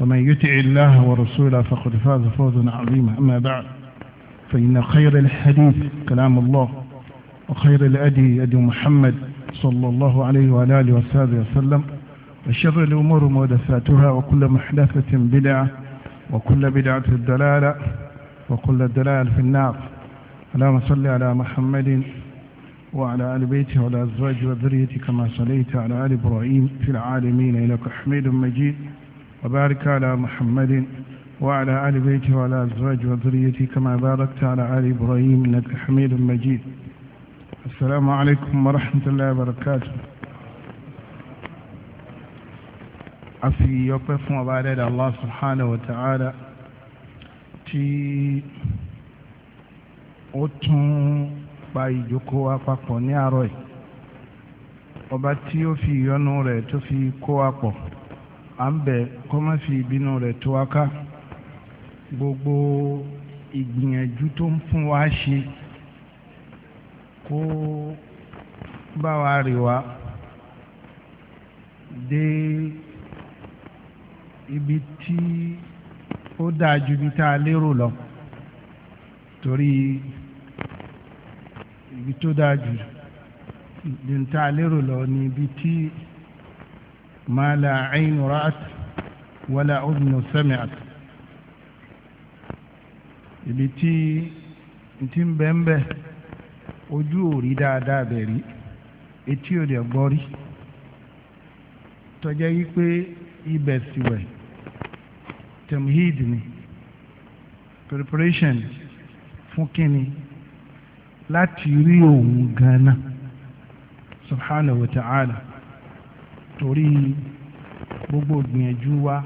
ومن يطع الله ورسوله فقد فاز فوزا عظيما أما بعد فإن خير الحديث كلام الله وخير الأدي أدي محمد صلى الله عليه وعلى آله وصحبه وسلم وشر الأمور محدثاتها وكل محدثة بدعة وكل بدعة الدلالة وكل الدلالة في النار اللهم صل على محمد وعلى آل بيته وعلى أزواجه وذريته كما صليت على آل إبراهيم في العالمين إنك حميد مجيد وبارك على محمد وعلى آل بيته وعلى أزواجه وذريته كما باركت على آل إبراهيم إنك حميد مجيد السلام عليكم ورحمة الله وبركاته أفي ọpẹ́ مبارك الله سبحانه وتعالى تي wa باي tí ó أروي وباتيو في wa papọ̀ ní àárọ̀ à ń bẹ̀ kọ́ má fi ìbínú rẹ̀ tó wá ká gbogbo ìgbìyànjú tó ń fún wa ṣe kó bá wa rè wá dé ibi tí ó dáa ju ibi tá a lérò lọ torí ibi tó dáa jù ibi tá a lérò lọ ni ibi tí. ما لا عين رأت ولا أذن سمعت ibi tí tí ń bẹ ń bẹ ojú ò rí dáadáa bẹ̀ rí etí ò lè gbọ́ rí tọ́jẹ́ yí pé ibẹ̀ síwẹ̀ temhid ni preparation fún kínni láti rí òun gan-an subhanahu wa ta'ala torí gbogbo gbìyànjú wa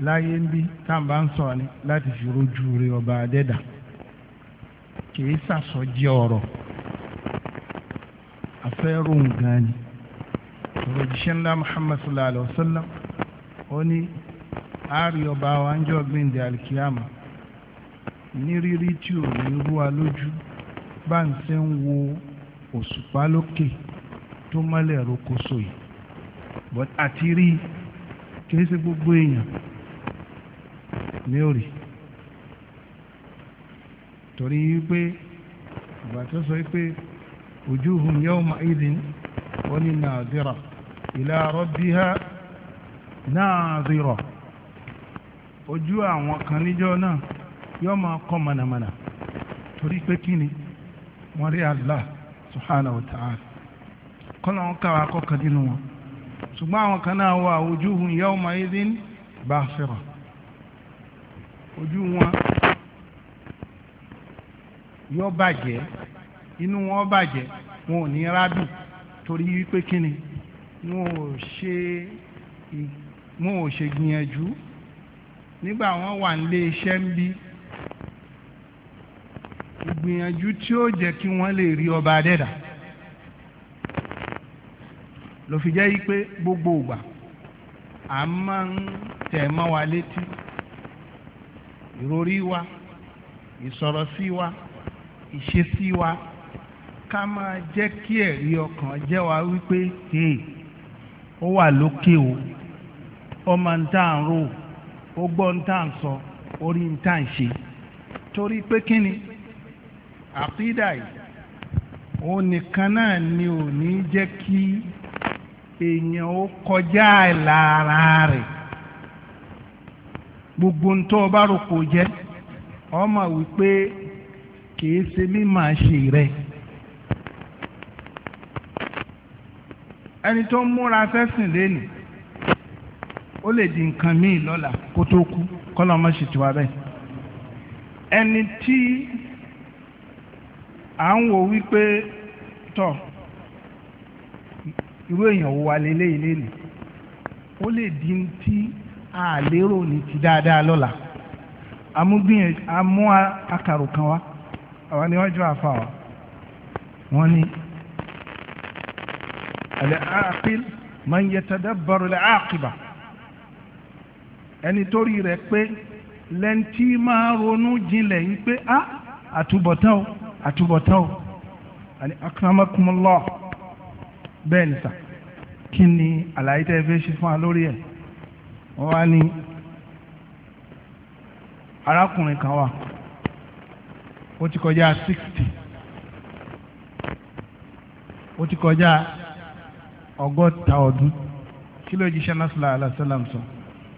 láyé ń bí táǹbà ń sọ ni láti fi rojú rẹ ọba adẹ́dà kìí sàsọjí ọ̀rọ̀ afẹ́rùn gan ni òròjíṣẹ́ ńlá Muhammad sallallahu alayhi wa sallam ó ní àárí ọba wa ń jọ gbìndé alikiyama ní rírí tí ò ní rú wa lójú bá ń ṣe ń wo òṣùpá lókè tó mọ́lẹ̀ rokoṣo yìí but àti rí kì í ṣe gbogbo èèyàn ní òrì torí pé ìgbà tó sọ pé wujuhun yawma idhin wọ́n ní nadira ila rabbiha nadira ojú àwọn kan níjọ́ náà yóò máa kọ́ mọ̀nàmọ̀nà torí pé kí ni wọ́n rí Allah subhanahu wa ta'ala kọ́nà wọn káwa kọ́kàn nínú wọn ṣùgbọ́n àwọn kan náà wà wujuhun yawma idhin basira ojú wọn yọ bàjẹ́ inú wọn bàjẹ́ wọn ò ní rábì torí wípé kíni wọn ò ṣe wọn ò ṣe gbìyànjú nígbà wọn wà nílé iṣẹ́ ń bí ìgbìyànjú tí ó jẹ́ kí wọ́n lè rí ọba adẹ́dàá ló fi jẹ́ yí pé gbogbo ìgbà à máa ń tẹ̀ mọ́ wa létí ìrorí wa ìsọ̀rọ̀ sí wa ìṣesí wa ká máa jẹ́ kí ẹ̀rí ọkàn jẹ́ wa wípé hey ó wà lókè o ọmọ ń tà ń rò ó gbọ́ ń tà ń sọ orí ń tà ń ṣe torí pé kí ni àkídà yìí òun nìkan náà ni ò ní jẹ́ kí. èèyàn ó kọjá ìlara rẹ̀ gbogbo ń tó o bá rò kò jẹ́ ọmọ wípé kìí ṣe mí máa ṣe rẹ̀ ẹni tó ń múra sẹ́sìn lẹ́nu ó lè di nǹkan míì lọ́la kó tó kú kọ́lọ́ ọmọ ṣètò wa bẹ́ẹ̀ ẹni tí à ń wò wípé tọ̀. irú èèyàn wo wa lélẹ́yìn lẹ́nu ó lè di ti àlérò ní ti dáadáa lọ́la amúgbìyànjú amú akàrò kan wa àwa níwájú àfa wa wọ́n ní al-aqil man yatadabbaru al-aqiba ẹni tó rí rẹ̀ pé lẹ́ntì máa ronú jinlẹ̀ yìí pé a ah, àtúbọ̀tán o àtúbọ̀tán o àni akramakumullah bẹ́ẹ̀ ni sà kí ni àlàyé tẹ́ fẹ́ ṣe fún wa lórí ẹ̀ wọ́n wá ní arákùnrin kan wà ó ti kọjá sixty ó ti kọjá ọgọ́ta ọdún kí ló jíṣẹ́ náà sọ̀rọ̀ àlàsálàm sọ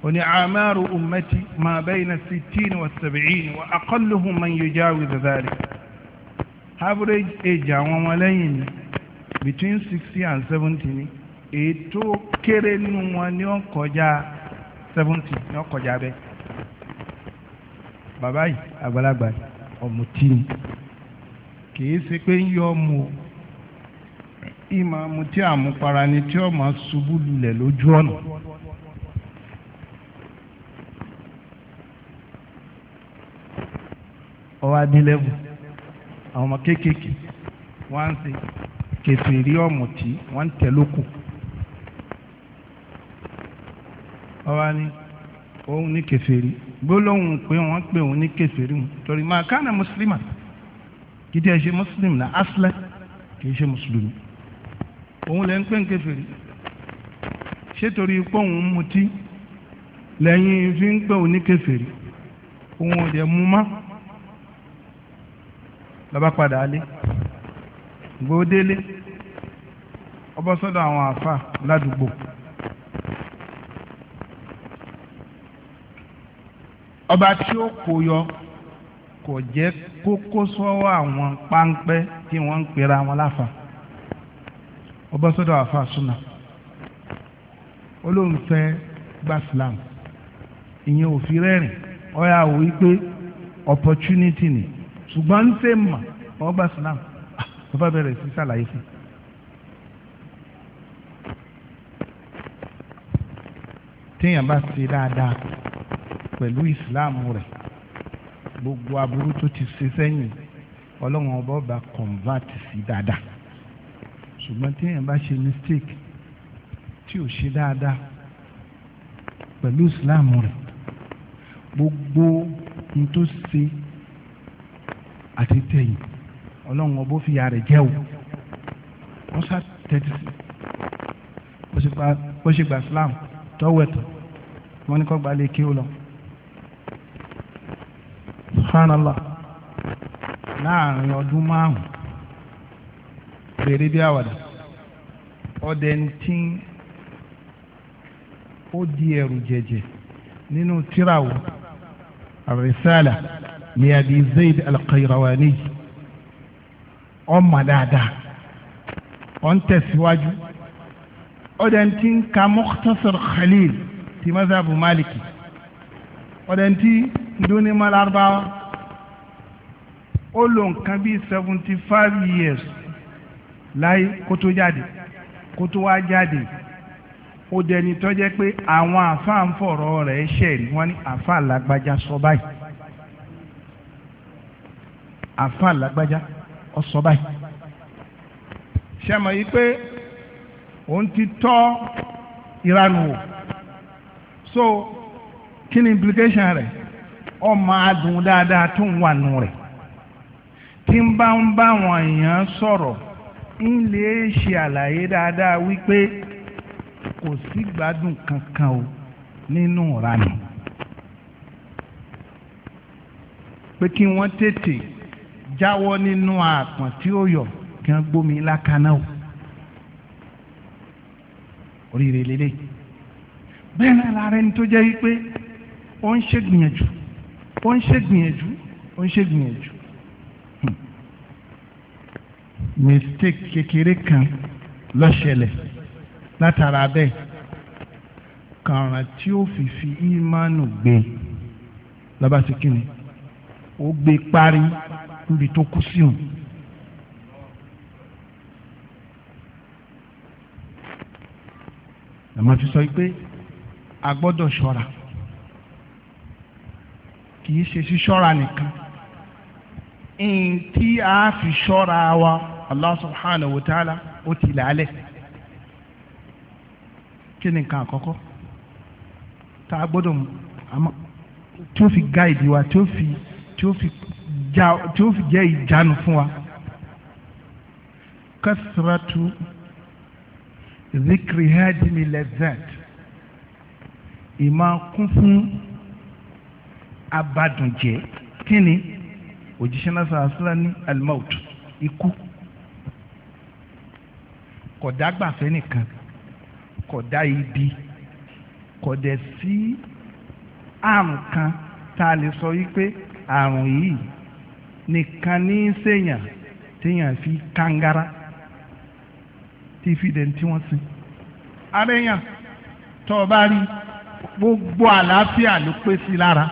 ó ní àmàrù ummati ma bayna sittin wa sab'in wa aqalluhum man yujawiz dhalik average age àwọn ọmọ lẹ́yìn ni between sixty and seventy ni ètò kéré nínú wọn ni wọ́n kọjá seventy ni wọ́n kọjá bẹ́ẹ̀ bàbá yìí àgbàlagbà ọ̀mùtí ni kìí ṣe pé ń yọ ọmọ o ìmọ̀ ọmùtí àmupara ni tí ọmọ ṣubú lulẹ̀ lójú ọ̀nà. ọwọ́ adé lẹ́bù àwọn ọmọ kéékèèké wọ́n á ń ṣe. Kefiri ọ̀mùtí wọ́n ń tẹ̀ lókù. ọba ni òun ní kẹfìrí gbólóhùn pé wọ́n pè òun ní kẹfìrí mu torí máa kánà mùsùlùmá kí tí ẹ ṣe mùsùlùmí náà asílẹ̀ kì í ṣe mùsùlùmí òun lẹ́ ń pè ń kẹfìrí ṣé torí pọ́ùn mutí lẹ́yìn fi ń pè òun ní kẹfìrí òun ò dẹ̀ mú má lọ́ba padà alé gbòdélé ọbọ sọ́dọ̀ àwọn àfa ládùúgbò ọba tí ó kó yọ kò jẹ́ kókó sọ́wọ́ àwọn páńpẹ́ tí wọ́n ń pera wọn láfa ọbọ sọ́dọ̀ àfa súnà olóńfẹ́ gbàsílám ìyẹn ò fi rẹ́rìn wípé opportunity ni ṣùgbọ́n ń sè mà ọgbàsílám ló bá bẹ̀rẹ̀ sí sàlàyé fún un. téèyàn bá ṣe dáadáa pẹ̀lú ìsìláàmù rẹ̀ gbogbo aburú tó ti ṣe sẹ́yìn ọlọ́run ọba ọba convert sí dáadáa ṣùgbọ́n téèyàn bá ṣe mistake tí ò ṣe dáadáa pẹ̀lú ìsìláàmù rẹ̀ gbogbo n tó ṣe àti tẹ̀yìn ọlọ́run ọbọ̀ fìyà rẹ̀ jẹ́ o wọ́n sá tẹ́tí sí bó ṣe gba Islam tọ́wẹ̀tọ̀ wọ́n ní kọ́ gba lè kí ó lọ. subhanallah láàrin ọdún márùn-ún bèrè bí àwàdà ọdẹ tí ó di ẹrù jẹjẹ nínú tíráwò àrísàlà ní Abi Zaid ọmọ dáadáa ọ̀ ń tẹ̀síwájú ọ̀dẹ̀ ń ti ń ka Mukhtasar Khalil ti mazhabu Maliki ọ̀dẹ̀ ń ti dúní malárúbáwá ó lò nǹkan bíi seventy five years láyé kó tó jáde kó tó wá jáde ó dẹni tó jẹ́ pé àwọn àfáà ń fọ̀rọ̀ rẹ̀ ṣẹ̀ ni wọ́n ní àfáà lágbájá sọ báyìí àfáà lágbájá ọ̀sọ́ báyìí ṣe mọ̀ yí pé òun ti tọ́ ìranù wò so kí ni implication rẹ̀ ọ máa dùn dáadáa tó ń wà nù rẹ̀ tí ń bá ń bá wọn èèyàn sọ̀rọ̀ ń lè ṣe àlàyé dáadáa wípé kò sí gbádùn kankan o nínú ìranù pé kí wọ́n tètè jáwọ́ nínú àpọ̀n tí ó yọ kí wọ́n gbómi lákaná o oríire lélẹ̀ bẹ́ẹ̀ náà lára ẹni tó jẹ́ wípé ó ń ṣègbìyànjú ó ń ṣègbìyànjú ó ń ṣègbìyànjú hmm. mistake kékeré kan ló ṣẹlẹ̀ látara bẹ́ẹ̀ kàràn tí ó fi fi ímánù gbé lọ́ba sí kíni ó gbé parí níbi tó kú sí òun. ẹ̀ma fi sọ pé a gbọ́dọ̀ ṣọ́ra kì í ṣe sí ṣọ́ra nìkan ẹ̀yìn tí a fi ṣọ́ra wa Allah subhanahu wa ta'ala ó ti làálẹ̀ kí ni nǹkan àkọ́kọ́ tá a gbọ́dọ̀ tí ó fi gáìdì wa tí ó fi tí ó fi já tí ó fi jẹ́ ìjánu fún wa kasratu zikiri hadimi lezat ìmọ̀ kún fún abadùnjẹ́ kíni òjíṣẹ́ náà sàásìlá ní almaut ikú kódà gbàfẹ́ nìkan kódà ibi kódà sí àrùn kan tá a lè sọ wípé àrùn yìí nìkan ní sèyàn téèyàn fi kangara tí fi dẹ̀ tí wọ́n sin. aréyàn tó o bá rí gbogbo àlàáfíà ló pé sí lára.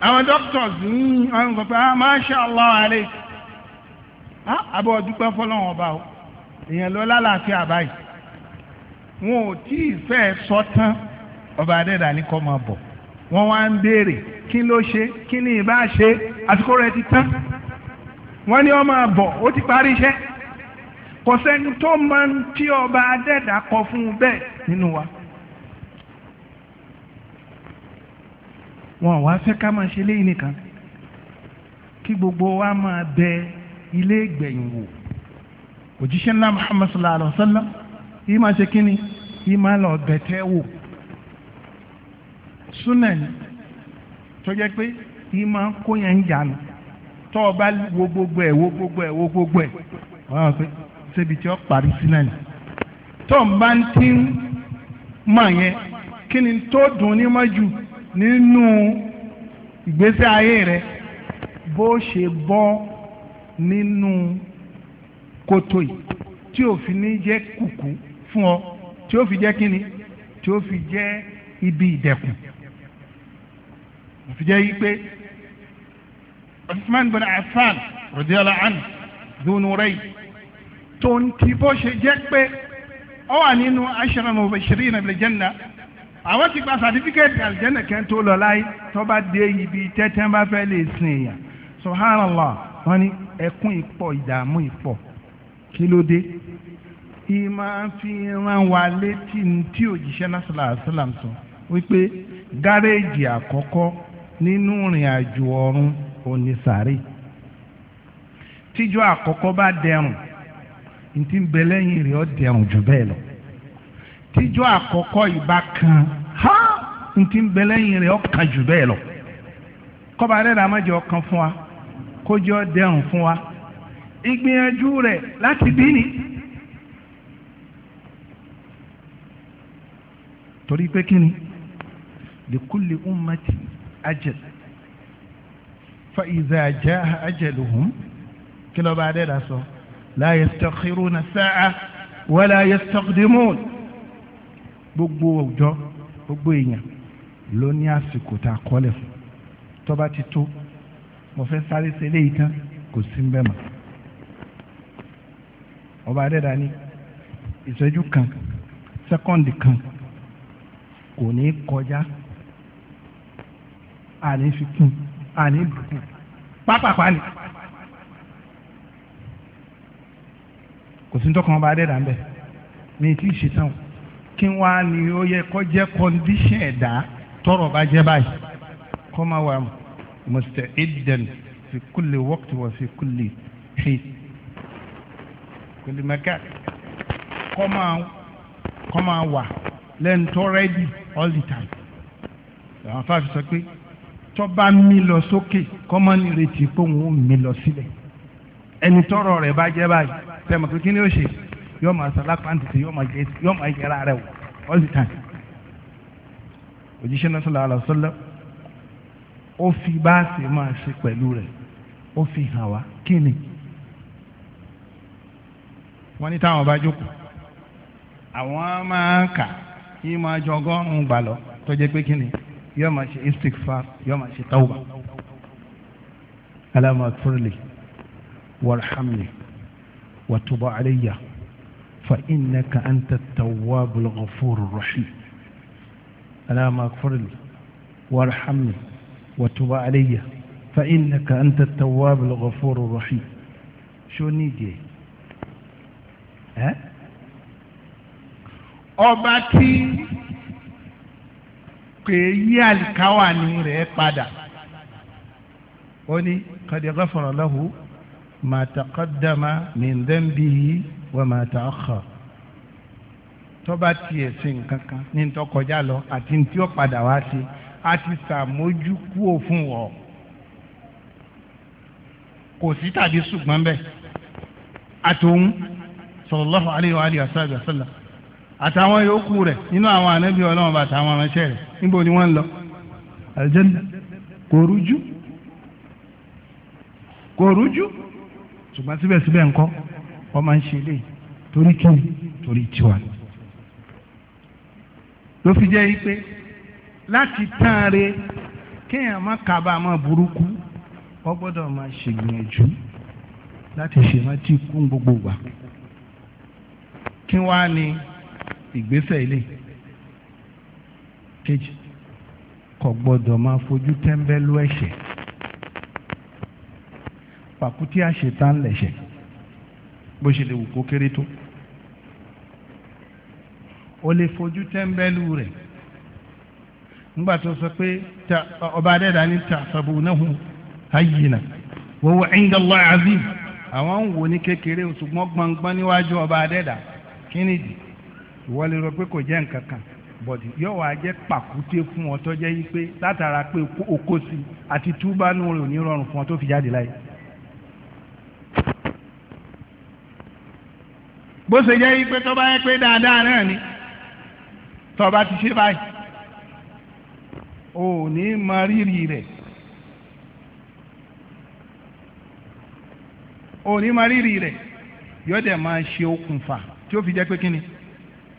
àwọn doctors ń ọ̀hún sọ pé ah masha allah ale ah abọ́ dúpẹ́ fọlọ́run ọba o èèyàn lọ lálàáfíà báyìí wọn ò tí ì fẹ́ sọ tán ọba adẹ́dà ní kọ́ máa bọ̀ wọ́n wá ń béèrè kí ló ṣe kí ni ìbá ṣe àsìkò rẹ̀ ti tán wọ́n ní ó máa bọ̀ ó ti parí iṣẹ́ kò sẹ́ni tó máa ń tí ọba adẹ́dà kọ fún un bẹ́ẹ̀ nínú wa. wọn wá fẹ́ ká máa ṣe léyìn nìkan kí gbogbo wa máa bẹ ilé ìgbẹ̀yìn wò òjíṣẹ́ ńlá Muhammad sallallahu alayhi wa sallam yìí máa ṣe kí ni yìí máa lọ bẹ̀tẹ́ wò súnà ni tó jẹ́ pé kí máa kó yẹn ń jànú tó o bá wo gbogbo ẹ̀ wo gbogbo ẹ̀ wo gbogbo ẹ̀ wọ́n á pé ṣébi tí ó parí sí náà ni tó o bá ń tí ń mọ̀ yẹn kí ni tó dùn ní mọ́jú nínú ìgbésí ayé rẹ bó ṣe bọ́ nínú kòtò yìí tí ò fi ní jẹ́ kùkù fún ọ tí ó fi jẹ́ kíni tí ó fi jẹ́ ibi ìdẹ̀kùn òfin jẹ́ yí pé Usman bin Affan radiyallahu anhu dunurayi tó ń ti bó ṣe jẹ́ pé ó wà nínú ashara mubashirina bil janna àwọn ti gba sàtífíkẹ́tì àlìjẹ́nà kan tó lọ láyé tó bá dé ibi tẹ́tẹ́ bá fẹ́ lè sin èèyàn subhanallah wọ́n ní ẹkún ìpọ̀ ìdààmú ìpọ̀ kí ló dé ìmọ̀ fi ran wa létí tí òjíṣẹ́ náà sallallahu alaihi wasallam sọ wípé gáréèjì àkọ́kọ́ nínú ìrìn àjò ọ̀run òní sàárè tíjọ́ àkọ́kọ́ bá dẹrùn ntí ń bẹ lẹ́yìn rẹ̀ ọ́ dẹrùn jù bẹ́ẹ̀ lọ tíjọ́ àkọ́kọ́ ìbá kan ha ntí ń bẹ lẹ́yìn rẹ̀ ọ́ kan jù bẹ́ẹ̀ lọ kọ́ba rẹ̀ra mọ́jọ kan fún wa kójọ́ dẹrùn fún wa ìgbìyànjú rẹ̀ láti bí ni. torí pé kí ni likulli ummati ajal fa idha jaa ajaluhum kí ló bá dé dà sọ la yastakhiruna sa'a wala yastaqdimun gbogbo ọjọ́ gbogbo èèyàn ló ní àsìkò tá a kọ́lẹ̀ fún tó bá ti tó mo fẹ́ sáré ṣe léyìí tán kò sí mbẹ́ mọ́ ọba adẹ́dá ní ìṣẹ́jú kan sẹ́kọ́ǹdì kan kò ní kọjá àní fi kún àní bùkún pápápá ni kò sí tọkàn ọba adẹ́dà ń bẹ̀ ní ti ṣetán kí wá ni ó yẹ kó jẹ́ kọ́ndíṣìn ẹ̀dá tọrọ bá jẹ́ báyìí kó máa wà mọ̀sítẹ̀ ìdẹ̀n fi kulli waqti wa fi kulli ṣe kulli mẹ́kà kó máa kó máa wà lẹ́nu tó rẹ́dì all the time àwọn afáàfin sọ pé tó bá mi lọ sókè kọ́mọ́ nírètí pé òun ò mi lọ sílẹ̀ ẹni tọrọ rẹ̀ bá jẹ́ báyìí tẹmọ pé kí ni ó ṣe yóò máa sọ lápáǹtì tí yóò máa jẹ yóò máa yẹra rẹ̀ wò all the time òjíṣẹ́ náà sọ̀rọ̀ àlọ́sọ́lọ́ ó fi bá a ṣe máa ṣe pẹ̀lú rẹ̀ ó fi hàn wá kí ni wọ́n ní táwọn bá jókòó àwọn máa ń kà kí máa jọ ọgọ́rùn-ún gbà lọ tó jẹ́ pé kí ni yóò máa ṣe istighfar yóò máa ṣe tawba alama firli warhamni watuba alayya fa innaka anta tawwabul ghafurur rahim alama firli warhamni watuba alayya fa innaka anta tawwabul ghafurur rahim ṣó nídìí ẹ ọba tí pé yí àlìkáwà ní rẹ̀ padà ó ní qad ghafara lahu ma taqaddama min dhanbihi wa ma ta'akhkhar tọ́ba tiẹ̀ sí nǹkan kan ní ntọ́kọjá lọ àti ntí ó padà wá sí a ti sàmójú kúò fún ọ kò sí tàbí ṣùgbọ́n bẹ́ẹ̀ àtòun sallallahu alaihi wa alihi wa sallam àtàwọn yòókù rẹ̀ nínú àwọn ànábì ọlọ́run bàtà àwọn aránṣẹ́ rẹ̀ níbo ni wọ́n ń lọ àlùjẹ́nà kò rújú kò rújú ṣùgbọ́n síbẹ̀síbẹ̀ ńkọ́ wọ́n máa ń ṣe eléyìí torí kí torí tiwa ló fi jẹ́ pé láti tán re kéèyàn má kábàámọ̀ burúkú wọ́n gbọ́dọ̀ máa ṣègbìyànjú láti ṣèrántí kún gbogbo wa kí wàá ní ìgbésẹ̀ ilé kejì kò gbọ́dọ̀ máa fojú tẹ́ńbẹ́lú ẹ̀ṣẹ̀ pàkútí àṣetán lẹ̀ṣẹ̀ bó ṣe lè wù kó kéré tó o lè fojú tẹ́ńbẹ́lú rẹ̀ nígbà tó sọ pé ọba adẹ́dàá ní tahsabunahu hayyina wa huwa inda Allahi azim àwọn ń wò ní kékeré ṣùgbọ́n gbọ̀ngbọ́n níwájú ọba adẹ́dàá kí nìdí ìwọ lè rò pé kò jẹ́ nǹkan kan bọ̀dì yóò wá jẹ́ pàkúté fún ọ tó jẹ́ yí pé látara pé okó sí àti túbánú rẹ̀ ò ní rọrùn fún ọ tó fi jáde láyé. bó ṣe jẹ́ yí pé tó bá yẹ pé dáadáa náà ni tó bá ti ṣe báyìí o ò ní mọ rírì rẹ̀ o ò rírì rẹ̀ yóò dẹ̀ máa ṣe okùnfà tí ó fi jẹ́ pé kí ni.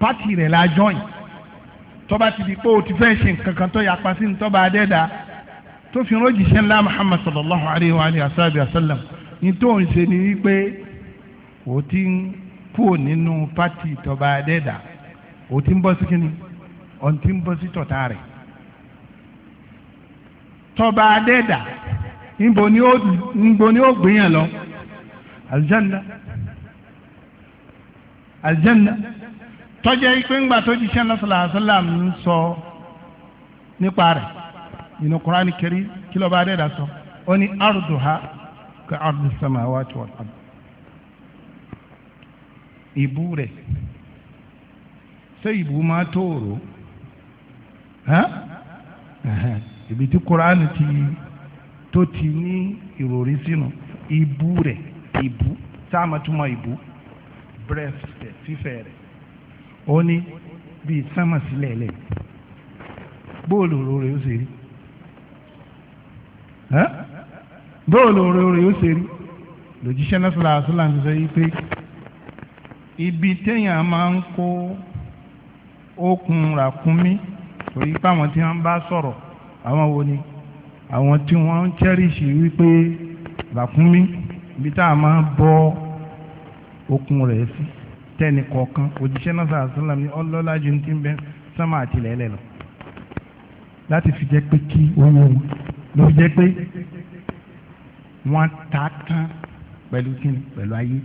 pátì rẹ̀ la join tọ́ba ti di pé o ti fẹ́ ṣe nǹkan kan tó yapa sí ní tọ́ba tó fi rọ́jìṣẹ́ ńlá Muhammad sallallahu alayhi wa alihi wa sallam ní tó ń ṣe ni wípé o ti ń kúrò nínú pátì tọ́ba adẹ́dá o ti ń bọ́ sí kínní o ti ń bọ́ sí tọ̀tá rẹ̀ tọ́ba adẹ́dá níbo ni ó gbìyàn aljanna aljanna tọ́jẹ́ ipé ńgbà tó jíṣẹ́ lọ́sọ̀lá sọ́làm ń sọ nípa rẹ̀ nínú Kùránì kiri kí ló bá dé dà ó ní ardu ha ka ardu samawati wal ard ìbú rẹ̀ ṣé ìbú máa tóòrò ibi tí Kùránì ti tó ti ní ìròrí sínú ìbú rẹ̀ ìbú sáà máa túmọ̀ ìbú breath fífẹ́ rẹ̀ ó ní bíi sánmà sílẹ̀ lẹ̀ bóòlù òróró yóò ṣe rí bóòlù òróró yóò ṣe rí lòjíṣẹ́ lọ́sọ̀rọ̀ àṣọlá ń sọ yìí pé ibi téèyàn máa ń kó okùn ràkúnmí torí pé àwọn tí wọ́n bá sọ̀rọ̀ àwọn wo ni àwọn tí wọ́n ń chẹ́rìṣì wípé ràkúnmí ibi tá a máa bọ́ okùn rẹ̀ sí. Si tẹ́ni kọ̀ọ̀kan òjíṣẹ́ náà sàásánlá ní ọlọ́lá ju ti ń bẹ sánmà àtìlẹ́ ẹlẹ́ lọ láti fi jẹ́ pé kí wọ́n wọ́n ló fi jẹ́ pé wọ́n ta tán pẹ̀lú kíni pẹ̀lú ayé.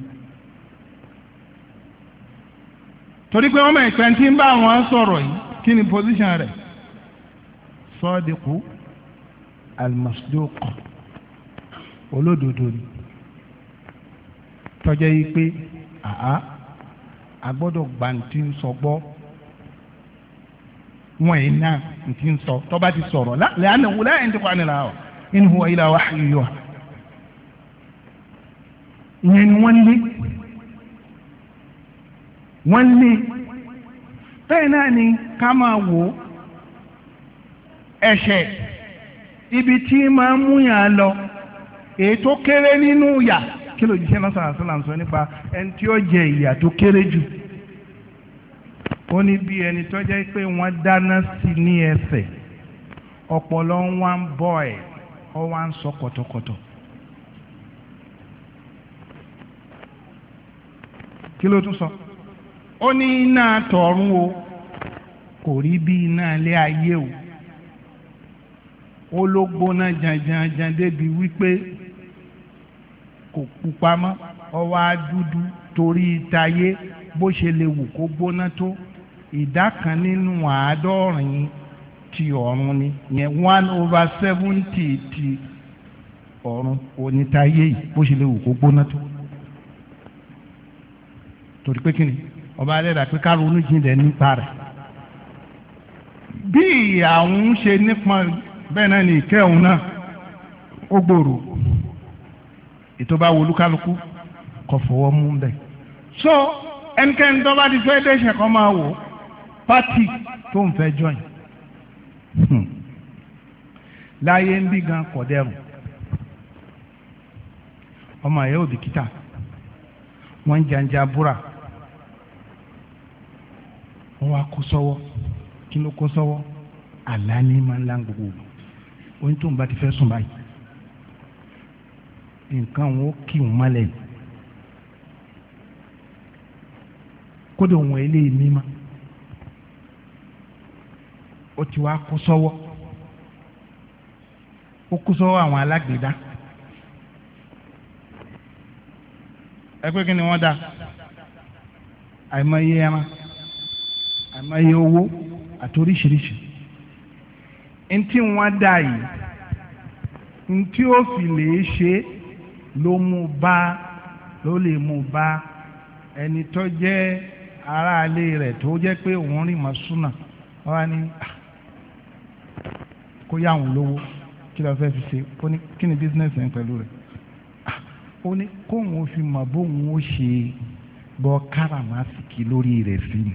torí pé wọ́n mọ̀ ìpẹ́ tí ń bá wọn sọ̀rọ̀ yìí kí ni position rẹ̀ sọ́ọ́dẹ̀kù almasdoko olódodo ni tọ́jọ́ yìí pé àá a gbọ́dọ̀ gba ntí ń sọ gbọ́ wọn yìí náà ntí ń sọ tọ́ba ti sọ̀rọ̀ lẹ́yìn wúlẹ̀ ẹ̀ ń tẹ́kọ̀ àná la ọ̀ in huwa illa wahyu yuha ìyẹn ni wọ́n lé wọ́n lé bẹ́ẹ̀ náà ni ká máa wò ẹ̀ṣẹ̀ ibi tí máa ń múyàn lọ èyí tó kéré nínú yà kí ló jíṣẹ́ lọ́sàn àti làǹsọ nípa ẹni tí ó jẹ ìyà tó kéré jù ó ní bí ẹni tó jẹ́ pé wọ́n dáná sí ní ẹsẹ̀ ọpọlọ ń wá ń bọ̀ ẹ̀ ọ wá ń sọ kọ̀tọ̀kọ̀tọ̀ kí ló tún sọ ó ní iná tọ̀run o kò rí bí iná ilé ayé o ó ló gbóná janjanjan débi wípé kò pupa mọ́ ọwọ́ á dúdú torí tayé bó ṣe lè wù kó gbóná tó ìdá kan nínú àádọ́rin ti ọ̀run ni yẹn one over seventy ti ọ̀run onítayé yìí bó ṣe lè wù kó gbóná tó torí pé kíni ọba alẹ́ rà pé ká ronú jinlẹ̀ nípa rẹ̀ bí àwọn ń ṣe nípa bẹ́ẹ̀ náà ni ìkẹ́ òun náà ó gbòòrò ètò bá wo olúkálukú kò fọwọ́ mú bẹ́ẹ̀. so ẹnikẹ́ni tó bá ti fẹ́ dẹ́sẹ̀ kọ́ máa wò pátì tó ń fẹ́ join hmm. láyé ń bí gan kọ̀ dẹ́rùn ọmọ ẹ̀yẹ́ òbíkítà wọ́n ń janja búra wọ́n wá kó sọ́wọ́ kí ló kó sọ́wọ́ àlá ní máa ń lá gbogbo ohun tó ń bá ti fẹ́ sùn báyìí. nǹkan wọn kì í mọ́lẹ̀ kódà wọn eléyìí mímọ́ ti wá kó sọ́wọ́ ó kó sọ́wọ́ àwọn alágbèédá ẹ A kí ni wọ́n a àìmọye ẹran àìmọye owó àti oríṣiríṣi ntí wọ́n da yìí ntí ó fi lè ṣe é. ló mú bá ló lè mú bá ẹni tó jẹ́ aráalé rẹ̀ tó jẹ́ pé òun rìn mọ́ súnà wọ́n wá ní ah, kó yá òun lówó kí ló fẹ́ fi ṣe ó ní kí ni bísínẹ́sì ń pẹ̀lú rẹ̀ ah, ó ní kóun ó fi mọ̀ bóun ó ṣe bọ́ káràmásìkì lórí rẹ̀ sí ni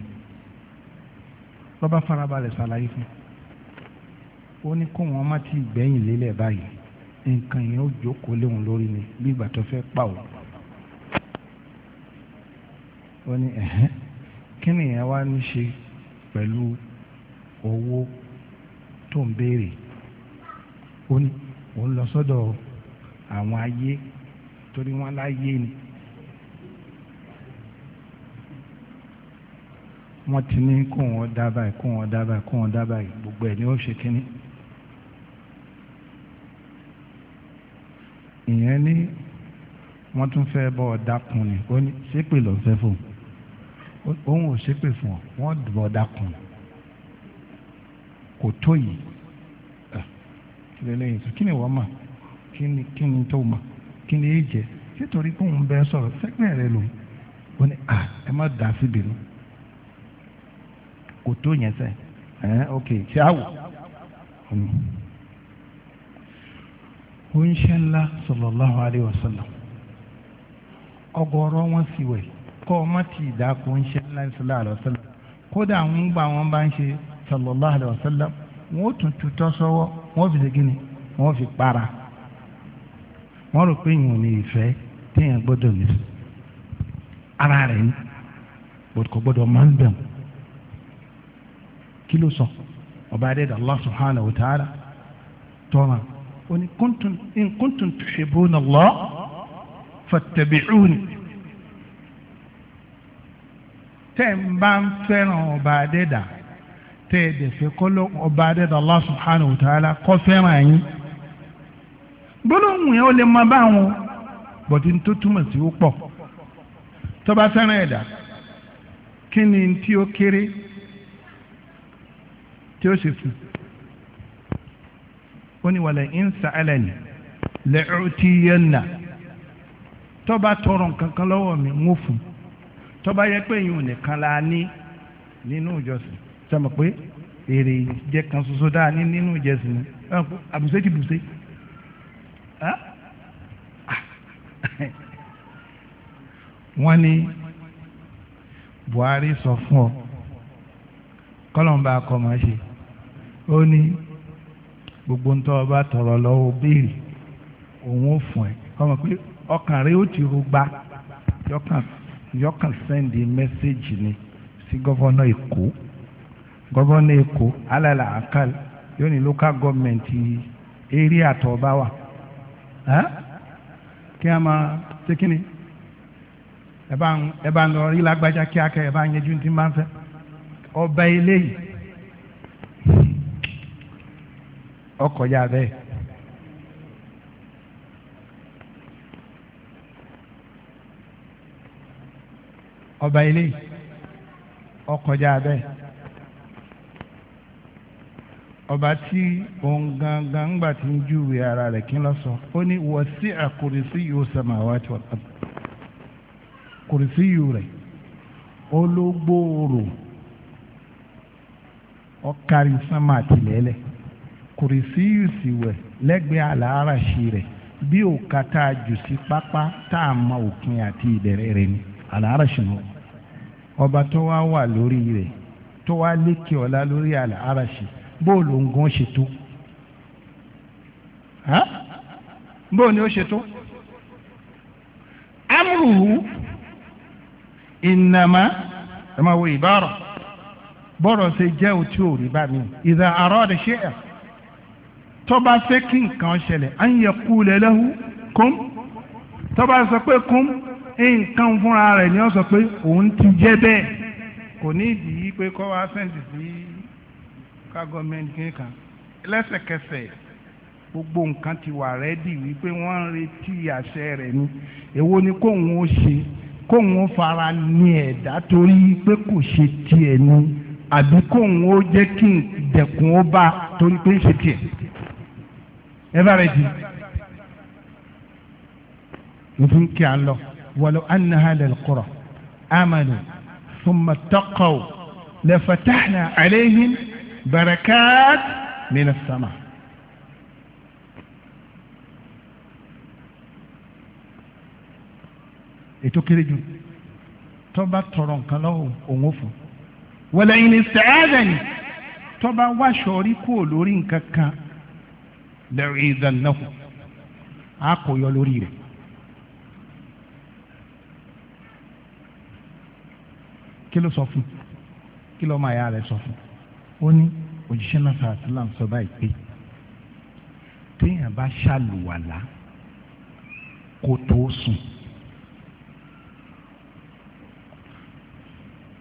lọ́ba farabalẹ̀ ṣàlàyé fún un ó ní kóun ọmọ tí gbẹ̀yìn lélẹ̀ báyìí nǹkan yẹn ó jókòó léwọn lórí ni bí ìgbà tó fẹ́ pa ò. ó ní ẹ̀hẹ́n kí nìyẹn wá ní ṣe pẹ̀lú owó tó ń béèrè ó ní òun lọ sọ́dọ̀ àwọn ayé torí wọ́n láyé ni. wọ́n ti ní kóun ọ dábàá kóun ọ dábàá kóun ọ dábàá gbogbo ẹ̀ ni ó ṣe kínní. ìyẹn ní wọ́n tún fẹ́ bọ́ ọ dákun ni ó ní ṣépè ló fẹ́ fún òun ò ṣépè fún ọ wọ́n bọ́ ọ dákun kò tó yìí kí lélẹ́yìn tó kí ni wọ́n mà kí ni kí ni tó mà kí ni èyí jẹ nítorí pé òun bẹ sọ̀rọ̀ sẹ́gbẹ́ rẹ lò ó ní à ẹ má dà sí bínú kò tó yẹn sẹ́ ẹ̀ ok ṣé àwọ̀ ọ̀nà oníṣẹ́ ńlá sallallahu alayhi wa sallam ọgọ́rọ́ wọn sì wẹ̀ kọ́ ọmọ tí ì dáko oníṣẹ́ ńlá sallallahu alayhi wa sallam kódà àwọn gbà wọn bá ń ṣe sallallahu alayhi wa sallam wọn ó tún tutọ́ sọ́wọ́ wọn ó fi ṣe gíní wọn ó fi para wọn rò pé ìwọ̀n ni ìfẹ́ téèyàn gbọ́dọ̀ ní ara rẹ̀ ní kò gbọ́dọ̀ máa ń bẹ̀rù kí ló sọ ọba adéda Allah subhanahu wa tọ́ràn òní kuntum in kuntum tuhibbuna Allah fattabi'uni tẹ́ ń bá ń fẹ́ràn ọba adẹ́dà tẹ́ ẹ dẹ̀ fẹ́ kọ́ ọba adẹ́dà Allah subhanahu wa ta'ala kọ́ fẹ́ràn yín gbólóhùn yẹn ó lè máa bá wọn bọ̀dí tó túmọ̀ sí ó pọ̀ tọ́ba fẹ́ràn ẹ̀dá kí ni tí ó kéré tí ó ṣe fún un ó ní wàlẹ̀ ń sàálẹ̀ ni lẹ́ọ̀tìyẹ́nà tọ́ba tọrọ nǹkan kan lọ́wọ́ mi ń fún tọ́ba yẹ pé ìyún nìkan la ní nínú ìjọsìn sọmọ pé èrè jẹ kan ṣoṣo dáa ní nínú ìjọsìn ni àbùsẹ ti bùsẹ wọ́n ní Buhari sọ fún ọ kọlọmba kọ máa ṣe ó ní gbogbo ntọ́ ọba tọrọ lọ́wọ́ béèrè òun ò fún ẹ ọmọ pé ọkàn rẹ ó ti rúgbà yọkàn yọkàn sẹ́ndì mẹ́sẹ́jì ni sí gọ́vọ́nà èkó gọ́vọ́nà èkó alàlà àkàlẹ̀ yóò ní local government eré àtọ̀ọ́bá wà kí a máa ṣe kí ni ẹ bá ń lọ rí lágbájá kíákẹ́ ẹ bá ń yẹjú ní ti máa ń fẹ́ ọba eléyìí. ọkọjá bẹ́ẹ̀. ọba ilé ọkọjá bẹ́ẹ̀ ọba tí òun gangan ń gbà tí ń júwe ara rẹ̀ kí n lọ sọ ó ní wasi'a kursiyyuhu samawati wal ard kursiyyuhu rẹ̀ gbòòrò ọkàrí sánmà àtìlẹ́lẹ̀. kùrìsí yùsì wẹ̀ lẹ́gbẹ̀ẹ́ àlàárà rẹ̀ bí a pápá tá a mọ òpin àti ìbẹ̀rẹ̀ rẹ̀ ni ọba tó wá wà lórí rẹ̀ tó wá lékè ọ̀la lórí àlàárà sí bóòlù nǹkan ni ó ṣe tó ìnàmá ẹ máa wo ìbára bọ́rọ̀ ṣe tọ́ba fẹ́ kí nǹkan ṣẹlẹ̀ à ń yẹ kú lẹ́lẹ́hu kún tọ́ba sọ pé kún nǹkan fúnra rẹ̀ ni ó sọ pé òun ti jẹ́ bẹ́ẹ̀ kò ní ìdí yìí pé kọ́ wá sẹ́ǹtì sí ká gọ́ọ̀mẹ́ntì kankan lẹ́sẹ̀kẹsẹ̀ gbogbo nǹkan ti wà rẹ́dì wípé wọ́n ń retí àṣẹ rẹ̀ ni èwo ni kóun ó ṣe kóun ó fara ní ẹ̀dá torí pé kò ṣe tiẹ̀ ni àbí kóun ó jẹ́ kí ìdẹ̀kùn ó bá torí pé ń ṣe tiẹ̀ ẹ bá rẹ di nufin kí a lọ wàlú anaha lẹlkọrọ amanu summa taqaw lafatahna alayhim barakat mina sama. ètò kéré jù tọ́ba tọrọ nǹkan lọ́wọ́ òun ò fún wàlẹ́yìn ní sẹ́ẹ́dẹ̀ni tọ́ba wáṣọ orí kúrò lórí nǹkan kan lẹ́rìí ìdánilẹ́kùn á kò yọ lórí rẹ̀. kí ló sọ fún kí ló máa yá rẹ̀ sọ fún ó ní òjíṣẹ́ náà sàrásílà ń sọ báyìí pé téèyàn bá ṣàlùwàlá kó tó sùn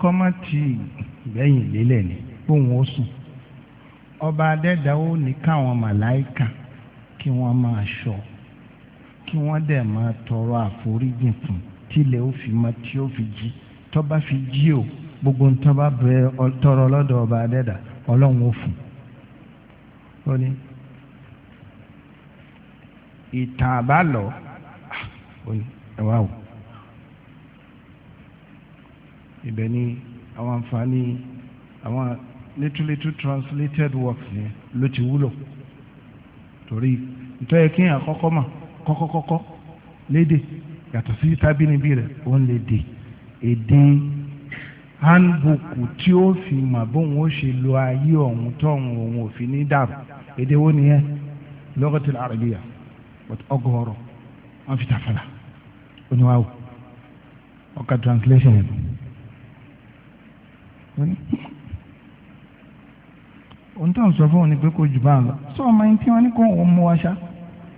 kọ́mọ́tì gbẹ̀yìn lélẹ̀ ni bóun ó sùn ọba adẹ́dàá ó ní káwọn màláìka kí wọ́n máa ṣọ́ kí wọ́n dẹ̀ máa tọrọ àforíjìn fún tilẹ̀ ó fi ma tí ó fi jí tọ́ba fi jí o gbogbo ntọ́ba bẹ tọrọ lọ́dọ̀ ọba adẹ́dà ọlọ́run ó fún ó ní ìtàn àbálọ ah, ẹ wá o ibẹ̀ ni àwọn àǹfààní àwọn little little translated works yẹn ló ti wúlò torí ìtọ́yẹ kí èèyàn kọ́kọ́ mọ̀ kọ́kọ́kọ́kọ́ léde yàtọ̀ sí tábìnibí rẹ̀ ó ń léde èdè handbooku tí ó fi mà bóun ó ṣe lo ayé ọ̀hún tọ́hún òun òfin ní dàrú èdè wo nìyẹn lọ́gọ́tì àrẹ̀bíyà ọgọ́rọ̀ wọ́n fi tàfàlà oníwàwò ọkà translation yẹn òun tó ń sọ fún òun ni pé kò jù bá ń lọ sọ ọmọ yẹn tí wọ́n ní kó òun mú wa ṣá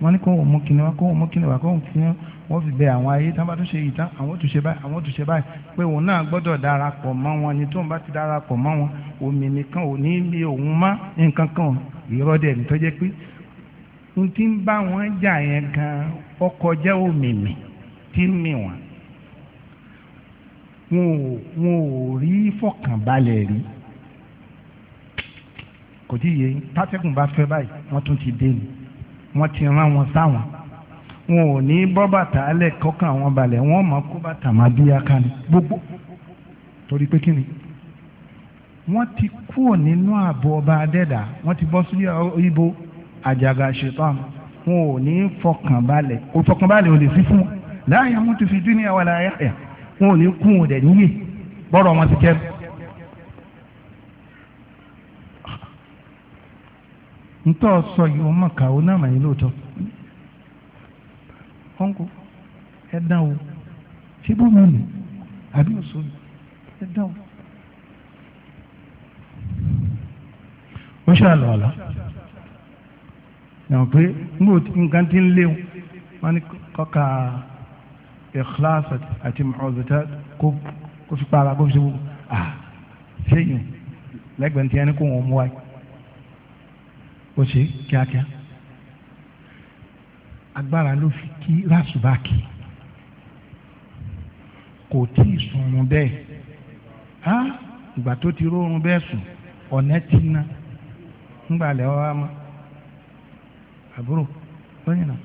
wọ́n ní kó òun mú kíni wá kó òun mú kíni wá kó òun kíni wọ́n fi bẹ àwọn ayé tán bá tún ṣe yìí tán àwọn tún ṣe báyìí àwọn tún ṣe báyìí pé òun náà gbọ́dọ̀ darapọ̀ mọ́ wọn ni tóun bá ti darapọ̀ mọ́ wọn omi nìkan ò ní lé òun mọ́ nǹkan kan ìrọ́dẹ̀ nítọ́jẹ́ pé n ti ń bá wọn jà yẹn gan ọkọ̀ jẹ́ òmìnì tí ń mì wọ́n wọn ò rí ìfọ̀kànbalẹ̀ rí kò tí yé tásìkùn bá fẹ́ báyìí wọ́n tún ti dé ni wọ́n ti rán wọn sáwọn wọn ò ní bọ́ bàtà alẹ́ kọ́kàn àwọn balẹ̀ wọ́n mọ̀ kó bàtà má bí aká ni gbogbo torí pé kí ni wọ́n ti kúrò nínú ààbọ̀ ọba adẹ́dà wọ́n ti bọ́ sílé ibo àjàgà ṣetán wọn ò ní fọkànbalẹ̀ kò fọkànbalẹ̀ ò lè fi fún wọn láàyè wọn ti fi dúnìá wà láyà wọn ò ní kún òdẹ̀ níyè bọ́rọ̀ wọn ti kẹ́rù. ntọ́ sọ yìí ọmọ kàwé náà mà yín lóòótọ́ ọ̀nkọ ẹ dán o ṣé bó mi nì àbí òṣò mi ẹ dán o. ó ṣàlọ́ ọ̀la yàn pé nǹkan tí ń léwu wọn ni kọ́ka ikhlas àti mọ̀ọ́dọ̀tà kó fi para kó fi ṣe gbogbo ah ṣé yìí lẹ́gbẹ̀ẹ́ tí kò wọ́n mú wáyé. ó ṣe kíákíá agbára ló fi kí kò tí ì sunrun bẹ́ẹ̀ á ìgbà tó ti rórun bẹ́ẹ̀ sùn ti na ńgbàlẹ̀ ọ́ ama àbúrò lọ́yìn náà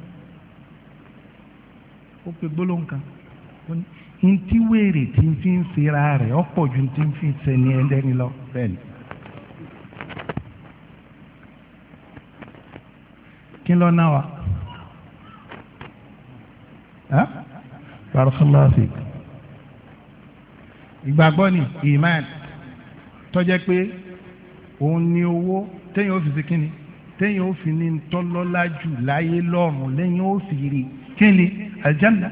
ó pe gbólóhùn kan ní wéèrè tí n fi ń fira rẹ̀ ọ̀pọ̀ ju n fi ń sẹ́ni lọ bẹ́ẹ̀ ni. kí ló ná wa. barakallahu fik ìgbàgbọ́ ni iman tó jẹ́ pé òun ni owó téèyàn ó fi ṣe kíni téèyàn ó fi ní tọ́lọ́lá jù láyé lọ́rùn lẹ́yìn ó sì rí kíni aljanna.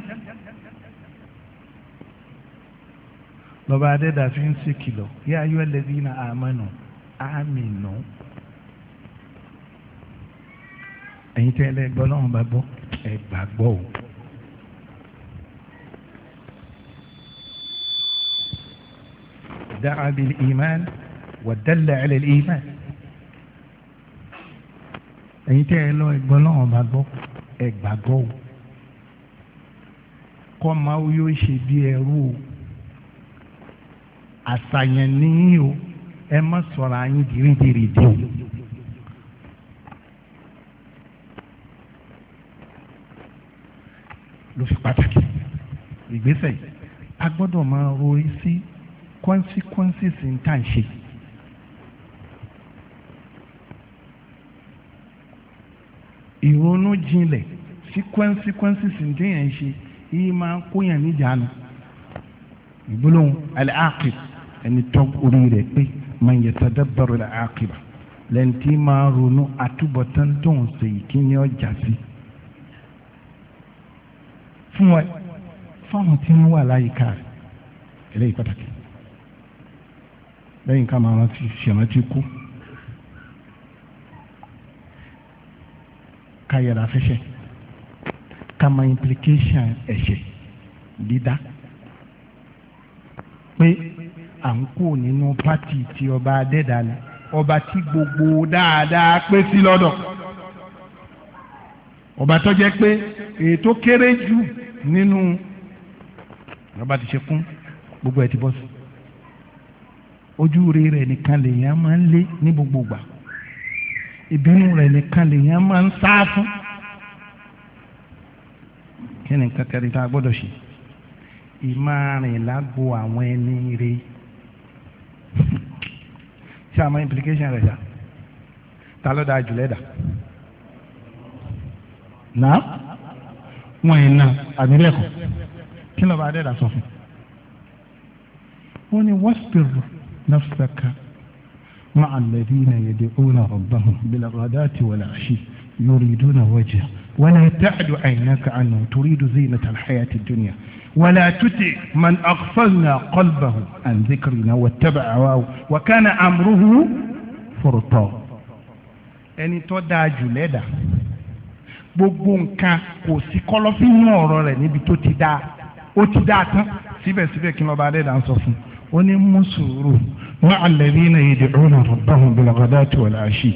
lọ́ba adẹ́dàfín ṣe kìlọ̀ yá ayọ́ ẹlẹ́dínà àmánù àmínú ẹ̀yin tẹ́ ẹlẹ́gbọ́ lọ́wọ́n bá gbọ́ ẹ gbàgbọ́ o. دعا بالإيمان ودل على الإيمان ẹ̀yin tẹ́ ẹ lọ ẹgbọ́ lọ́wọ́n bá gbọ́ ẹ gbàgbọ́ o. kọ́ máa yóò ṣe bí ẹrú o àṣàyàn níyì o ẹ má sọ̀rọ̀ àyín dìrídìrídì o. ló fi pàtàkì ìgbésẹ̀ yìí a gbọ́dọ̀ máa rori sí consequences n tà ń ṣe. ìrònú jinlẹ̀ sí consequences n tẹ̀yàn ń ṣe yìí máa ń kóyàn níjàánu ìgbólóhùn al-aqib ẹni tọ́ orí rẹ̀ pé man yatadabbaru al-aqiba lẹ́ni tí máa ronú àtúbọ̀tán tó ń ṣe ìkíni ọjà sí fún ẹ fáwọn tí wọ́n wà láyìíká rẹ̀ eléyìí pàtàkì lẹ́yìn ká máa rántí ṣèrántí kú ká yẹra fẹ́ṣẹ̀ ká máa implication ẹ̀ṣẹ̀ dídá pé à ń kú nínú pátì tí ọba adẹ́dá ni ọba tí gbogbo dáadáa pé sí lọ́dọ̀ ọba tó jẹ́ pé ètò kéré jù. nínú rọba ti ṣe kún gbogbo ẹ ti bọ́ sí ojú rere nìkan lèèyàn máa ń lé ní gbogbo gbà ìbínú rẹ̀ nìkan lèèyàn máa ń sá fún kí ni nǹkan kẹrin tá a gbọ́dọ̀ ṣe ìmárìnlá gbo àwọn ẹni re ṣé àmọ́ implication rẹ̀ ṣá ta ló dáa jù lẹ́dà náà. wọn yìí náà àbí bẹ́ẹ̀ kọ́ kí ló bá dé dàsọ fún wọn ni wasbir nafsaka ma'a alladhina yad'una rabbahum bilghadati wal 'ashi yuriduna wajha ولا تعد عيناك عنه تريد زينة الحياة الدنيا ولا تطع من أغفلنا قلبه عن ذكرنا واتبع هواه وكان أمره فرطا ẹni tó dáa jù lẹ́dà gbogbo nǹkan kò sí kọ̀lọ̀fín nínú ọ̀rọ̀ rẹ̀ níbi tó ti dáa ó ti dáa tán síbẹ̀síbẹ̀ kí lọ́ba adé dàn sọ fún un ó ní mú sùúrù wọ́n àlẹ́bí náà yìí dè ọ́nà rabbahum bil-ghadati wal-ashi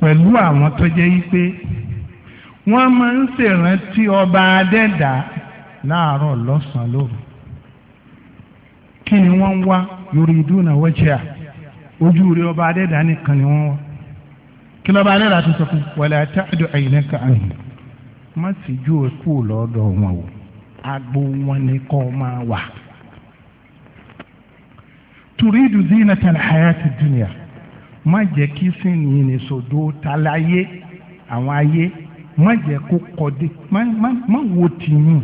pẹ̀lú àwọn tó jẹ́ yí pé wọ́n máa ń ṣèrántí ọba adẹ́dà láàárọ̀ lọ́sàn-án lóru kí ni wọ́n ń wá yuriduna wajha ojú rẹ ọba adẹ́dà nìkan ni wọ́n wá kí lọ́ba adẹ́dà tó sọ fún wala ta'du aynaka anhu má sì ju ẹkú lọ́dọ̀ wọn o agbo wọn ni kọ́ máa wà. turidu zinata alhayati dunya má jẹ́ kí sìnìyàn ní sòdó taláyé àwọn ayé má jẹ́ kó kọ́dé má má má wo tìyìn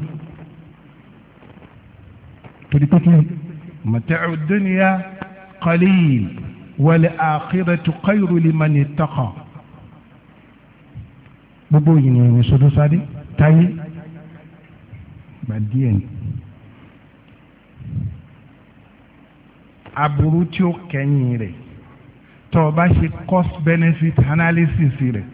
torí pé kí mata'u dunya qalil wal akhiratu khayru liman ittaqa gbogbo ènìyàn ní sodo sáré táyé gba díẹ̀ ni. aburú tí ó kẹ́yìn rẹ̀ tó o bá ṣe cost benefit analysis rẹ̀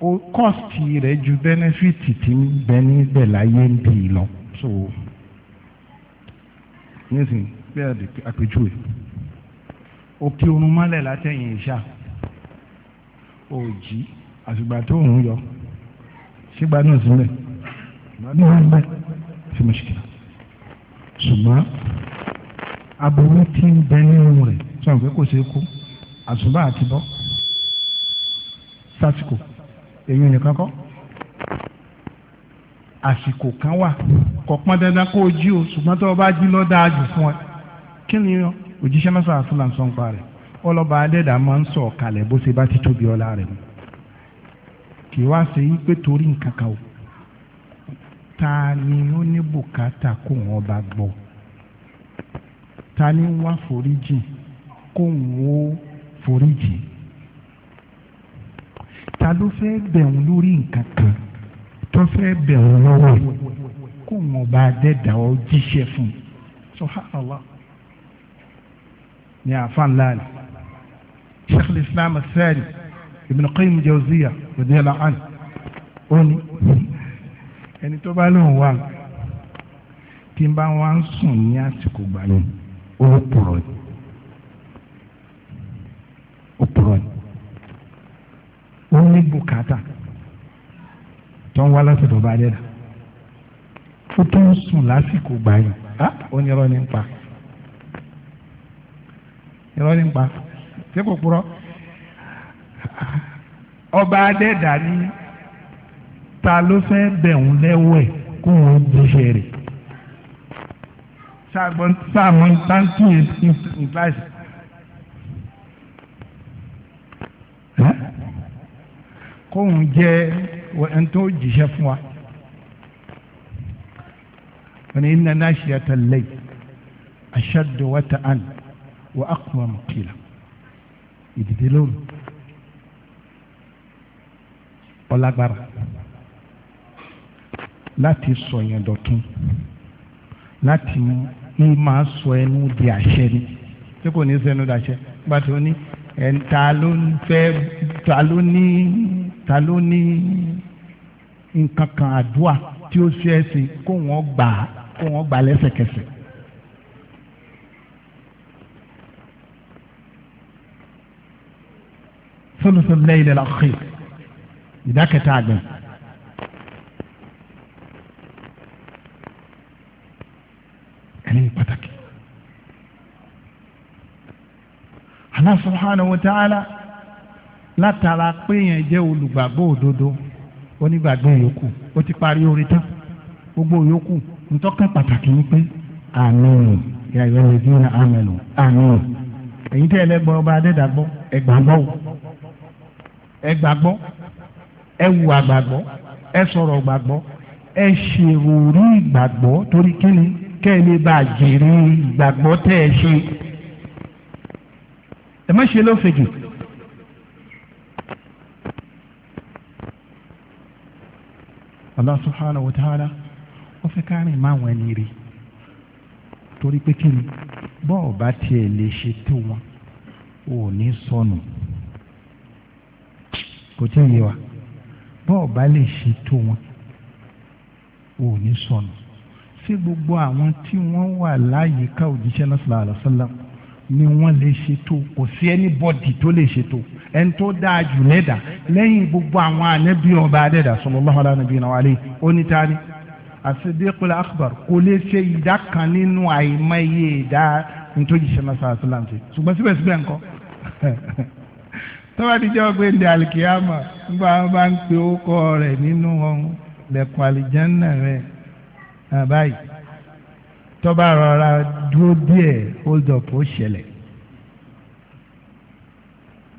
o cost rẹ̀ ju benefit tí ń bẹ níbẹ̀ láyé ń bì lọ so nísìnyí bí àpèjúwe òkè orun mọ́lẹ̀ látẹ̀yìn ìṣá òjì àsìgbà tó ń yọ sígbà náà sílẹ̀ ìgbà náà ń bẹ̀ sí mọ̀ṣíkìlá ṣùgbọ́n aburú tí ń bẹ nínú rẹ̀ sọ pé kò ṣeé kú àsùnbà àti bọ́ sásìkò èyí nìkan kọ́ àsìkò kan wà kò pọn dandan kó o jí o ṣùgbọ́n tó o bá jí lọ́ dáa jù fún ẹ kí ni òjíṣẹ́ náà sọ ń sọ ọlọ́ba adẹ́dàá máa ń sọ̀ kalẹ̀ bó ṣe bá ti tóbi ọlá rẹ̀ mu kì í wá ṣe wípé torí nǹkan kan o ta ni ó ní bùkátà kó wọn bá gbọ́ ta ni wá foríjì kó wọn ó foríjì ta ló fẹ́ bẹ̀rùn lórí nǹkan kan tó fẹ́ bẹ̀rùn lọ́wọ́ kó wọn bá dẹ́dà ọ jíṣẹ́ fún un subhanallah ni àfa ńlá sheikh islam sani ibn qayyim jawziya rọ̀dí ẹ̀la hàn ó ní ẹni tó bá lóun wà tí n bá wá ń sùn ní àsìkò gbà yẹn ó pùrọ̀ ni ó pùrọ̀ ni ó ní bùkátà tó ń wá lásìkò bá dé la ó tó ń sùn lásìkò gbà yẹn ó ní irọ́ ní pa irọ́ ní pa ṣé kò purọ́ ọba adẹ́dà ni ta ló fẹ́ bẹ̀rùn lẹ́wọ̀ ẹ̀ kó wọn gbéṣẹ́ rẹ̀ ṣàgbọ́n sáàmùn táǹkì ìfìláṣì. kóun jẹ́ ẹni tó jíṣẹ́ fún wa wọ́n ní nana ṣe àtàlẹ́yìn aṣáájú wata àn wọ́n kìlà ìdílé lónìí ọlágbára láti sọ yẹn dọ̀tún láti ń máa sọ ẹnu di àṣẹ ni tí kò ní sẹnu di àṣẹ nígbà tí ó ní ta ló ń fẹ́ ta ló ní ta ló ní nǹkan kan àdúrà tí ó ṣe é kó wọ́n gbà kó wọ́n gbà lẹ́sẹ̀kẹsẹ̀. ثلث الليل الأخير ìdákẹ́ta àgbẹ̀. ẹni pàtàkì. Allah subhanahu wa ta'ala látara pé yẹn jẹ́ olùgbàgbọ́ òdodo onígbàgbọ́ yòókù o ti parí orí tán gbogbo yòókù ntọ́ka pàtàkì ni pé ní àmín àmín èyí tẹ́ ẹ ọba adẹ́dàgbọ́ ẹ wùwà gbàgbọ́ ẹ sọ̀rọ̀ gbàgbọ́ ẹ ṣèrò orí ìgbàgbọ́ torí kíni kẹ́ni bá jèrè ìgbàgbọ́ tẹ́ ẹ ṣe ẹ má ṣe lófejì. Allah subhanahu wa ta'ala ó fẹ́ ká rìn máa wọn ẹni torí pé kíni bọ́ọ̀ bá tiẹ̀ lè ṣe tó wọn ò ní sọnù kò tí ì yé wa bọ́ ọ̀ bá lè ṣe tó wọn ò ní sọnù ṣé gbogbo àwọn tí wọ́n wà láyìíká òjíṣẹ́ náà sallallahu alaihi wasallam ni wọ́n lè ṣe tó kò sí anybody tó lè ṣe tó ẹni tó dáa jù lẹ́dà lẹ́yìn gbogbo àwọn ànábì ọba adẹ́dà sallallahu alaihi nabiyina wa alayhi onítàní àṣedékùlẹ̀ akbar kò lè ṣe ìdá kan nínú àìmọye ìdá nítorí náà sallallahu alaihi wasallam ṣùgbọ́n síbẹ̀síbẹ̀ nǹkan. tó bá dijọ́ pé ndé alikiyama nígbà wọn bá ń pe ókọ rẹ̀ nínú wọn lẹ́kùn àlìjánná rẹ̀ báyìí tó bá rọra dúró díẹ̀ hold up ó ṣẹlẹ̀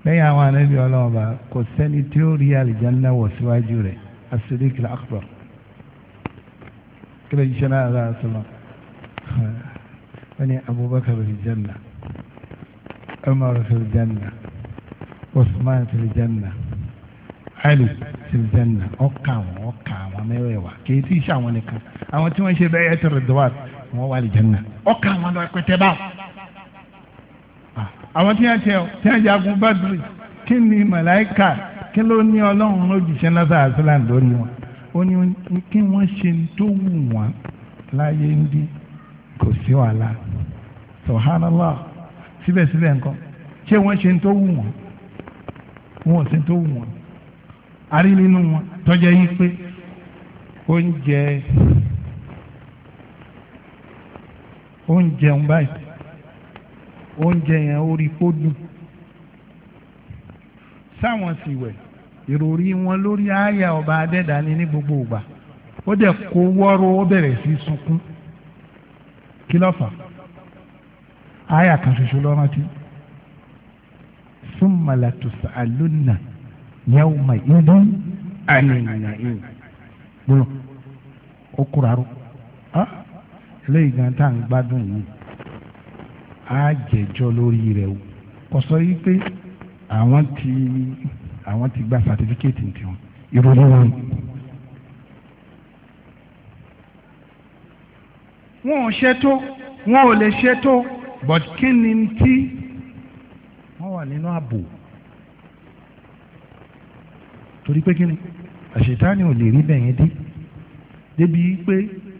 lẹ́yìn àwọn anábì ọlọ́ọ̀bà kò sẹ́ni tí ó rí àlìjánná wọ̀ síwájú rẹ̀ asidikil akbar kílẹ̀ jíṣẹ́ náà rà sọ́nà wọ́n ní abubakar fil janna umar fil osman fil janna Ali fil janna ọkà wọn ọkà wọn mẹ́wẹ̀ẹ̀wà kìí tí ì àwọn nìkan àwọn tí wọ́n ṣe bẹ́ẹ̀ ọkà tí wọ́n ọ tí wọ́n jagun Badri kí ni màláìka kí ló ní ọlọ́run lójúṣẹ́ lásán àṣìláàn lónìí wọn ó ní kí wọ́n ṣe tó wù wọ́n láyé ń kò sí wàhálà síbẹ̀síbẹ̀ nǹkan ṣé wọ́n ṣe wọn ò sí tó wù wọn àrí nínú wọn tọ́jà yí pé oúnjẹ oúnjẹ ń báyìí oúnjẹ yẹn orí kó dùn sáwọn sì wẹ̀ ìròrí wọn lórí àyà ọba adẹ́dá ni ní gbogbo ìgbà ó dẹ̀ kó wọ́rọ́ ó bẹ̀rẹ̀ sí sunkún kí ló àyà kan ṣoṣo lọ́rántí thumma latus'alunna yawma idin anin na'im gbọ́dọ̀ ó kúra rú ah, lẹ́yìn gan tá à ń gbádùn yìí á jẹjọ́ lórí rẹ̀ o kò sọ yìí pé àwọn ti àwọn ti gba sàtífíkẹ́tì tiwọn ìròyìn wọn. wọn ò but kí wọ́n wà nínú ààbò torí pé kíni àṣetáni ò lè rí bẹ̀yẹn dé débi pé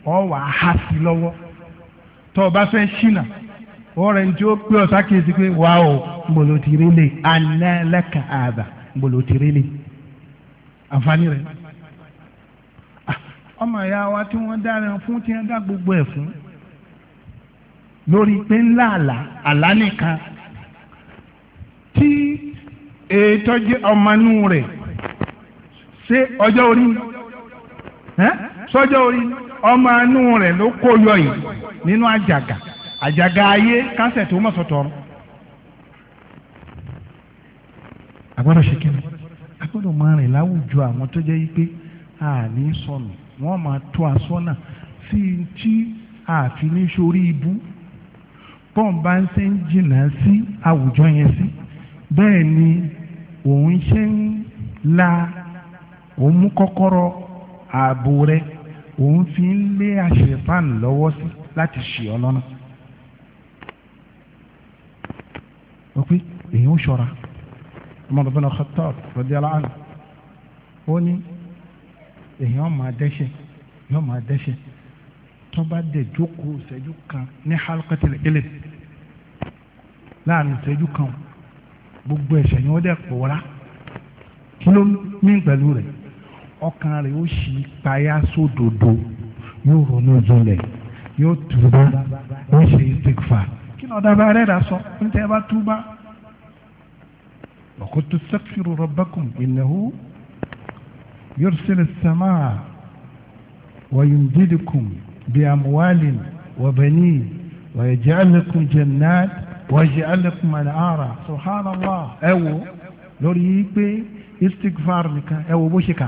ọ wà á si sí lọ́wọ́ tó o bá fẹ́ ṣìnà ọ̀rẹ́ ní tí ó pé ọ̀sá kìí pé wà ó mbolotiri lè análẹ́ka àbà mbolotiri àǹfààní ah, wa tí wọ́n dára gbogbo ẹ̀ fún lórí pé ńlá àlá àlá nìkan tí ètò jẹ́ ọmọnú rẹ̀ orí orí ọmọnú ló kó yọ yìí nínú àjàgà àjàgà ayé kásẹ̀ tó mọ̀sọ̀ tọrọ. agbọ́dọ̀ ṣe kíni agbọ́dọ̀ máa rìn láwùjọ àwọn tó jẹ́ pé àní sọnù wọ́n máa tó asọ́nà tí àfi ní sórí ibú bẹ́ẹ̀ ni òun ṣe ń la òun mú kọ́kọ́rọ́ ààbò rẹ òun fi ń lé àṣetán lọ́wọ́ sí láti ṣì ọ́ lọ́nà. wọ́n pé èèyàn ó ṣọ́ra Umar bin Khattab radiyallahu anhu ó ní èèyàn máa dẹ́ṣẹ̀ èèyàn máa dẹ́ṣẹ̀ tó dẹ̀ jókòó ìṣẹ́jú kan ní halqatil ilm láàrin ìṣẹ́jú kan o gbogbo ẹ̀ṣẹ̀ yẹn ó dẹ̀ pòórá kí ló mí pẹ̀lú rẹ̀ ọkàn rẹ̀ ó ṣì payá sódodo yóò ronú jinlẹ̀ yóò túbá yóò ṣe istikfa kí ni ọ̀dà bá rẹ̀ dà sọ ní tẹ́ ẹ bá túbá ọ̀kọ́tù sẹ́kìrù rabbakum innahu yursil as-samaa wa yumdidukum bi amwalin wa banin wa yaj'al lakum jannat waj'al lakum al-ara subhanallah ẹ wo lórí yìí pé istighfar nìkan ẹ wo bó ṣe kà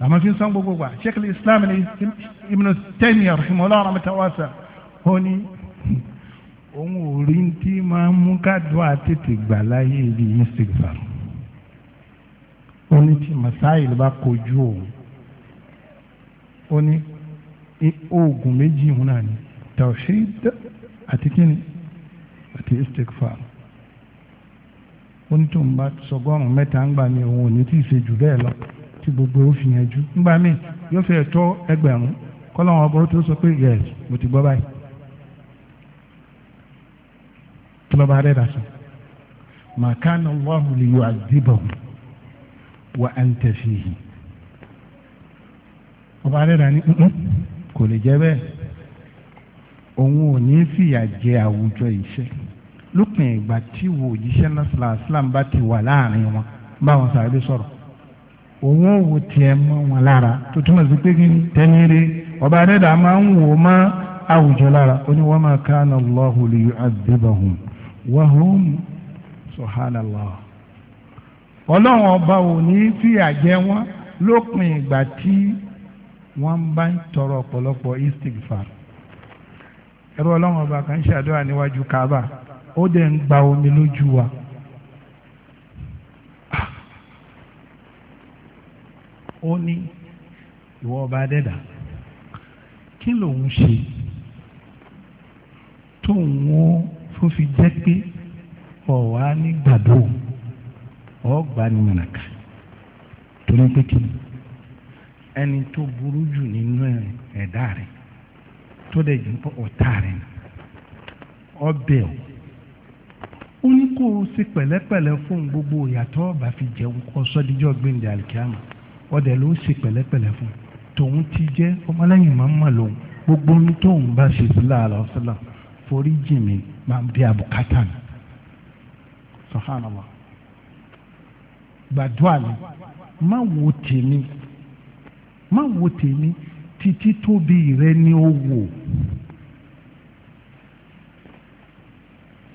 àmọ́ fi ń sán gbogbo wa sheikh islam ni ibn Taymiyyah rahimahullah rahmatan wasi'a ó ní òun ò rí tí máa ń mú kádùá tètè gbà láyé ibi istighfar ó ní tí masáyìlì bá kojú òun ó ní oògùn méjì òun náà ni tawhid àti kíni àti istikfar onítòun bá sọgọ́rùn mẹ́ta ń gbà mí òun ò ti tí ì ṣe jù ti gbogbo fi yẹn jú n'gba mí yóò fẹ́ tó ẹgbẹ̀rún kọ́lọ́wọ́n ọgbọ́n tó sọ pé yes mo ti gbọ́ báyìí kí ló bá rẹ̀ dà sọ ma wa anta ọba rẹ̀ dà ní kò lè jẹ́ òun ò ní fìyà jẹ àwùjọ iṣẹ́ lópin ìgbà tí wò òjíṣẹ́ náà islam bá ti wà láàrin wọn báwọn sàbẹ̀ sọ̀rọ̀ òun ò wò tiẹ̀ mọ́ wọn lára tó túmọ̀ sí pé kí ni tẹ́ni rí ọba adẹ́dàá máa ń wò ó àwùjọ lára ó ní wọ́n máa kana Allahu li yu'adhibahum wa hum subhanallah ọlọ́run ọba ò ní fìyà jẹ wọn lópin ìgbà tí bá ń tọrọ ọ̀pọ̀lọpọ̀ ẹ̀rọ ọlọ́run ọba kan ṣàdúrà níwájú kaaba ó dẹ̀ ń gba omi lójú wa. ó ní ìwọ ọba adẹ́dà kí lòun ṣe tóun ó fún fi jẹ́ pé ọ̀wá nígbàdo ọ̀gbà ni mọ̀nàkà torí pé kí ẹni tó burú jù nínú ẹ̀dá rẹ̀ tó dẹ̀ jù pé ọ̀tá rẹ̀ ọbẹ̀ o ó ní kó o ṣe pẹ̀lẹ́pẹ̀lẹ́ fún gbogbo ìyàtọ̀ ọba fi jẹun kọ́ sọ́díjọ́ gbẹ̀ǹdẹ̀ àlìkíyàmà ọdẹ ló ṣe pẹ̀lẹ́pẹ̀lẹ́ fún tòun ti jẹ́ ọmọlẹ́yìn máa ń mọ̀ lòun gbogbo ohun tóun bá ṣe sílẹ̀ àlọ́sílẹ̀ forí jì mí máa ń bí abùkátà mi subhanallah gbàdúrà mi má wo tèmi má wo tèmi títí tóbi rẹ ni ó wò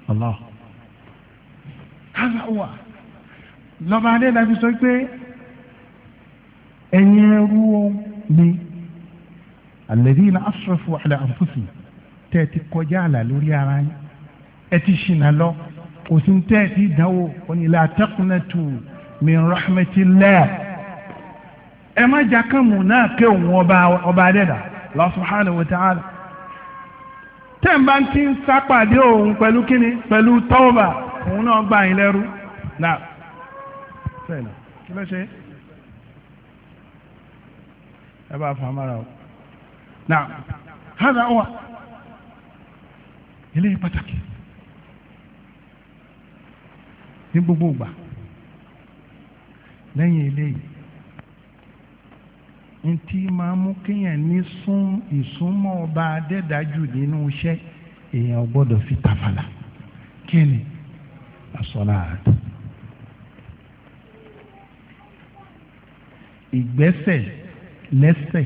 Allah aláwà lọ́ba adélábi sọ pé ẹ̀yin ẹrú mi alladhina asrafu ala anfusihim tẹ́ ẹ ti kọjá àlà lórí ara yín ẹ ti ṣìnà lọ kò sí tẹ́ ẹ ti dánwò onílà taqnatu min rahmatillah. ẹ má jà kán ọba ọba adẹ́dà Allah subhanahu wa ń ti ń sápàdé òun pẹ̀lú kíni pẹ̀lú tọ́ọ̀bà òun náà gbà yín lẹ́rú kí ló ṣe ẹ bá ntí máa mú kéèyàn ní sún ìsúnmọ́ ọba adẹ́dájú nínú iṣẹ́ èèyàn gbọ́dọ̀ fi tàfàlà kí ni àsọlá àti. ìgbésẹ̀ lẹ́sẹ̀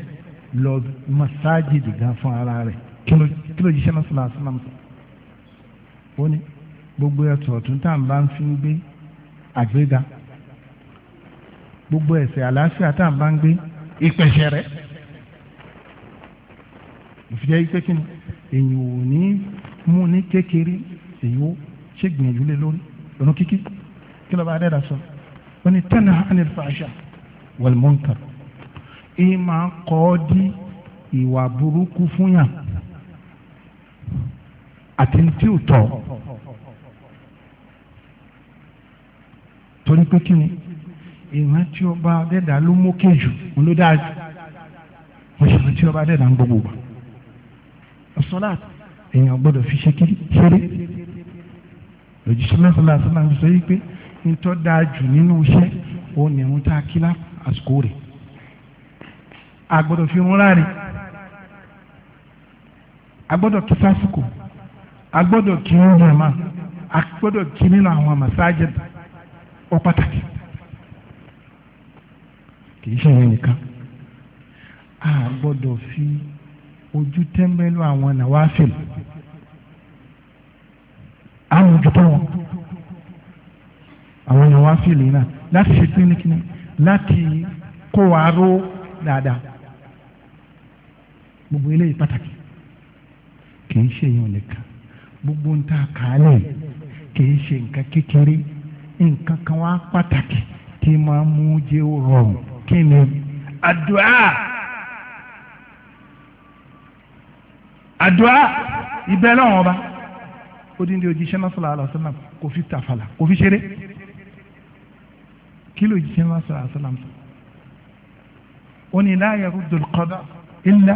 lọ mọ́sáàjì dìgan fún ara rẹ̀ kí ló jíṣẹ́ náà sọ̀rọ̀ àṣìlá ó ní gbogbo ẹ̀sùn ọ̀tún tá à ń bá ń fi ń gbé àgbéga gbogbo ẹ̀sẹ̀ àlàáfíà tá à ń bá ń gbé ìpèsè rẹ ìfìdíyà yìí kékeré èyí ò ní mú ní kékeré èyí ó ṣe gbìyànjú lé lórí lọ́nà kíkí kí ló bá dé sọ wọn ni tẹ́nà anil fàṣà wal munkar èyí máa kọ́ ọ́ di ìwà burúkú fún yàn àti tí ò tọ̀ torí pé kí ni ìrántí ọba dẹ́dà ló mókè jù wọn ló dáa jù wọn sì rántí ọba dẹ́dà ń gbogbo wa ọ̀sọ́lá èèyàn gbọ́dọ̀ fi ṣe kiri ṣeré òjíṣẹ́ mẹ́sàn-án láti máa ń sọ yìí pé nítọ́ dáa jù nínú iṣẹ́ òun ni ìrún tá a kí lápò àsìkò rẹ̀ a gbọ́dọ̀ fi rún láre a gbọ́dọ̀ kí sásìkò a gbọ́dọ̀ kí ń yẹn máa a gbọ́dọ̀ kí nínú àwọn àmàsájẹ ọ pàtàkì. kì í ṣọ̀rọ̀ nìkan a gbọ́dọ̀ fi ojú tẹ́ńbẹ́lú àwọn nàwáfìl àmójútó wọn àwọn nàwáfìl náà láti ṣe pínlẹ́kínní láti kó wa ró dáadáa gbogbo eléyìí pàtàkì kì í ṣe nìkan gbogbo ń ta kì í ṣe nǹkan kékeré nǹkan kan wá kí ni àdúà àdúà ìbẹ́ lọ́wọ́n ọba ó dín ní òjíṣẹ́ náà sallallahu alaihi wasallam kò fi tàfàlà kò fi ṣeré kí ló jíṣẹ́ náà sallallahu alaihi wasallam sọ ó ní la yaruddul qada illa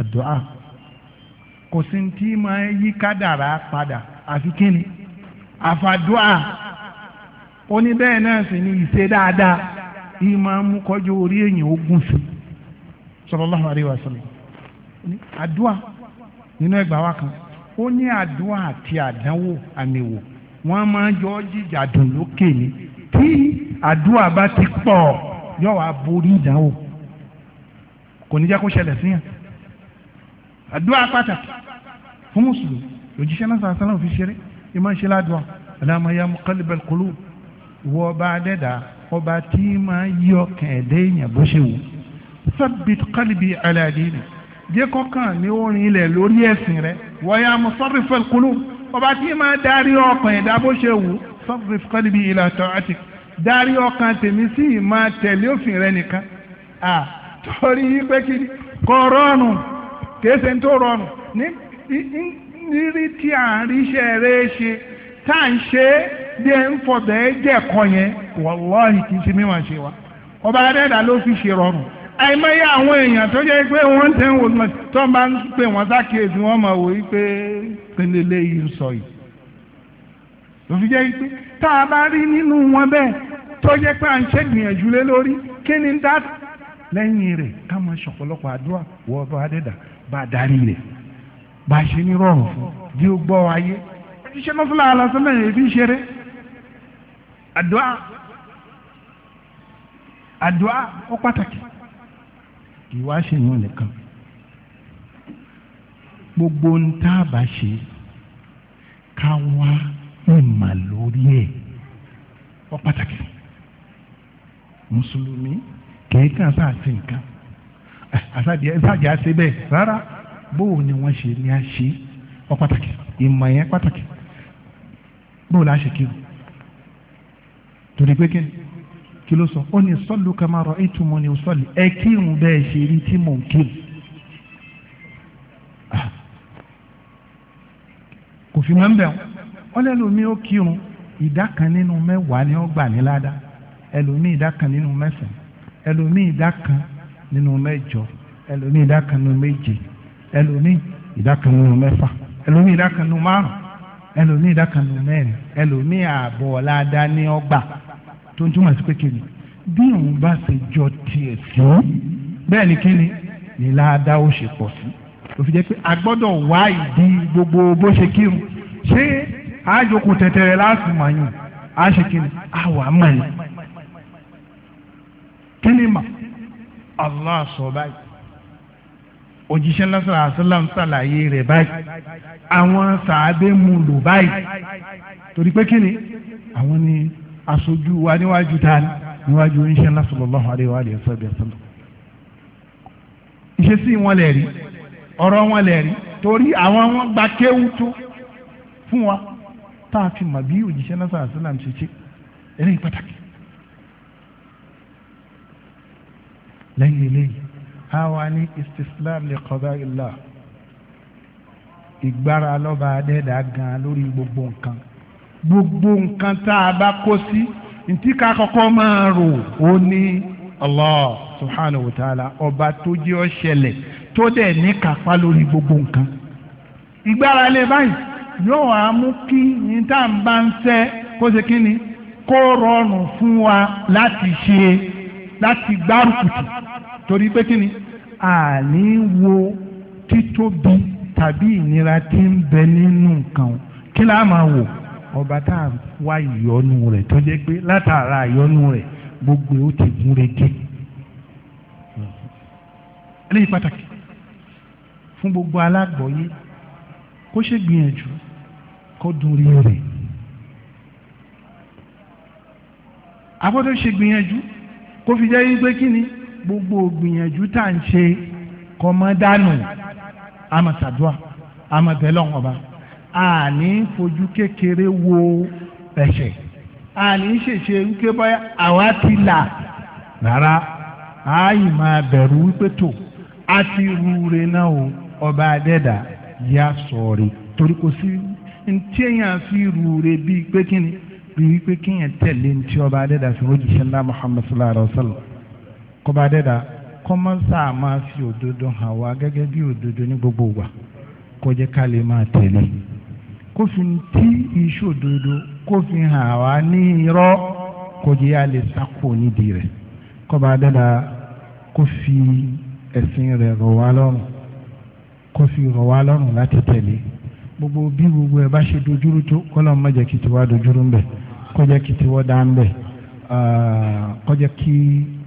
àdúà kò sí tí máa yí kádàrá padà àfi kí ni ó ní bẹ́ẹ̀ náà sì ni ìṣe dáadáa yìí máa mú kọjú orí ogun sí sallallahu alaihi wasallam àdúà nínú ẹgbà wa kan ó ní àdúà àti àdánwò àmìwò wọ́n máa jọ jíjà dùn lókè ni tí àdúà bá ti pọ̀ yóò wá borí ìdánwò kò ní jẹ́ kó ṣẹlẹ̀ síyàn àdúà pàtàkì fún mùsùlùmí òjíṣẹ́ náà sàrà sàlám fi ṣeré ìmọ̀ ṣe ládùá àdàmọ̀ ya muqallibal qulub wọ́ọ́ bá dẹ́dàá ọba tí máa yí ọkàn ẹ̀dẹ́ èèyàn bó ṣe wù sabbit qalbi ala dini jẹ́ kọ́kàn ní orin ilẹ̀ lórí ẹ̀sìn rẹ wa ya musarrif al-qulub ọba tí máa darí ọkàn ẹ̀dá bó ṣe wù sarrif qalbi ila ta'atik darí ọkàn tèmi sí máa tẹ̀lé òfin rẹ nìkan torí pé kí kọ́ rọrùn kìí ṣe tó rọrùn ní rírí tí à ń ríṣẹ́ rẹ ṣe tá à ń ṣe é bí ẹ ń ẹ jẹ́ ẹ̀kọ́ yẹn wàláhì kì í ṣe ṣe wa ọba ló fi ṣe rọrùn àìmọye àwọn èèyàn tó jẹ́ pé wọ́n tẹ́ ń wò ó tó ń bá ń pè wọ́n sákìyèsí sọ yìí ló fi jẹ́ pé a bá rí nínú wọn bẹ́ẹ̀ tó jẹ́ pé à ń ṣègbìyànjú lé lórí kí ni dá lẹ́yìn rẹ̀ ká máa ṣọ̀pọ̀lọpọ̀ àdúrà wọ ọba bá a darí rẹ̀ bá a ṣe ní rọrùn fún bí àdúà àdúà ó pàtàkì kì í wá ṣe yàn nìkan gbogbo ń tá a bá ṣe ká wá ìmọ̀ lórí ẹ̀ ó pàtàkì mùsùlùmí kẹ̀kẹ́ àtàtì nǹkan àtàjẹ́ eh, àṣẹ bẹ́ẹ̀ rárá bóò ni wọ́n ṣe ní àṣẹ ó pàtàkì ìmọ̀ yẹn pàtàkì bóò la ṣe kírun torí pé kí ló sọ ó ní sọ́ọ̀lù kama ra'aytumuni usalli ẹ kírun bẹ́ẹ̀ ṣe rí tí mò ń kírun. Ah. kò fi mọ́ ń bẹ̀ wọ́n lẹ́lòmíì ó kírun ìdá kan nínú mẹ́wàá ni ó gbà ní ládàá ẹlòmíì ìdá kan nínú mẹ́sàn-án ẹlòmíì ìdá kan nínú mẹ́jọ ẹlòmíì ìdá kan nínú méje ẹlòmíì ìdá kan nínú mẹ́fà ẹlòmíì ìdá kan nínú márùn ẹlòmíì ìdá kan nínú mẹ́rin ẹlòmíì ààbọ̀ ni ó gbà tó ń túmọ̀ sí pé kíni bí òun bá ṣe jọ tiẹ̀ sí bẹ́ẹ̀ ni kíni ni láàdá ó ṣe pọ̀ sí òfin jẹ́ pé a gbọ́dọ̀ wá ìdí gbogbo bó ṣe kírun ṣé àjòkù tẹ̀tẹ̀rẹ̀ láti mọ̀yìn a ṣe kíni a wà mọ̀yìn kíni mà Allah sọ báyìí òjíṣẹ́ lọ́sọ̀rọ̀ àṣọlám ṣàlàyé rẹ̀ báyìí àwọn sàábé mu lò báyìí torí pé kíni àwọn ni aṣojú wa níwájú ta ni níwájú oníṣẹ́ ńlá sallallahu alaihi wa alihi wasallam. ìṣesí wọn lè rí ọ̀rọ̀ wọn lè rí torí àwọn wọn gba kéwù tó fún wa tá a fi mọ̀ bí òjíṣẹ́ ńlá sallallahu alaihi wasallam ṣe ṣe pàtàkì. lẹ́yìn eléyìí a wà ní istislam li qada'illah ìgbára lọ́ba adẹ́dàá gan lórí gbogbo nǹkan gbogbo nǹkan tá a bá kó sí ntí ká kọ́kọ́ máa rò ó ní Allah subhanahu wa ta'ala ọba tó jẹ́ ó ṣẹlẹ̀ tó dẹ̀ ní kápá lórí gbogbo nǹkan. ìgbára lè báyìí yóò wá mú kí ní tá à ń bá ń fẹ́ kó ṣe kí ni kó rọrùn fún wa láti ṣe láti gbárùkùtù torí pé kí ni àní wo títóbi tàbí ìnira tí ń bẹ nínú nǹkan kí láà máa wò ọba tá à ń wá ìyọ́nú rẹ̀ tó jẹ́ pé látara ìyọ́nú rẹ̀ gbogbo ó ti mú rege eléyìí pàtàkì fún gbogbo alágbọ̀yé kó ṣe gbìyànjú kó dùn rí rẹ̀ agbọ́dọ̀ ṣe gbìyànjú kó fi jẹ́ wípé kí ni gbogbo gbìyànjú tá à ń ṣe kọ́mọ́dánù àmọ̀tàdúà àmọ̀tẹ́lọ́wọ̀n ọba. a ní fojú kékeré wo ẹ̀ṣẹ̀ a ní ṣèṣe wípé báyà àwa ti là rárá a yìí máa bẹ̀rù wípé tó a ti rúure náà o ọba adẹ́dà yá sọ̀rọ̀ torí kò sí ntí èèyàn fi rúure bíi pé kíni bíi pé kíyàn tẹ̀lé ntí ọba adẹ́dà fi wọ́n jíṣẹ́ ńlá Muhammad sallallahu alayhi wa sallam kọba gbogbo wa ká lè máa tẹ̀lé. kó fi tí iṣu òdodo kó fi hàn wá ní irọ́ kò jẹ́ a lè sáko nídìí rẹ̀ kọ́ba dada kó fi ẹ̀sìn rẹ̀ rọ̀ wá lọ́rùn kó fi rọ̀ wá lọ́rùn láti tẹ̀lé gbogbo bí gbogbo ẹ̀ bá ṣe dojúrú tó kọ́lọ́ má jẹ́ kí tiwa dojúrú ń kó jẹ́ kí tiwa dá ń kó jẹ́ kí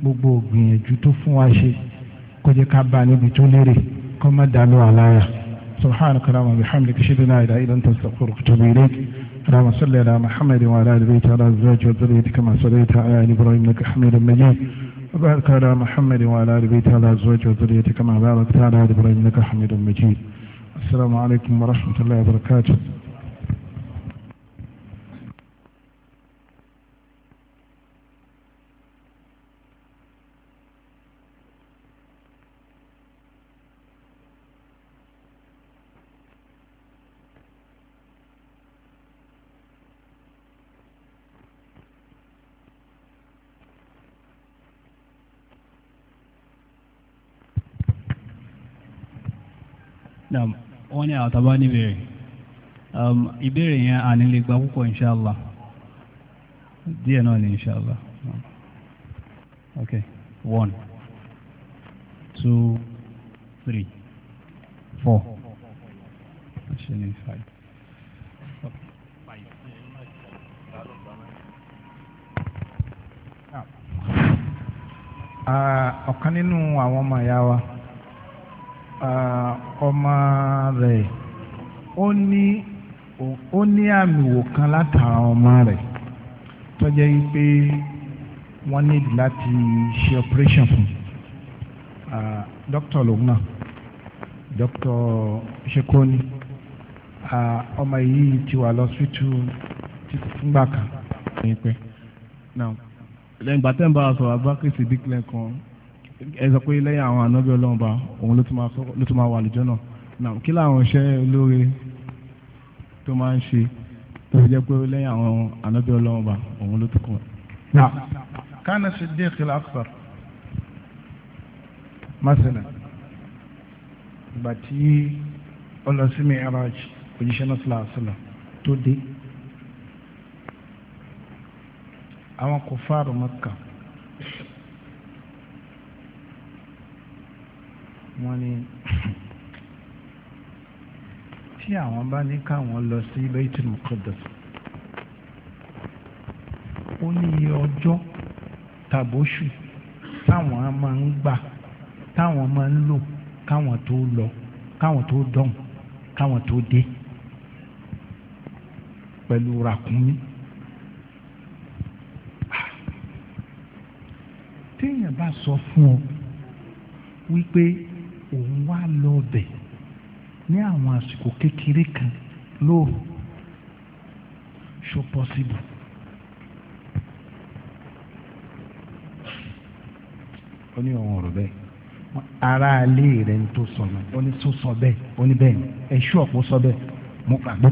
gbogbo gbìyànjú tó fún wa ṣe kó jẹ́ ká bá níbi tó lérè kó má dàlú àlàyé. سبحانك اللهم وبحمدك اشهد ان لا اله الا انت استغفرك واتوب اليك اللهم صل على محمد وعلى ال بيته وعلى ازواجه وذريته كما صليت على ال ابراهيم انك حميد مجيد وبارك على محمد وعلى ال بيته وعلى ازواجه وذريته كما باركت على ال ابراهيم انك حميد مجيد السلام عليكم ورحمه الله وبركاته naam wọ́n ní àwọn tàbá ní ìbéèrè um, ìbéèrè yẹn à ní lè gba púpọ̀ inṣàlá díẹ̀ náà ní inṣàlá ok one two three four actually five. Ah, ọ̀kan nínú àwọn ọmọ ìyá wa ọmọ rẹ̀ ó ní ó ní àmì wò kan látara ọmọ rẹ̀ tó jẹ́ pé wọ́n ní láti ṣe operation fún dókítà lòun náà dókítà ṣekoni ọmọ yìí ti wà lọ́sítù fúngbà kan. lẹ́yìn ìgbà tẹ́ ń bá a sọ̀rọ̀ abákẹ́sì dìklẹ̀ kan ẹ sọ pé lẹ́yìn àwọn ànábì ọlọ́run bá òun ló tún máa wà lójọ́ náà náà kí làwọn iṣẹ́ olóore tó máa ń ṣe tó fi jẹ́ pé lẹ́yìn àwọn ànábì ọlọ́run bá òun ló tún kọ́. kánà Siddiq al-Akbar masana ìgbà tí ọlọ́sìnmi araj òjíṣẹ́ náà sílá sílá tó dé àwọn kò fáàrọ̀ Mẹ́kà. wọ́n ní tí àwọn bá ní káwọn lọ sí Baitul Muqaddas ó ní iye ọjọ́ tàbóṣù táwọn máa ń gbà táwọn máa ń lò káwọn tó lọ káwọn tó dọ̀n káwọn tó dé pẹ̀lú ràkúnmí. Ah! téèyàn bá sọ fún ọ wípé òun wá lọ bẹ̀ ní àwọn àsìkò kékeré kan lóru ṣó pọ́síbù. ó ní òun ọ̀rọ̀ bẹ́ẹ̀ ara alé rẹ̀ ń tó sọnù ó ní tó sọ bẹ́ẹ̀ ó ní bẹ́ẹ̀ ni ẹ̀ṣú ọ̀pọ̀ sọ bẹ́ẹ̀ mo gbàgbọ́.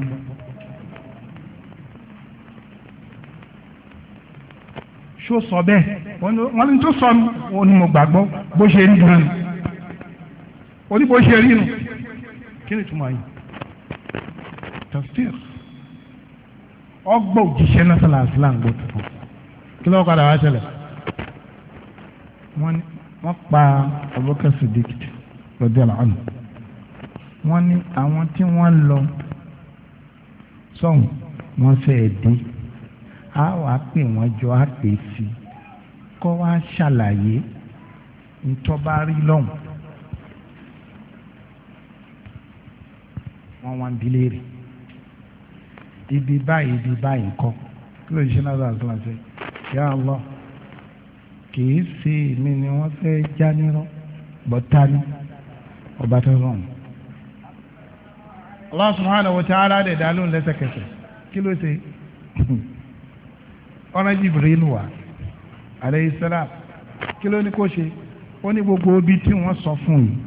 ṣó sọ bẹ́ẹ̀ wọ́n ní tó sọnù ó ní mo gbàgbọ́ bó ṣe ń dùn oníbo ṣe rí nu kí ni túmọ̀ yìí tafsir ọgbọ́ òjíṣẹ́ náà sọ̀rọ̀ àṣìláà ń gbọ́ tuntun kí ló padà wá ṣẹlẹ̀ wọ́n pa Abubakar Siddiq radiyallahu anhu wọ́n ní àwọn tí wọ́n lọ sọ̀hún wọ́n fẹ́ẹ́ dé a wàá pè wọ́n jọ á pè sí kọ́ wá ṣàlàyé ntọ́ba rí lọ́hùn wọ́n wá ń bi léèrè ibi báyìí ibi báyìí kọ́ kí ló ń ṣe náà láti láti yá lọ kì í ṣe èmi ni wọ́n fẹ́ já nírọ́ bọ́tá ní ọba tó rọrùn. Allah subhanahu wa ta'ala dẹ̀ dá lóhùn lẹ́sẹ̀kẹsẹ̀ kí ló ṣe ọ̀rọ̀ Jibril wà alayhi salam kí ló ní kó ṣe ó ní gbogbo ibi tí wọ́n sọ fún yìí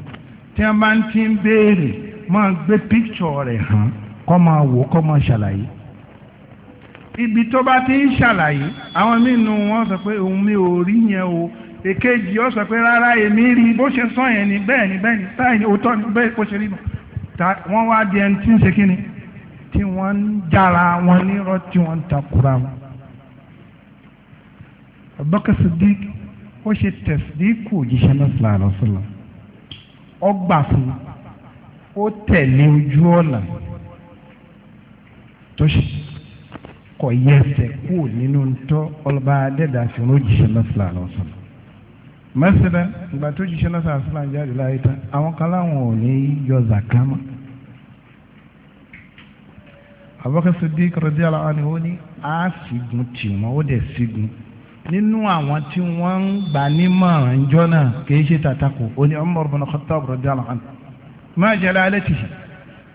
tí wọ́n bá ń ti ń béèrè máa gbé píkṣọ rẹ̀ hàn kọ́ máa wò kọ́ máa ṣàlàyé ibi tó bá ti ń ṣàlàyé àwọn mínú wọn sọ pé òun mi ò rí yẹn o èkejì ó sọ pé rárá èmi rí bó ṣe sọ yẹn ni bẹ́ẹ̀ ni bẹ́ẹ̀ ni táyì ni òótọ́ ni bẹ́ẹ̀ bó ṣe rí nù wọ́n wá di ẹni tí ń ṣe kíni tí wọ́n ń jára wọn nírọ́ tí wọ́n ń takura wọn. Abubakar Siddiq ó ṣe tẹ̀sídìkù òjíṣẹ́ náà sílẹ̀ àlọ́sílẹ̀ ọgbà fún un ó tẹ̀lé ojú ọ̀nà tó kọ̀ yẹsẹ̀ kúrò nínú ntọ́ ọlọ́ba adẹ́dà fi ń ojìṣẹ́ náà fìlà lọ sọ̀rọ̀ mẹ́sẹ̀lẹ̀ ìgbà tó jíṣẹ́ náà sàn fúlàn jáde láyé tán àwọn kan láwọn ò ní yọ zàká mọ́ Abubakar Siddiq radiyallahu anhu ó ní á sígun tì wọ́n ó dẹ̀ sígun nínú àwọn tí wọ́n ń gbà nímọ̀ràn jọ kì í ṣe tàtàkù ó ní Umar ibn Khattab radiyallahu anhu máa jẹ́lá alẹ́ tì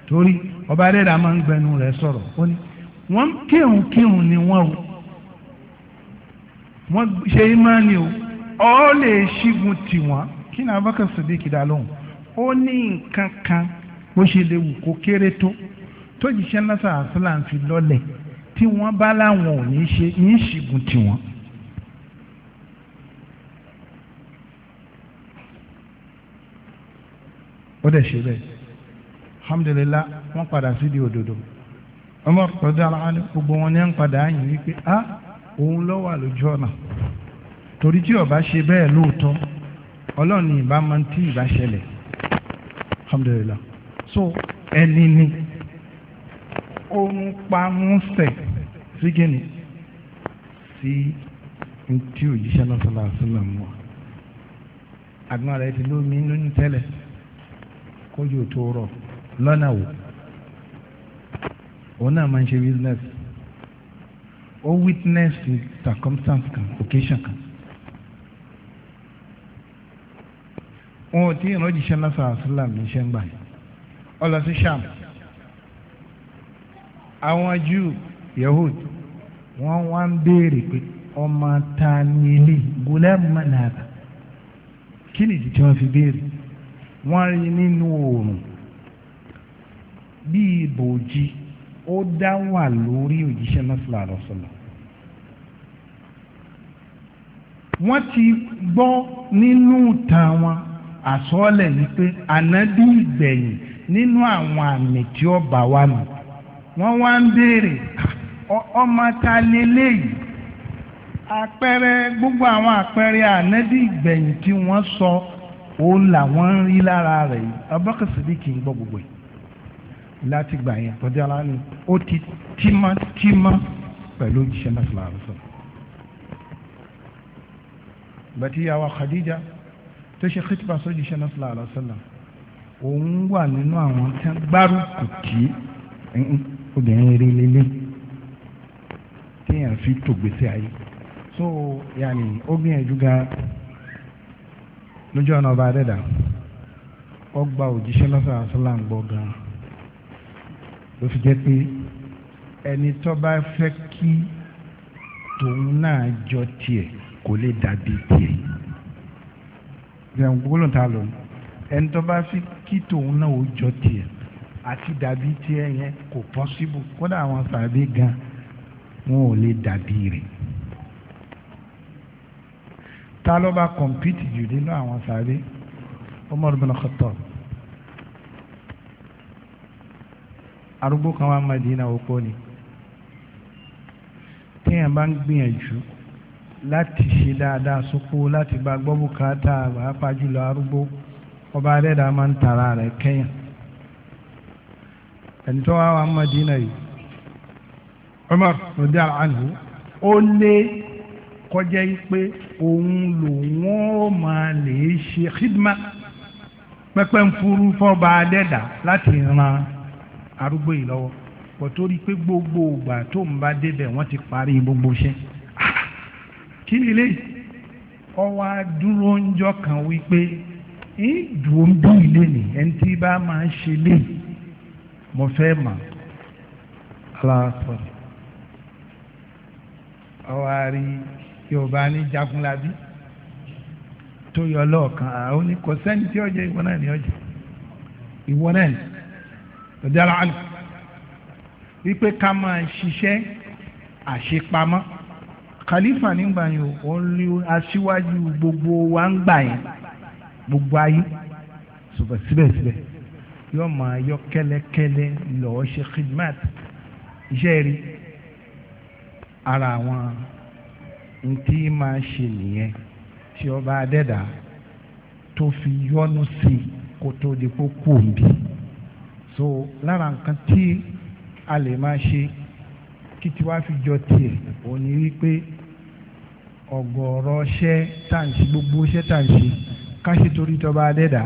torí ọba adẹ́dà máa ń gbẹnu rẹ̀ sọ̀rọ̀ ó ní wọ́n kírun kírun ni wọ́n o wọ́n ṣe imáni o ọ́ lè ṣígun tì wọ́n kí ni abakar sadiq dá lóhùn ó ní nǹkan kan bó ṣe lè wù kó kéré tó tó jíṣẹ́ lásán àṣìlá ń fi lọ́lẹ̀ tí wọ́n bá láwọn ò ní ṣe ń ṣígun tì wọ́n. ó dẹ̀ ṣe bẹ́ẹ̀ alhamdulilah wọ́n padà sí di òdodo Umar radiyallahu anhu gbogbo wọn ní à ń padà yìn wípé a ah, òun ló wà lójú ọ̀nà torí tí ó bá ṣe bẹ́ẹ̀ lóòótọ́ ọlọ́run ní ìbá máa ń tí ìbá ṣẹlẹ̀ alhamdulilah so ẹni ni ó ń pa ń fẹ̀ sí gẹ́ni sí tí òjíṣẹ́ náà sọ̀rọ̀ àṣìlẹ̀ mọ́ àgbọn rẹ̀ ti lómi lóyún tẹ́lẹ̀ kójú tó rọ̀ lọ́nà wò òun náà máa ń ṣe business ó witness circumstance kan occasion kan wọn ò tí ì rọ́jì iṣẹ́ lọ́sọ̀ àṣìlá mi iṣẹ́ ń gbà yìí ó lọ sí sham àwọn Júù Yahud wọ́n wá ń béèrè pé ọmọ ta ni ilé gulẹ́ mọ́nàdà kí nìdí tí wọ́n fi béèrè wọ́n rí nínú oòrùn bí ibòji ó dá wà lórí òjíṣẹ́ náà sílá àlọ́sọ̀lá wọ́n ti gbọ́ nínú ìtàn wọn àsọ́ọ́lẹ̀ wípé ànábì ìgbẹ̀yìn nínú àwọn àmì tí ó bá wà nù wọ́n wá ń béèrè ọmọ ta leléyìí àpẹẹrẹ gbogbo àwọn àpẹẹrẹ ànábì ìgbẹ̀yìn tí wọ́n sọ. So, ó làwọn ń rí lára rẹ̀ yìí Abubakar Siddiq ń gbọ́ gbogbo yìí láti gbà yẹn tọ́jú ara ni ó ti tímọ́tímọ́ pẹ̀lú òjíṣẹ́ náà sọ̀rọ̀ àrùsọ. bàtí ìyàwó Khadija tó ṣe khitba sójíṣẹ́ náà sọ̀rọ̀ àrùsọ náà òun wà nínú àwọn tí wọ́n gbárùkù kí obìnrin rí lélẹ̀ téèyàn fi tògbésí ayé so yàní ó gbìyànjú gan lójú ọ̀nà ọba adẹ́dà ó gba òjíṣẹ́ lọ́sọ̀ àṣọlá ń gbọ́ gan-an ló fi jẹ́ pé ẹni tó bá fẹ́ kí tòun náà jọ tiẹ̀ kò lè dàbí tiẹ̀ ìyẹn gbólóhùn tá a lò ẹni tó bá fi kí tòun náà ó jọ tiẹ̀ àti dàbí tiẹ̀ yẹn kò pọ́síbù kódà àwọn sàbí gan wọn ò lè dàbí rẹ̀ ta ló bá kọ̀mpìtì jù nínú àwọn sáré Umar bin Khattab arúgbó kan wá Madina opó ni téèyàn bá ń gbìyànjú láti ṣe dáadáa sóko láti bá gbọ́ bùkátà pàápàá jùlọ arúgbó ọba adẹ́dàá máa ń tara rẹ̀ kẹ́yàn ẹni tó wá wá Madina yìí Umar rọ̀dí ó lé kọjá pé òun lòun ó máa lè ṣe khidma pẹpẹ ń furu fọba adẹ́dà láti ran arúgbó yìí lọ́wọ́ pọ̀ torí pé gbogbo ìgbà tó ń bá débẹ̀ wọ́n ti parí gbogbo iṣẹ́ kí ni eléyìí ọwọ́ adúró ń jọ kan wípé ìdùn ń bí ilé ni ẹni tí bá máa ń ṣe léyìí mo fẹ́ mà aláàtọ̀ ọwọ́ àárín tí o bá ní jagunlabi tó yọ lọ́ọ̀kan àwọn ní kò sẹ́ni tí ó jẹ ìwọ náà ní ọjà ìwọ náà ní ọjà làálù wípé ká máa ṣiṣẹ́ àṣepamọ́ khalifa nígbà yẹn ò lé aṣíwájú gbogbo wa ń gbà yẹn gbogbo ayé ṣùgbọ́n síbẹ̀síbẹ̀ yóò máa yọ kẹ́lẹ́kẹ́lẹ́ lọ́ọ́ ṣe khidmat iṣẹ́ rí ara àwọn ntí máa ṣe nìyẹn tí ọba adẹ́dà tó fi yọ́nú sí kó tó di kó kú òǹbí so lára nǹkan tí a lè máa ṣe kí tiwa fi jọ tiẹ̀ ò ní rí pé ọ̀gọ̀ọ̀rọ̀ ṣẹ́ tá à ń ṣe gbogbo ṣẹ́ tá ń ṣe ká ṣe torí tọba adẹ́dà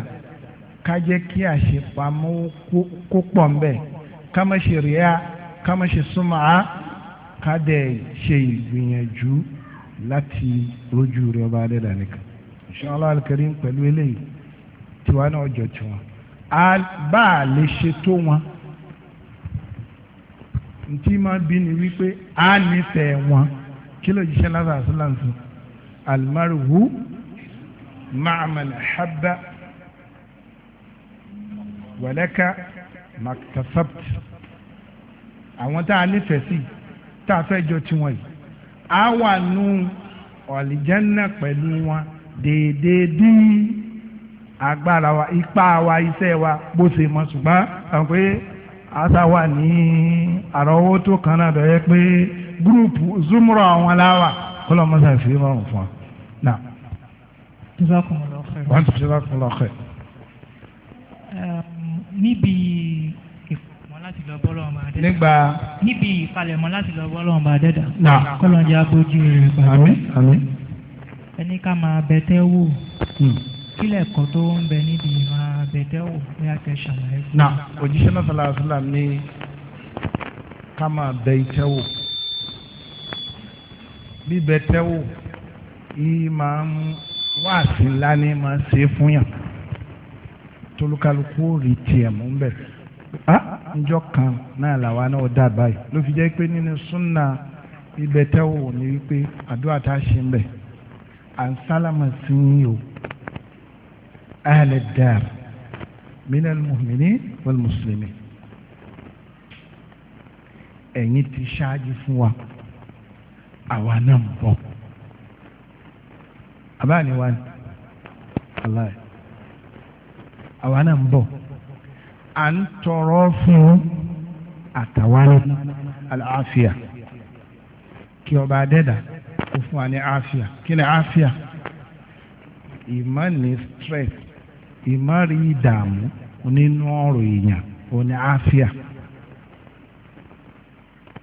ká jẹ́ kí àṣepamọ́ kó pọ̀ ń bẹ̀ ká má ṣe rìíyà ká má ṣe súnmọ́ a ká dẹ̀ ṣe ìgbìyànjú láti rójú rẹ ọba adẹ́dà nìkan inshallah alkarim pẹ̀lú eléyìí tiwa náà jọ tiwọn bá a lè ṣe tó wọn ntí máa bí ni wípé a nífẹ̀ẹ́ wọn kí ló jíṣẹ́ lásán àṣìlá nsọ almaruhu ma'amal habba wàlẹ́ka maktasabt àwọn tá a nífẹ̀ẹ́ sí tá a fẹ́ jọ tiwọn yìí á wà nù ọ̀lìjẹ́nà pẹ̀lú wọn déédéé dí agbára wa ipá wa iṣẹ́ wa bó ṣe mọ̀ ṣùgbọ́n àwọn pé asa wà ní àrọ́wọ́tó kan náà dọ̀yẹ́ pé gúrùpù zúmùrọ̀ àwọn aláwà kọ́lọ́ mọ́sá fi mọ̀ fún wa. Jazakumullahu khair. Wọ́n ti jazakumullahu khair. Níbi láti lọ bọ́ lọ́wọ́ máa dẹ́dà. nígbà. níbi ìpalẹ̀mọ́ láti lọ bọ́ lọ́wọ́ máa dẹ́dà. náà kọ́lọ́njẹ́ abójú rẹ̀ gbàgbọ́. àmín àmín. ẹni ká máa bẹ̀tẹ́ wò. Hmm. kílẹ̀ ẹ̀kọ́ tó ń bẹ níbi máa bẹ̀tẹ́ wò ní akẹ́sàn láì. náà òjíṣẹ́ náà sọ̀rọ̀ àṣìlá ní ká máa bẹ ìtẹ́ wò. bíbẹ tẹ́ wò yìí máa ń wá sí ní máa ṣe fún yàn tolúkálukú ò rí tiẹ̀ mú bẹ́ẹ̀. Ah, njọ kan náà làwa náà dà báyìí ló fi jẹ́ pé nínú súnà ibẹ̀ tẹ́ wò ní wípé àdúrà tá a ṣe ń bẹ̀ à ń sálámà sí yín o ahlẹ̀ dàr minal mu'minin wal muslimin ẹ̀yin ti ṣáájú fún wa àwa náà ń bọ̀ àbáàní wa ni àwa náà ń bọ̀. à ń tọrọ fún àtàwárí àlàáfíà kí ọba adẹ́dà kó fún wa ní àáfíà kí ni àáfíà ìmọ̀ ní stress ìmọ̀ rí ìdààmú nínú ọ̀rọ̀ èèyàn ò ní àáfíà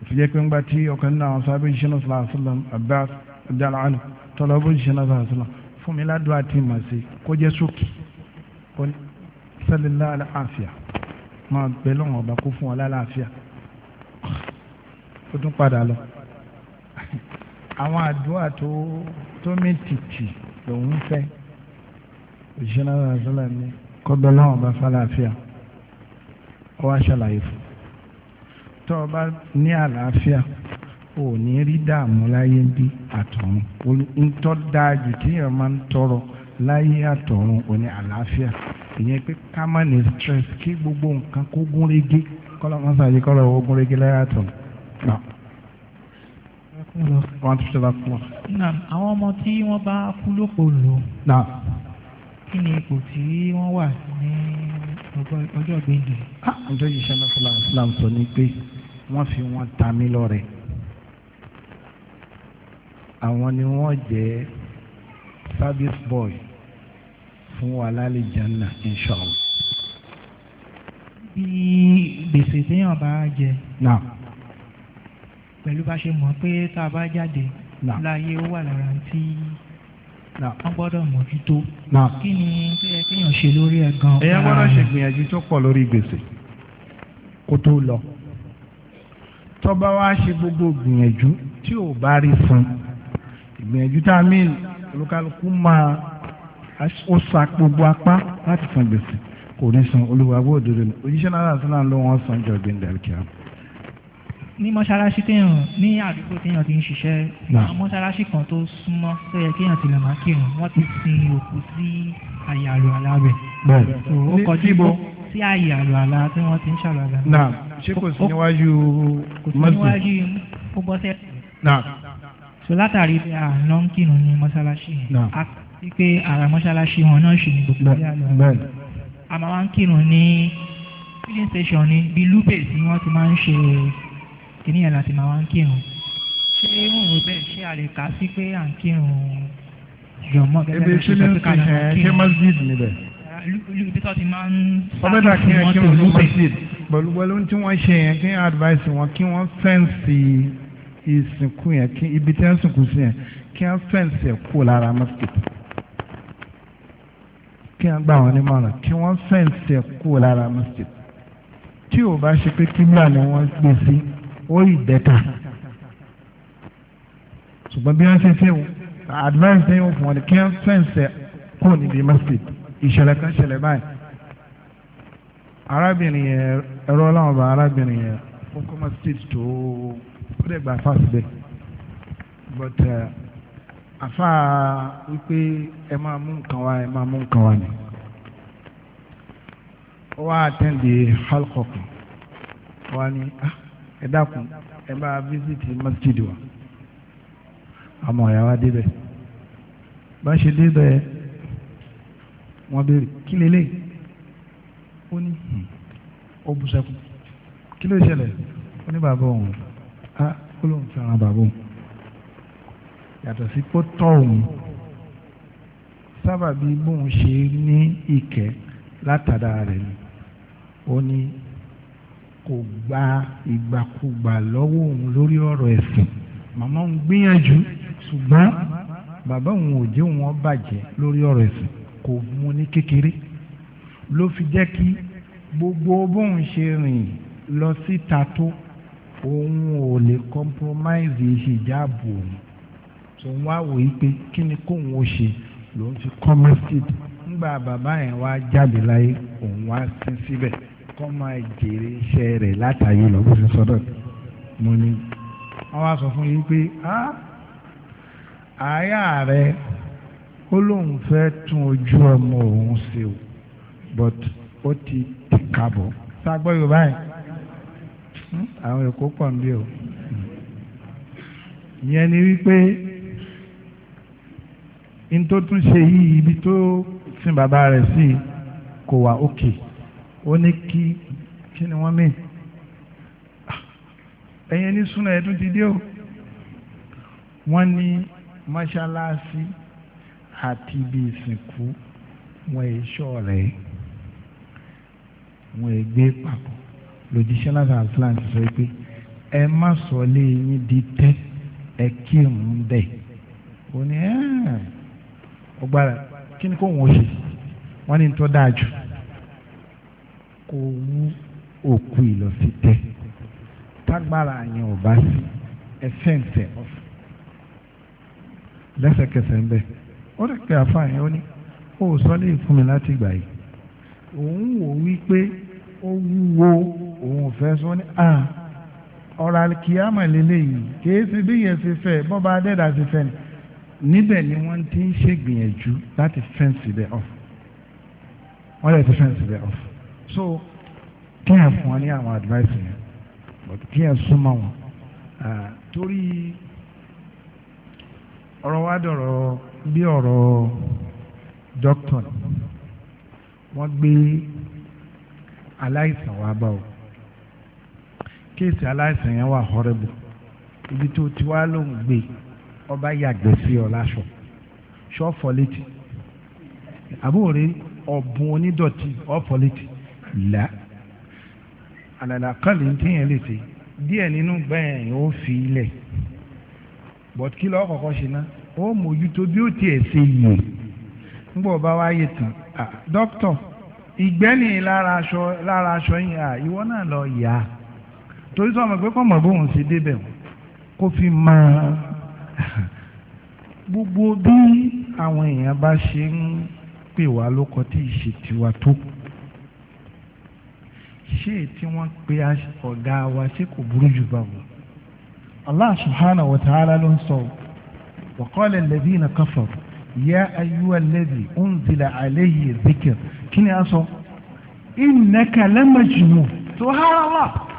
ìfìjẹ́ pé ńgbà tí ọkàn náà sábẹ́ ìṣẹ́nà sàlàsílẹ̀ Abbas abdalhanu tọ́lọ́bù ìṣẹ́nà sàlàsílẹ̀ fún mi ládùú àti màsí kó jẹ́ sókè sẹ́lẹ̀ láàlẹ́ àáfíà máa bẹ lọ́wọ́n ọba kó fún ọ lálàáfíà ó tún padà lọ àwọn àdúrà tó tó mìtìtì lòún fẹ́ òṣìṣẹ́ náà sọ́lá ni kọ́ bẹ lọ́wọ́n ọba fálàáfíà ọ wá ṣàlàyé fún tọ́ ọba ní àlàáfíà ò ní rí dààmú láyé bí àtọ̀run ń tọ́ dáa jù tí èèyàn máa ń tọrọ láyé àtọ̀run ò ní àlàáfíà ìyẹn pé ká má ní stress kí gbogbo nǹkan kó gún régé kọ́lá wọn sàyè kọ́lá wọn gún régé láyà tó. wọ́n ti ṣẹlá fún wa. àwọn ọmọ tí wọ́n bá kú lóko lò kí ni ipò tí wọ́n wà ní ọjọ́ gbẹ̀ngẹ̀. ọjọ́ yìí ṣẹlẹ̀ fúlà islam sọ ni pé wọ́n fi wọ́n ta mí lọ́rẹ. àwọn ni wọ́n jẹ́ service boy fún wa lálẹ́ jẹ́nà inṣọ́ọ̀lù. bí gbèsè téèyàn bá jẹ. náà. pẹ̀lú bá ṣe mọ̀ pé tá a bá jáde. náà láyé ó wà lára tí wọ́n gbọ́dọ̀ mójútó. náà kí ni tó yẹ kéèyàn ṣe lórí ẹ̀ gan. ẹ̀yà gbọ́dọ̀ ṣe gbìyànjú tó pọ̀ lórí gbèsè kó tó lọ tọ́ba wa ṣe gbogbo gbìyànjú tí ò bá rí fún gbìyànjú tá a mí olúkálukú máa ó sa gbogbo apá láti san gbèsè kò ní san olúwa bó dodo ní òjíṣẹ́ náírà sí náà ló wọ́n san jọ gbẹ̀ndẹ̀ kíá. ní mọ́ṣáláṣí téèyàn ní àdúgbò téèyàn ti ń ṣiṣẹ́ àwọn mọ́ṣáláṣí kan tó súnmọ́ tó yẹ kéèyàn ti lè máa kírun wọ́n ti sin òkú sí àyè àlò àlá rẹ̀. bẹ́ẹ̀ ó kọjú bó sí àyè àlò àlá tí wọ́n ti ń ṣàlàyé. náà ṣé kò sí níwájú mọ́sí. kò sí níwájú ó bọ́ sẹ́ wípé ara mọ́ṣáláṣí wọn náà ṣì ní gbogbo ìyá lọ. a máa ń kírun ní filling station ní bíi lúbẹ̀ tí wọ́n ti máa ń ṣe kìnìyàn láti máa ń kírun. ṣé wọn ò bẹ́ẹ̀ ṣé a lè kà á sí pé à ń kírun jọmọ gẹ́gẹ́ bí ṣe sọ pé ká lọ kírun. ibi tó ti máa ń sábà kí wọ́n tó lúbẹ̀. pẹ̀lú pẹ̀lú tí wọ́n ṣe yẹn kí advice wọn kí wọ́n fẹ́ǹsì ìsìnkú yẹn ibi tí wọ́n sìnkú sí yẹn kí wọ́n fẹ́ǹsì ẹ̀ kú lára mọ́sítì kí wọ́n gbà wọ́n nímọ̀ràn kí wọ́n fẹ̀ǹsì ẹ̀ kú lára masjid tí ò bá ṣe pé kíbla ni wọ́n gbé sí ó yìí bẹ́tà ṣùgbọ́n bí wọ́n ṣe ṣe Advice ní òfin wọn ni kí wọ́n fẹ̀ǹsì ẹ̀ kú níbi masjid ìṣẹ̀lẹ̀ kan ṣẹlẹ̀ báyìí arábìnrin yẹn ẹ̀rọ ọlọ́run bá arábìnrin yẹn ó kọ́ masjid tó ó dẹ̀ gbà fásitì bẹ́ẹ̀ but. Uh, Afa wípé ẹ máa mú nǹkan wá ẹ máa mú nǹkan wá ni ó wá àtẹ́ǹdì halkọ̀kù wá ní ah, ẹ dákun ẹ bá fíṣítì masjid wa àmọ́ ọ̀yà wa débẹ̀ bá ṣe débẹ̀ wọ́n béèrè kí lélẹ̀ ó ní hmm, ó bú sẹ́kù kí ló ṣẹlẹ̀ ó ní bàbá òun á ah, ó lóun fẹ́ràn bàbá òun yàtọ̀ sí pé tọ́ òun sábàbí bóun ṣe ní ìkẹ́ látara rẹ̀ ni ó ní kò gba ìgbàkúgbà lọ́wọ́ òun lórí ọ̀rọ̀ ẹ̀sìn màmá òun gbìyànjú ṣùgbọ́n bàbá òun ò jẹ́ òun bàjẹ́ lórí ọ̀rọ̀ ẹ̀sìn kò mú ní kékeré ló fi jẹ́ kí gbogbo bóun ṣe rìn lọ síta tó òun ò lè compromise ìṣèjáàbò òun tó ń wá wòye pé kí ni kóun ó ṣe lòun fi kọ́ masjid ńgbà bàbá yẹn wá jáde láyé òun wá sí síbẹ̀ kọ́ máa jèrè iṣẹ́ rẹ̀ látàyè lọ bó ṣe sọ́dọ̀ mo ní wọ́n wá sọ fún yín pé àyà rẹ̀ ó lóun fẹ́ tún ojú ọmọ òun ṣe o but ó ti ti kàbọ̀ sagbọ́ yorùbá yẹn hmm, àwọn èkó pọ̀ ń bí o hmm. ìyẹn ni wípé in tó tún ṣe yìí ibi tó sin bàbá rẹ̀ sí kò wà òkè ó ní kí kí ni wọ́n mì ah, ẹ̀yin ní súnà ẹ̀dún ti dé o wọ́n ní mọ́ṣáláṣí àti ibi ìsìnkú wọn èso rẹ̀ wọn ègbé papọ̀ lòdìṣẹ́ láti atlant sọ pé ẹ má sọ lé yín di tẹ́ ẹ kírun bẹ́ẹ̀ ó ní ẹ́ẹ̀ ọgbára kí ni kò wọ́n ṣe wọ́n ní tó dáa jù kó wú òkú ìlọsí tẹ tágbára yẹn ò bá sí ẹsẹ̀ ń tẹ̀ ọ̀fọ̀ lẹ́sẹ̀kẹsẹ̀ ń bẹ̀ ó rẹ̀ pé àfa yẹn ó ní ó sọ lè fún mi láti gbà yìí òun wò wípé ó wúwo òun fẹ́ sọ ní à ah, ọ̀rọ̀ àkìyàmọ̀ lélẹ́yìí kì í ṣe bí yẹn ṣe fẹ́ bọ́ba adẹ́dà ṣe fẹ́ ni níbẹ̀ ni wọ́n ti ń ṣègbìyànjú láti fẹ́ǹsì bẹ̀ ọ̀f wọ́n lè ti fẹ́ǹsì bẹ̀ ọ̀f so kí ẹ̀ fún wọn ní àwọn advice yẹn but kí ẹ̀ súnmọ́ wọn torí ọ̀rọ̀ wa dọ̀rọ̀ bí ọ̀rọ̀ doctor wọ́n gbé aláìsàn wa bá o kéèsì aláìsàn yẹn wà horrible ibi tó ti wá ló ń gbé e ọba yàgbẹ́ sí ọ láṣọ ṣọ́ọ̀fọ̀ létí àbúrò ọ̀bùn onídọ̀tí ọ̀fọ̀ létí là àlàlà kọ́lì ń téèyàn lè ṣe díẹ̀ nínú gbẹ̀yìn ó fi ilẹ̀ bọ̀t kí lọ́ọ́ kọ̀kọ́ ṣe ná ó mójútó bí ó tiẹ̀ ṣe yè nígbà ọba wa yè tán dókítà ìgbẹ́ni lára aṣọ lára aṣọ yìí à ìwọ náà lọ yà á torí sọ ma pé kọ́ mọ̀ bóun ṣe débẹ̀ kó fi máa gbogbo bí àwọn èèyàn bá ṣe ń pè wá lóko tí ìṣe tiwa tó ṣé tí wọ́n pe ọ̀gá wa ṣé kò burú jù bá wọn. Allah subhanahu wa ta'ala ló ń sọ wa qala alladhina kafaru ya ayyuhal ladhi unzila alayhi dhikr kí ni a sọ innaka lamajnun subhanallah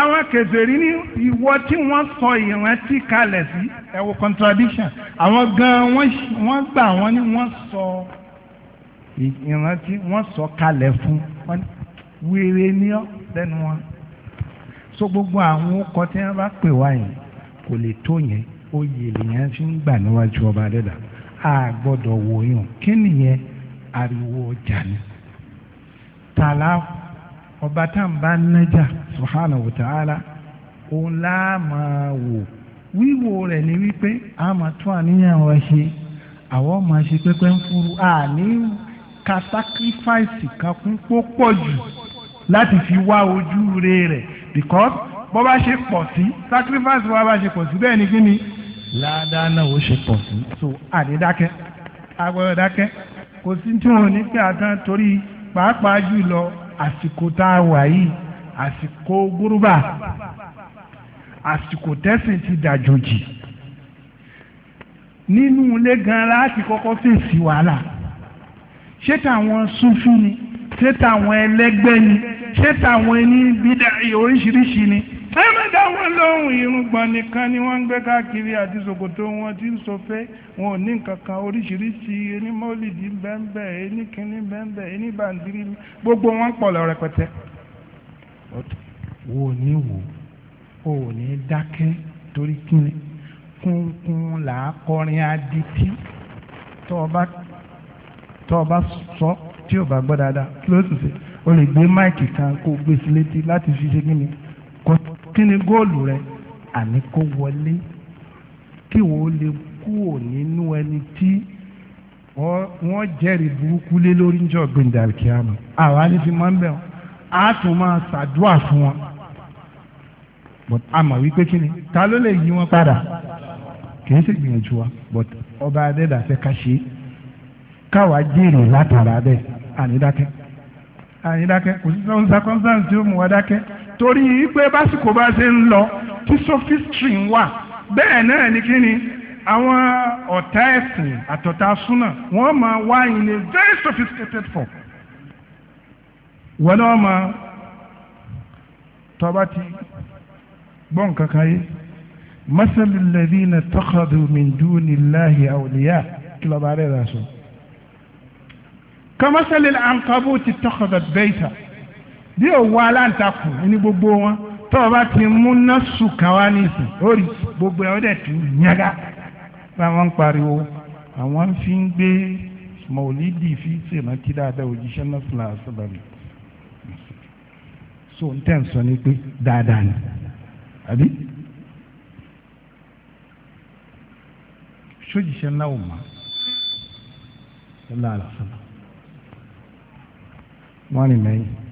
àwọn kèfèrí ní ìwọ tí wọ́n sọ ìrántí kalẹ̀ sí ẹ̀wọ̀ contradiction àwọn gan wọ́n gbà wọ́n ní wọ́n sọ ìrántí wọ́n sọ kalẹ̀ fún wọn wéré ní ọ́ lẹ́nu wọn so gbogbo àwọn ọkọ̀ tí wọ́n bá pè wá yìí kò lè tó yẹn oyè lèyàn fi ń gbà níwájú ọba dẹ́dà a gbọ́dọ̀ wòyàn kí nìyẹn ariwo ọjà ni tàlàkù ọba tá n bá nájà subhanahu wa ta'ala òun la máa wò wíwò rẹ̀ ni wípé a máa tún àníyàn wa ṣe àwọn máa ṣe pẹ́pẹ́ ń furu àní ka sacrifice kan kún púpọ̀ jù láti fi wá ojú re rẹ̀ because bó bá ṣe pọ̀ sí sacrifice wa bá ṣe pọ̀ sí bẹ́ẹ̀ ni kí ni ládàá náà ó ṣe pọ̀ sí so àdídákẹ́ agbọ́dọ̀ dákẹ́ kò sí tí wọn ò ní pẹ́ àtàn torí pàápàá jù lọ àsìkò tá a wà yìí àsìkò gúrúbà àsìkò tẹ́sìn ti dàjòjì nínú ilé gan láti kọ́kọ́ fèsì wàhálà ṣé tàwọn sunfún ni ṣé tàwọn ẹlẹ́gbẹ́ ni ṣé tàwọn ẹni bídà oríṣiríṣi ni ẹ má dá wọn lóhùn irùngbọ̀n nìkan ni wọ́n ń gbé káàkiri àti ṣòkòtò wọn tí ń sọfẹ́ wọn ò ní nǹkan kan oríṣiríṣi enímọ́lìdì bẹ́ńbẹ́ eníkíní bẹ́ńbẹ́ eníbàndírí gbogbo wọn pọ̀ rẹpẹtẹ. wo ni wo o ò ní dákẹ́ torí kíni kúnkún là á kọrin adití tó o bá tó o bá sọ tí o bá gbọ́ dáadáa kí ló sì ṣe o lè gbé máìkì kan kó o gbé sí létí láti fi ṣe kí kí ni góòlù rẹ àní kó wọlé kí wọ́n lè kúrò nínú ẹni tí wọ́n jẹ́rìí burúkú lé lórí ń jọ gbẹ̀ndàkíámà àwa ní fi máa ń bẹ̀ wọ́n á tún máa ṣàdúrà fún wọn but a mọ̀ wípé kí ni ta ló lè yí wọn padà kì í gbìyànjú wa but ọba adẹ́dà fẹ́ ká ṣe é káwa jèrè látara bẹ́ẹ̀ ànídákẹ́ ànídákẹ́ kò sí sọ́hún circumstance tí ó mú wa dákẹ́ torí pé básìkò bá ṣe ń lọ tí sophistry ń wà bẹ́ẹ̀ náà ni kí ni àwọn ọ̀tá ẹ̀sìn àtọ̀tá súnà wọ́n máa wá in a very sophisticated form wọ́n náà máa tọ́ba ti gbọ́ nǹkan kan yé masalu ladina takhadu min dunillahi awliya kí lọ́ba rẹ̀ rà sọ. kamasalil ankabuti takhadat bayta bí òwò aláǹtakùn ní gbogbo wọn tó o bá ti mú nọ́ọ̀sù kan wá nísìn ó rí gbogbo ẹ̀ ó dẹ̀ tún yága báwọn ń pariwo àwọn fi ń gbé mọ̀lídìí fi ṣèrántí dáadáa òjíṣẹ́ náà fúnra ṣọlọ́ọ̀nù so n tẹ́ ń sọ ni pé dáadáa ni àbí sójìṣẹ́ ńlá ò máa ńlá àlàfáà wọ́n rìn mẹ́yìn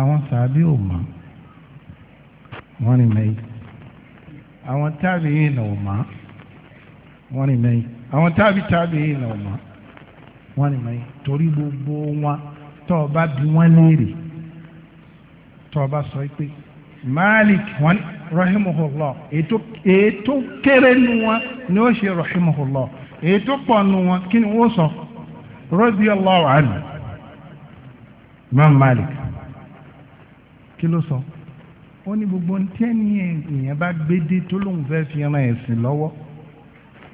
àwọn sàbí ò mọ̀ wọ́n rìn mẹ́yìn àwọn tábì yìí nà ò mọ̀ wọ́n rìn mẹ́yìn àwọn tábì tábì yìí nà ò mọ̀ wọ́n rìn mẹ́yìn torí gbogbo wọn tó o bá bi wọ́n léèrè tó o bá sọ pé Malik wọn rahimahullah ètò ètò kéré nu wọn ni ó ṣe rahimahullah ètò pọ̀ nu wọn kí ni wọ́n sọ radiyallahu anhu Imam Malik kí ló sọ ó ní gbogbo tí ẹni èèyàn bá gbédé tó lóun fẹ́ fi ran ẹ̀sìn lọ́wọ́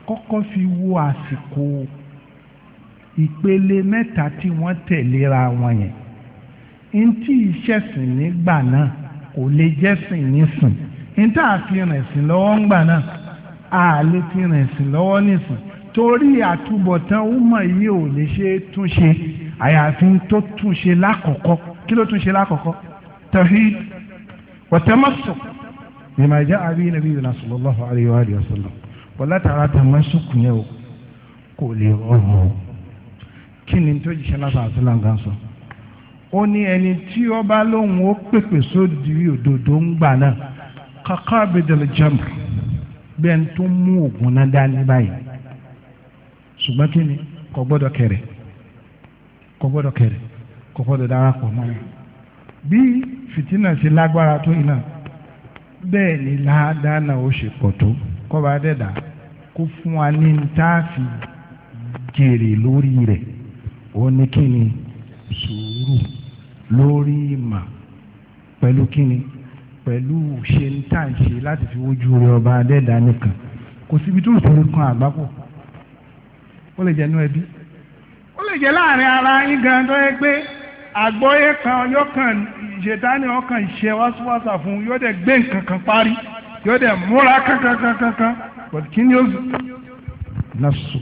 kọ́kọ́ fi wo àsìkò ìpele mẹ́ta tí wọ́n tẹ̀léra wọn yẹn ntí ìṣẹ̀sìn nígbà náà kò lè jẹ́sìn nísìn ntí àfihàn ẹ̀sìn lọ́wọ́ ńgbà náà a lè fi ràn ẹ̀sìn lọ́wọ́ nísìn torí àtúbọ̀tán ọmọ yìí ò lè ṣe túnṣe àyàfi tó túnṣe lákọ̀ọ́kọ́ kí ló túnṣe lákọ̀ọ́kọ́. التوحيد والتمسك بما جاء به نبينا صلى الله عليه وآله وسلم ولا ترى تمسك يو قولي الله kíni tó jíṣẹ́ lásán àti langan sọ ó ní ẹni tí ó bá lóun ó pèpè sódìí òdòdó ń gbà náà kàkà àbẹ̀dẹ̀lẹ̀ jẹ́mù bẹ́ẹ̀ ni tó mú ògùn náà dání báyìí ṣùgbọ́n kíni kò gbọ́dọ̀ kéré kò gbọ́dọ̀ kéré kò gbọ́dọ̀ darapọ̀ mọ́ wọn. bí fìtínà ṣe lágbára tó iná bẹ́ẹ̀ ni ládàá náà ó ṣe pọ̀ tó kọ́ba dẹ́dà kó fún wa ní táàfì jèrè lórí rẹ̀ ó ní kíni ni sùúrù lórí ìmà pẹ̀lú kíni pẹ̀lú ṣe ń tà ṣe láti fi wojú rẹ̀ ọba nìkan kò síbi tó kan ó lè jẹ́ ẹbí ó lè jẹ́ láàrin ara yín gan tó àgbọ́yé kan yóò kàn ṣètánì ọkàn ìṣe wáṣíwáṣà fún yóò dẹ̀ gbé nǹkan kan parí yóò dẹ̀ múra kankankankan but kí ni ó nafsu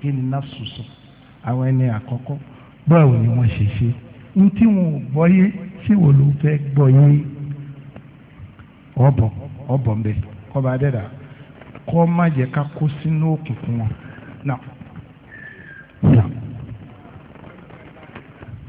kí ni nafsu sọ àwọn ẹni àkọ́kọ́ báwo ni wọ́n ṣe ṣe ní tí wọn ò gbọ́yé tí wọ́n ló fẹ́ gbọ́yé ọ̀bọ̀ ọ̀bọ̀ ń bẹ kọ́ba dẹ́dà kọ́ má jẹ́ ká kó sínú òkùnkùn wọn náà.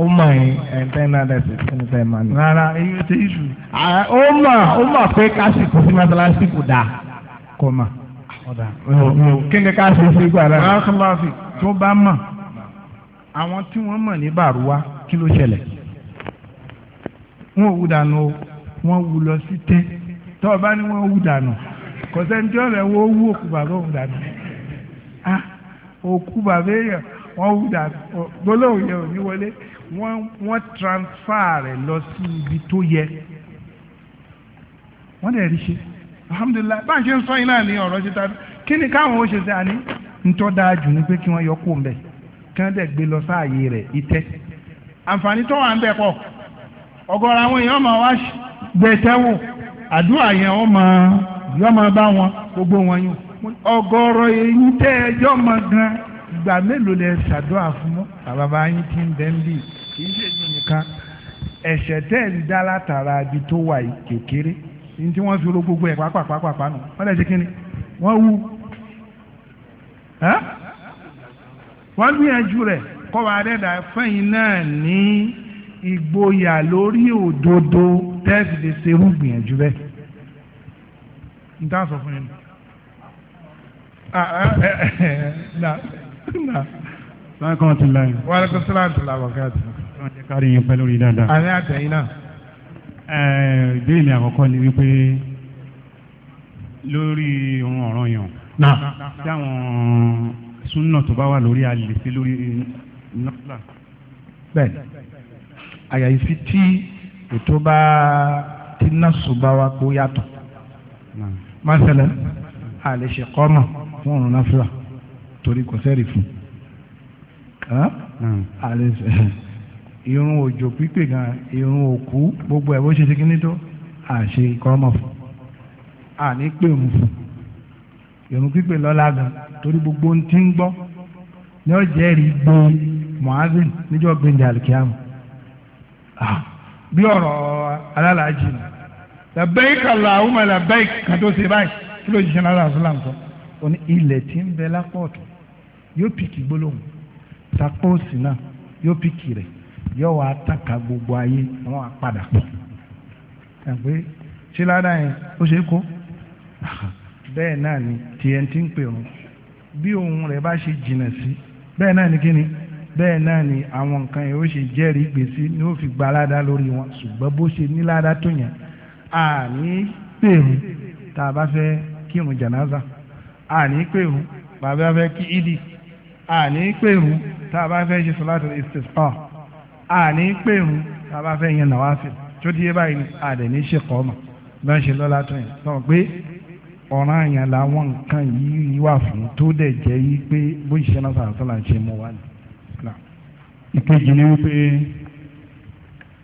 ó mọ̀ ẹ́ ẹ̀ńtẹ́nà dẹ̀sí sínú fẹ́ máa ní. rárá eyín ṣe iṣu. ó mọ̀ ó mọ̀ pé káṣí kò sí mọ́sálásí kò dáa kò mà. kí ni káṣí ṣe gbàdá. rákàláfì tó bá mọ̀ àwọn tí wọ́n mọ̀ ní bàrúwá kí ló ṣẹlẹ̀ wọ́n wú dànù wọ́n wú lọ sí tẹ́ tọ́ ọ bá ní wọ́n wú dànù kò sẹ́ni tí ọ̀rẹ́ wo wú òkú bàbá òun dànù ah, òkú bàbá èèyàn wọ́n wú dànù gbólóhùn yẹn ò ní wọlé wọ́n wọ́n transfer rẹ̀ lọ sí ibi tó yẹ wọ́n dẹ̀ rí ṣe alhamdulilayi bá a ṣe ń sọ yín náà ní ọ̀rọ̀ ṣe tàbí kí ni káwọn ó ṣe sí àní ntọ́ dáa jù ní pé kí wọ́n yọ kó ń bẹ̀ kí wọ́n dẹ̀ gbé lọ sáàyè rẹ̀ ìtẹ́ àǹfààní tó wà ń bẹ̀ pọ̀ ọ̀gọ̀rọ̀ àwọn èèyàn máa wá gbẹ̀tẹ́wò àdúrà yẹn wọ́n máa yọ́ máa bá wọn gbogbo wọn yùn ọ̀gọ̀rọ̀ èyí tẹ́ ẹjọ́ máa gan ìgbà mélòó lẹ ṣàdúrà fún bàbá yín tí ń bẹ́ ń bì í kì í ṣe yìí nìkan ẹ̀ṣẹ̀ tẹ́ ẹ̀ ń dá látara ibi tó wà kékeré ní tí wọ́n fi ro gbogbo ẹ̀ pápápápá nù wọ́n lẹ̀ ṣe kí wọ́n wú wọ́n gbìyànjú rẹ̀ kọ́ wa dẹ́dà fẹ́yìn náà ní ìgboyà lórí òdodo tẹ́ẹ̀sì lè gbìyànjú bẹ́ẹ̀ n tá sọ fún yín na na. Sáà kan ti Wàlúkọ̀ sílá ti wọ́n jẹ́ kárí yín pẹ́ lórí dáadáa. àmì àtẹ̀yìn náà. ìbéèrè mi àkọ́kọ́ ni wípé lórí ohun ọ̀ràn yàn. náà tí àwọn súnà tó bá wà lórí alẹ́ sí lórí nọ́ọ̀là. bẹ́ẹ̀ àyàfi tí ètò bá tí nọ́ọ̀sù bá wà kó yàtọ̀. mọ́sálẹ̀ àlè ṣe fún ọ̀run náà fúlà torí kò sẹ́rì fún. àlè irun òjò pípè gan irun òkú gbogbo ẹ̀ bó ṣe ṣe kíní tó àṣe ìkọ́mọ̀ fún àní pè ń fún irun pípè lọ́la gan torí gbogbo ń ti ń gbọ́ ní ọ̀jẹ̀rì gbé muhammed níjọ́ gbẹ̀ndẹ̀ alikiamu bí ọ̀rọ̀ alálàájì ni labẹ́yì kàlà àwọn labẹ́yì kan tó ṣe báyìí kí ló ṣiṣẹ́ náà lọ́sọ̀lá ń sọ ó ní ilẹ̀ tí ń bẹ lápọ̀tù yóò pìkì gbólóhùn sapọ́ọ̀sì náà yóò pìkì rẹ̀ yóò wá tàka gbogbo ayé wọn wá padà pọ̀ ẹ pé ṣé ládàá yẹn ó ṣe é kó bẹ́ẹ̀ náà ni tiẹ̀ ti ń pè wọn bí ohun rẹ̀ bá ṣe jìnnà sí bẹ́ẹ̀ náà ni kíni bẹ́ẹ̀ náà ni àwọn nǹkan yẹn ó ṣe jẹ́rìí gbèsè ni ó fi gba lórí wọn ṣùgbọ́n bó ṣe ní tó yẹn àní pèrú tá a bá fẹ́ kírun jànáza àní pèrú bàbá fẹ́ kí ìdí àní pèrú tá a bá fẹ́ ṣe sọláàtì istisqa àní pèrún bàbá fẹ́ yẹn náà wá fẹ́ tó díẹ̀ báyìí àdẹ̀ ní ṣe kọ́ mọ̀ bí wọ́n ṣe lọ́la tó yẹn sọ pé ọ̀ràn àyàn làwọn nǹkan yìí wà fún tó dẹ̀ jẹ́ yí pé bó ṣiṣẹ́ náà sàrà sọ́la ṣe mú wa ni. ìkejì ni wípé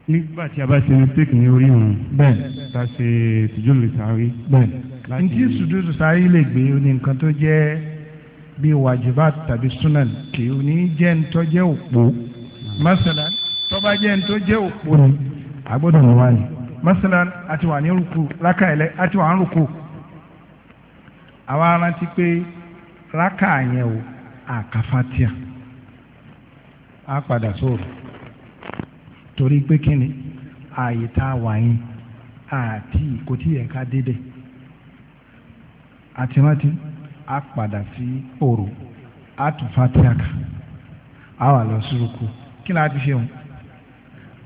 nígbà tí a bá ṣe mistake ní orí òun bẹ́ẹ̀ ta ṣe tìjú lè sáré bẹ́ẹ̀ ntí sùdúrù sáré lè gbé ní nǹkan tó jẹ́ bí wàjibá tàbí sunan kì í ní jẹ́ ń tọ́jẹ́ òpó masalan. tọ́ba jẹ́ ní tó jẹ́ òpòrò àgbọ̀dọ̀ ní wáyé àti wà ní ruku rákà ẹ̀lẹ́ àti wà ń rúkú àwa rántí pé yẹn o àkàfàtìyà á padà sóòrò torí pé kí ààyè tá a wà yín àti kò tí yẹn ká dédé àti á padà sí a ti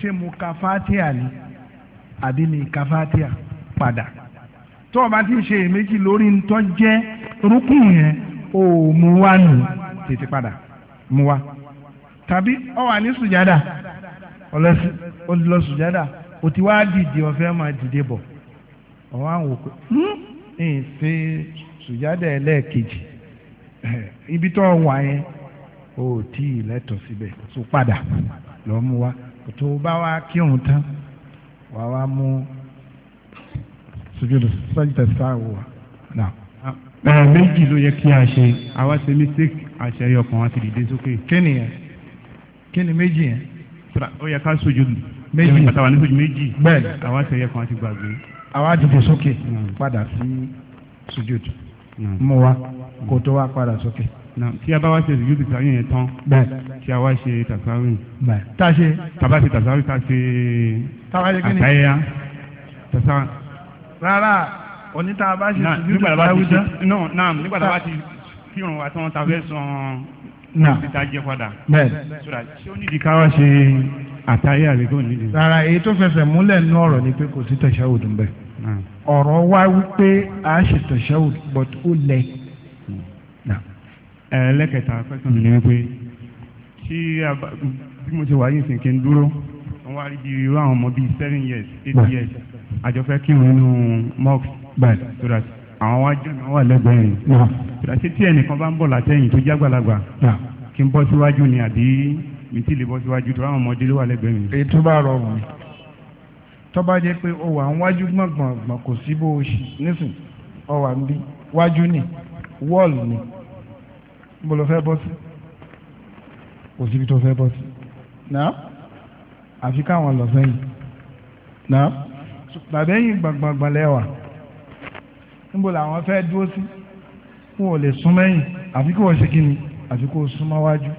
ṣé mo ka fatia ni àbí mi ka fatia padà tó o bá ti ṣe èméjì lórí ntọ́ jẹ́ rúkùn yẹn o mú wá nù tètè padà mú wá tàbí ọ wà ní sùjádà ọ lọ sùjádà o ti wá dìde ọ̀fẹ́ máa dìde bọ̀ ọ wá wò pé ǹ hmm, ṣe sùjádà ẹlẹ́ẹ̀kejì ibi tó wà yẹn o tí ì lẹ́tọ̀ síbẹ̀ tó padà lọ́ọ́ mú wá tó bá wá kírun tán wàá wá mú sojúdù sọ́jítà sáwò wa náà. ọ̀rọ̀ méjì ló yẹ kí a ṣe àwa ṣe mistake àṣeyọ kan àti dìde sókè. kí ni yẹn kí ni méjì yẹn. ó yẹ ká sojúdù méjì àtàwọn oníṣòjú méjì bẹ́ẹ̀ àwa ṣeyọ kan àti gbàgbé. àwa dìde sókè padà sí sojúdù mú wa kó tó padà sókè tí a bá wá ṣe ìdíjú ti sàyẹn yẹn tán tí a wá ṣe tàṣàwìn. tá a ṣe. tàbá ṣe tàṣàwìn tá a ṣe àtàyà. tàṣà. rárá òní tá a bá ṣe ìdíjú ti sàyẹn tán. no naam nígbà tá a bá ti kírun wa tán ta fẹ́ sàn náà títa jẹ padà. bẹ́ẹ̀ sọ̀rọ̀ ṣé ó nídìí ká wá ṣe àtàyà àbí kò nídìí. rárá èyí tó fẹsẹ̀ múlẹ̀ nínú ọ̀rọ̀ ni pé kò sí tàṣàwùd ń ọ̀rọ̀ wá wípé a ṣe tàṣàwùd but ẹlẹ́kẹta pẹ́sàn mi ni wípé tí bí mo ṣe wà yìí sìnkì ń dúró wọ́n wá rí bí irú àwọn ọmọ bíi seven years eight years àjọfẹ́ kírun nínú mosque báyìí so that àwọn wájú mi wà lẹ́gbẹ̀ẹ́ yìí so that tí ẹnìkan bá ń bọ̀ látẹ̀yìn tó jágbàlagbà kí n bọ́ síwájú ni àbí mi ti lè bọ́ síwájú tó ráwọn ọmọdé ló wà lẹ́gbẹ̀ẹ́ mi. èyí tó bá rọrùn tó bá jẹ́ pé ó wà ń wájú gbọ̀ngbọ̀ngbọ̀n kò sí bó o ṣì nísìn ó wà ń bí wájú ni wọ́ọ̀lù ni mo lọ fẹ́ bọ́ sí kò síbi tó fẹ́ bọ́ sí náà àfi káwọn lọ sẹ́yìn náà bàbá ẹ̀yìn gbàngbàngbàn lẹ́wà níbo làwọn fẹ́ dúró sí wọn ò lè sún mẹ́yìn àfi kí wọ́n ṣe kí ni àfi kí wọ́n sún mọ́wájú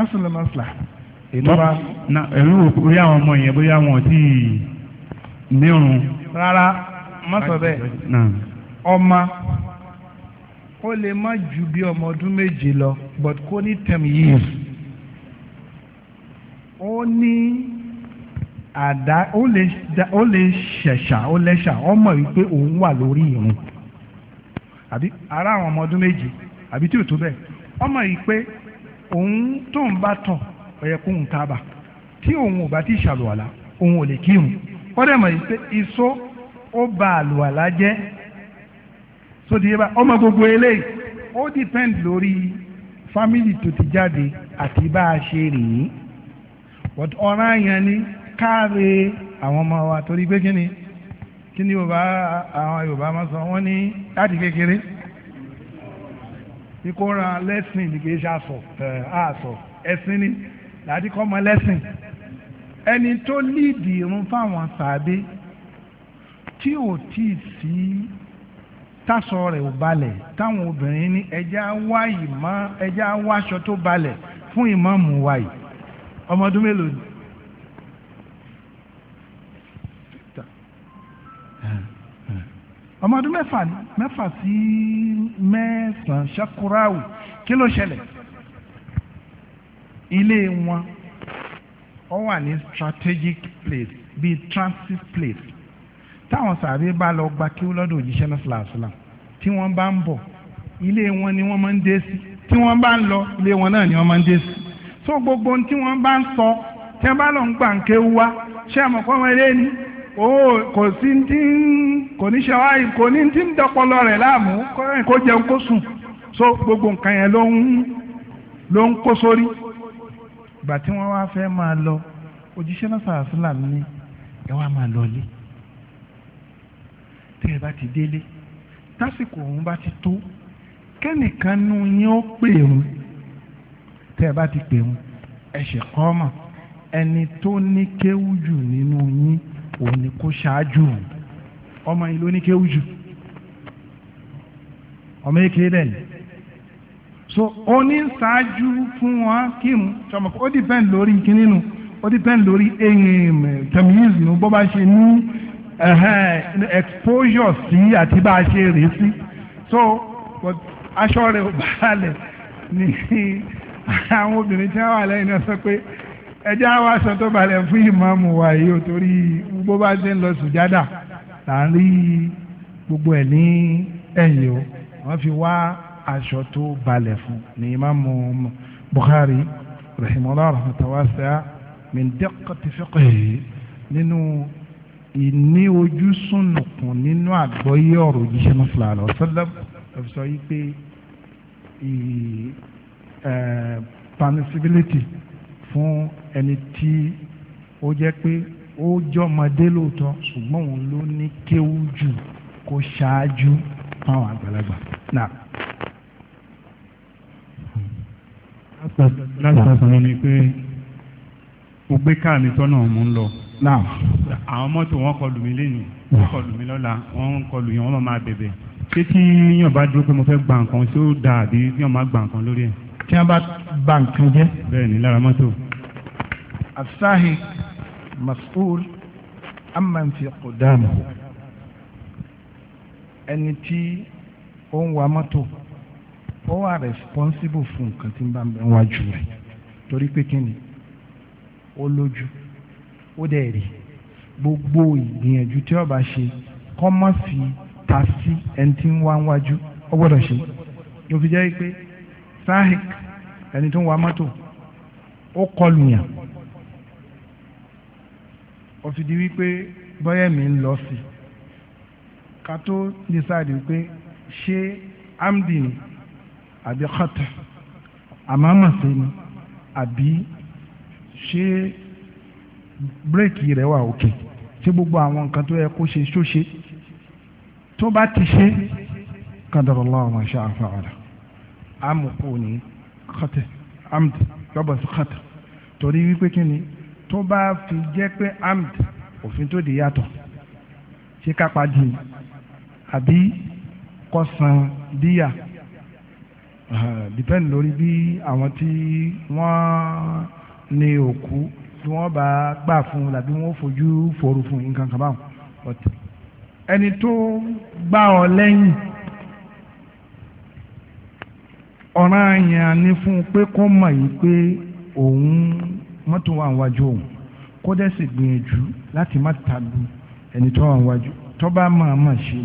asùnlẹ̀mọ́sùlà èmi wa. ẹ̀rú òkú rí àwọn ọmọ yẹn bóyá wọn ti ní òun. rárá má sọ bẹ́ẹ̀ ọmọ ó lè má ju bí ọmọ ọdún méje lọ but kó ní ten years ó ní àdá ó lè ṣẹ̀ṣà ó lẹ́ṣà ọmọ wípé òun wà lórí ìrun àbí ara àwọn ọmọ ọdún méje àbí tí ò tó bẹ́ẹ̀ ọmọ yìí pé òun tóun bá tọ̀ ọ̀yẹ kóun tábà tí òun ò bá ti ṣàlùwàlà òun ò lè kírun ó dẹ̀ mọ̀ yìí iṣó ó ba àlùwàlà jẹ́ tó ti yé bá ọmọ gbogbo eléyìí ó depend lórí family tó ti jáde àti bá a ṣe rìn but ọ̀ràn yẹn ni káre àwọn ọmọ wa torí pé kíni kíni yorùbá àwọn yorùbá máa sọ wọ́n ní láti kékeré ìkóra lẹ́sìn ní kìí ṣe àsọ àsọ ẹ̀sìn ni láti kọ́ ọmọ lẹ́sìn ẹni tó líìdì irun fáwọn sàbẹ tí ò tí sí tásọ rẹ̀ ò balẹ̀ táwọn obìnrin ní ẹja wá ìmọ̀ ẹja wá aṣọ tó balẹ̀ fún ìmáàmù wa yìí ọmọ ọdún mélòó ni. ọmọ ọdún mẹ́fà mẹ́fà sí mẹ́sàn-án ṣakurawu kí ló ṣẹlẹ̀ ilé wọn ó wà ní strategic place bíi transit place táwọn sàbí bá lọ gba kí lọ́dọ̀ òjíṣẹ́ lọ́sàlàsílà tí wọ́n bá ń bọ̀ ilé wọn ni wọ́n máa ń dé sí tí wọ́n bá ń lọ ilé wọn náà ni wọ́n máa ń dé sí tó gbogbo tí wọ́n bá ń sọ tí wọ́n bá lọ ń gbà ń ké wá ṣé àmọ́ kọ́ wọn eré ni kò sí tí kò ní ṣe wáyé kò ní tí ń dọ́pọlọ rẹ̀ láàmú kó jẹun kó sùn so gbogbo nǹkan yẹn ló ń ló ń kó sórí ìgbà tí wọ́n wá fẹ́ máa lọ òjíṣẹ́ lọ́sàlàsílà ní ẹ wá máa lọ lé tẹ́ ẹ bá ti délé tásìkò òun bá ti tó kẹ́nìkan nu yín ó pè òun tẹ́ bá ti pè òun ẹ kọ́ mọ̀ ẹni tó ní kéwú jù nínú yín òun ni kó ṣáájú òun ọmọ yìí ló ní kéwú jù ọmọ yìí kéé dẹ̀ so ó ní ṣáájú fún wọn kí mu sọmọ ó dìpẹ́ǹd lórí kínní nu ó dìpẹ́ǹd lórí tẹ̀míìsì nu bó bá ṣe ní exposure sí àti bá a ṣe rí sí so aṣọ rẹ̀ ò balẹ̀ ní àwọn obìnrin tí wọ́n wà lẹ́yìn náà sọ pé ẹjẹ́ àwọn aṣọ tó balẹ̀ fún ìmáàmù wa yìí ò torí bó bá ṣe ń lọ sùjádà là ń rí gbogbo ẹ̀ ní ẹ̀yìn o wọ́n fi wá aṣọ tó balẹ̀ fún ní ìmáàmù Bukhari rahimahullah rahmatawasa min diqqati fiqhi nínú ìní ojú sùnùkùn nínú àgbọ́yé ọ̀rọ̀ òjíṣẹ́ náà fúlà lọ sọ́dọ̀ sọ yìí pé permissibility fún ẹni tí ó jẹ́ pé ó jọmọdé lóòótọ́ ṣùgbọ́n òun ló ní kéwú jù kó ṣáájú fáwọn àgbàlagbà náà. láti sàṣàlọ́ ni pé mo káà mi tọ́nà mò lọ àwọn mọ́tò wọn kọlù mí lẹ́yìn wọn kọlù mí lọ́la wọn kọlù yẹn wọn máa bẹ̀bẹ̀ ṣé tí yàn bá dúró pé mo fẹ́ gba nǹkan tí ó da àbí yàn máa gba nǹkan lórí ẹ̀. tí wọn bá ba nǹkan jẹ. bẹ́ẹ̀ ni lára mọ́tò. asahi masul amman fi qudama ẹni tí ó ń wa mọ́tò ó wà responsible fún nǹkan tí ń bá ń wájú rẹ̀ torí pé kí ni ó lójú ó dẹ̀ rí gbogbo ìgbìyànjú tí ọba ṣe kọ́ má fi ta sí ẹni tí ń wá wájú ọ gbọ́dọ̀ ṣe ló fi jẹ́ pé sahik ẹni tó ń wa mọ́tò ó kọlù yàn ó fi di wípé bọ́yẹ̀ mi ń lọ sí ká tó decide wípé ṣé amdi ni àbí kọ́tà àmọ́ àmọ̀ sí ni àbí ṣé bírèkì rẹ̀ wà òkè ṣé gbogbo àwọn nǹkan tó yẹ kó ṣe ṣóṣe tó bá ti ṣe qadarallahu ma sha'a fa'ala amòkò ní kọ́tẹ̀ amd lọ́bọ̀ sí kọ́tẹ̀ torí wípé kí ni tó bá fi jẹ́ pé amd òfin tó di yàtọ̀ ṣé kápá di àbí kọ́sàn díyà depend lórí bí àwọn tí wọ́n ní òkú tí wọ́n bá gbà fún un làbí wọ́n fojú fòrò fún nǹkan kan báwọn ẹni tó gbà ọ lẹ́yìn ọ̀ràn àyàn ni fún un pé kó mọ̀ yìí pé òun mọ́tò wà wájú òun kó dẹ̀ sì gbìyànjú láti má tàbí ẹni tó wà wájú tó bá máa máa ṣe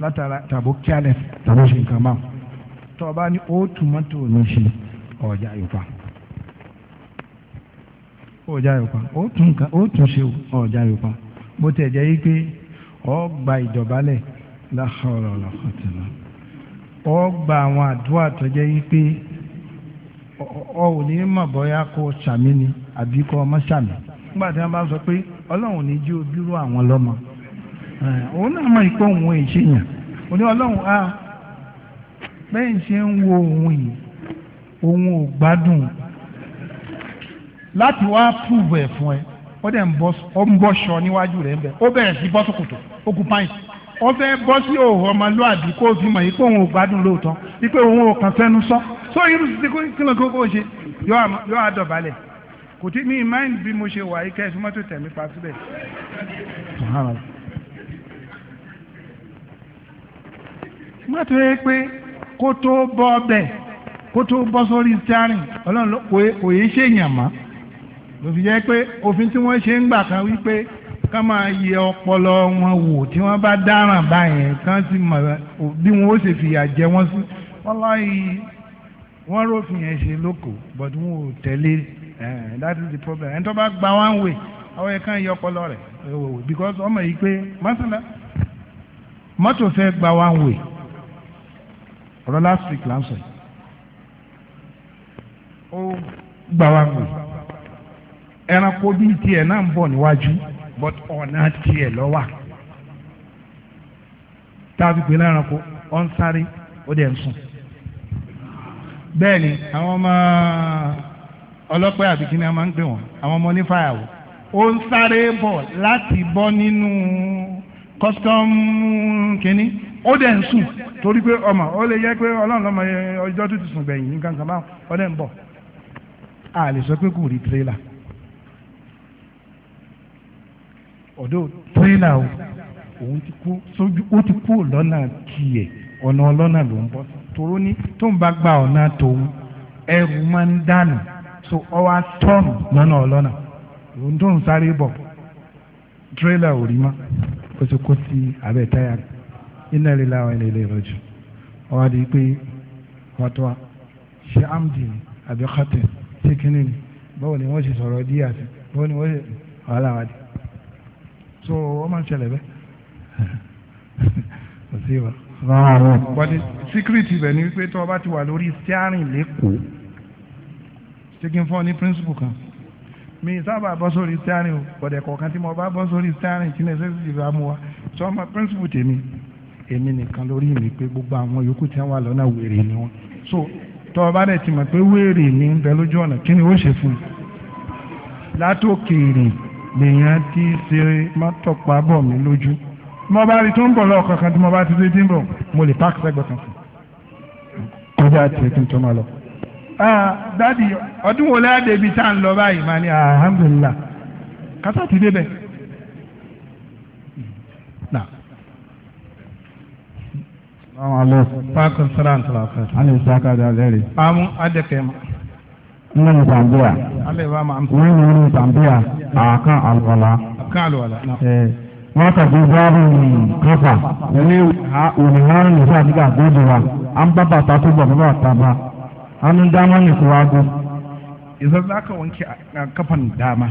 látara tàbó kíálẹ̀ tàbó ṣe nǹkan báwọn tó bá ní ó tù mọ́tò ní ṣe ọ̀jà yorùbá. ọjà yorùbá ṣe ọjà bó tẹ jẹ́ yí pé ọ gba ìdọ̀bálẹ̀ láhàrọ̀ làkọ̀tìlá gba àwọn àdúrà tó pé ọ ní mọ̀ bọ́yá kó sàmì ni àbí kó ọmọ sàmì nígbà tí sọ pé ní àwọn òun náà òun a ṣe láti wá púùbù ẹ̀ fún ẹ ó dẹ̀ ń bọ́ ọ ń bọ́ ṣọ níwájú rẹ̀ ń bẹ̀ ó bẹ̀rẹ̀ sí bọ́ sòkòtò ó kú pààyàn ó fẹ́ bọ́ sí òhò ọmọlúàbí kó fi mọ̀ yìí pé òun ò gbádùn lóòótọ́ wípé òun ò kàn fẹ́nu sọ sọ irú sí kí ló kó kó ṣe yóò àdọ̀bálẹ̀ kò tí mi máa ń bí mo ṣe wà yìí kẹ́ ẹ fi mọ́tò tẹ̀mí pa síbẹ̀. mọ́tò yẹ pé kó tó bọ́ ọbẹ̀ kó tó bọ́ sórí steering ọlọ́run kò yé ṣèyàn mọ́ ló fi jẹ́ pé òfin tí wọ́n ṣe ń gbà kan wípé ká máa yẹ ọpọlọ wọn wò tí wọ́n bá dáràn báyẹn kán sì mọ̀ bí wọn ó sì fìyà jẹ wọ́n sí wọ́n láyìí wọ́n rófin yẹn ṣe lóko but wọn ò tẹ̀lé that is the problem ẹni tó bá gba one way àwọn yẹn kàn yẹ ọpọlọ rẹ̀ because ọmọ yìí pé mọ́sálá mọ́tò fẹ́ gba one way ọ̀rọ̀ last week là ń sọ yìí ó gba one way. ẹranko bíi tiẹ̀ náà ń bọ̀ níwájú but ọ̀nà tiẹ̀ lọ́wà tàbí pé lẹ́ranko ọ̀ ń sáré ó dẹ̀ ń sùn bẹ́ẹ̀ ni àwọn ọmọ ọlọ́pẹ́ àbíkí a máa ń pè àwọn ọmọ onífàyàwó ó ń sáré bọ̀ láti bọ́ nínú kọ́sítọ́ọ̀mù kínní ó dẹ̀ ń sùn torí pé ọmọ ó lè pé a sọ pé kò Ọdụ tírélà o òun ti kú sójú ó ti kú lọ́nà tiẹ̀ ọ̀nà ọlọ́nà ló ń bọ́ toró ní tó ń bá gba ọ̀nà tòun ẹrù máa ń dànù so ọwọ́ tọ́ọ̀nù lọ́nà ọlọ́nà òun tó ń sáré bọ̀ tírélà ò rí mọ́ ó ti kó sí abẹ́ táyà rẹ̀ iná àbí ni báwo ni wọ́n ṣe sọ̀rọ̀ báwo ni wọ́n ṣe wàhálà so wọ́n máa ń ṣẹlẹ̀ bẹ́ẹ̀ kò sí wa. bọ́dí síkírìtì ibẹ̀ ni wípé tó o bá ti wà lórí steering lẹ́kọ̀ọ́ taking fún ọ ní principle kan mi sábà bọ́ sórí steering o bọ̀dẹ̀ kọ̀ọ̀kan tí mo bá bọ́ sórí steering tí necessity bá mú wa so ọmọ principle tèmi èmi nìkan lórí mi pé gbogbo àwọn yòókù tí wọ́n wà lọ́nà wèrè ni wọ́n so tó o bá dẹ̀ ti mọ̀ pé wèrè ni ń bẹ lójú ọ̀nà kí ni ó ṣe fún un látòkè lèèyàn ti ṣe mọ́tọ̀pá bọ̀ mí lójú mo bá rí tó ń bọ̀ lọ́ọ̀kan kan tí mo bá ti dé dín bọ̀ mo lè pààkì sẹ́gbẹ̀ẹ́ kan fún kọjá tiẹ̀ kí n tó máa lọ. Ah, dádì ọdún wo láàdé ibi tá à ń lọ báyìí máa ní ah, alhamdulillah kátà ti débẹ̀. Àwọn àlọ́. Fáàkùn sọ́ra àǹtọ̀lá fẹ́. A lè sáká dáa lẹ́rìí. Àmú Adékèémà nínú tàǹbíà nínú nínú tàǹbíà àkàn àlùwàlà. wọ́n kàgbé báàbù káfà ní òmìnira nìfẹ́ àti àgbéjì wa à ń bá bàtà tó bọ̀ bàbá àtàbà à ń dáná nìkú wa gùn. idan za ka wanke kafan dama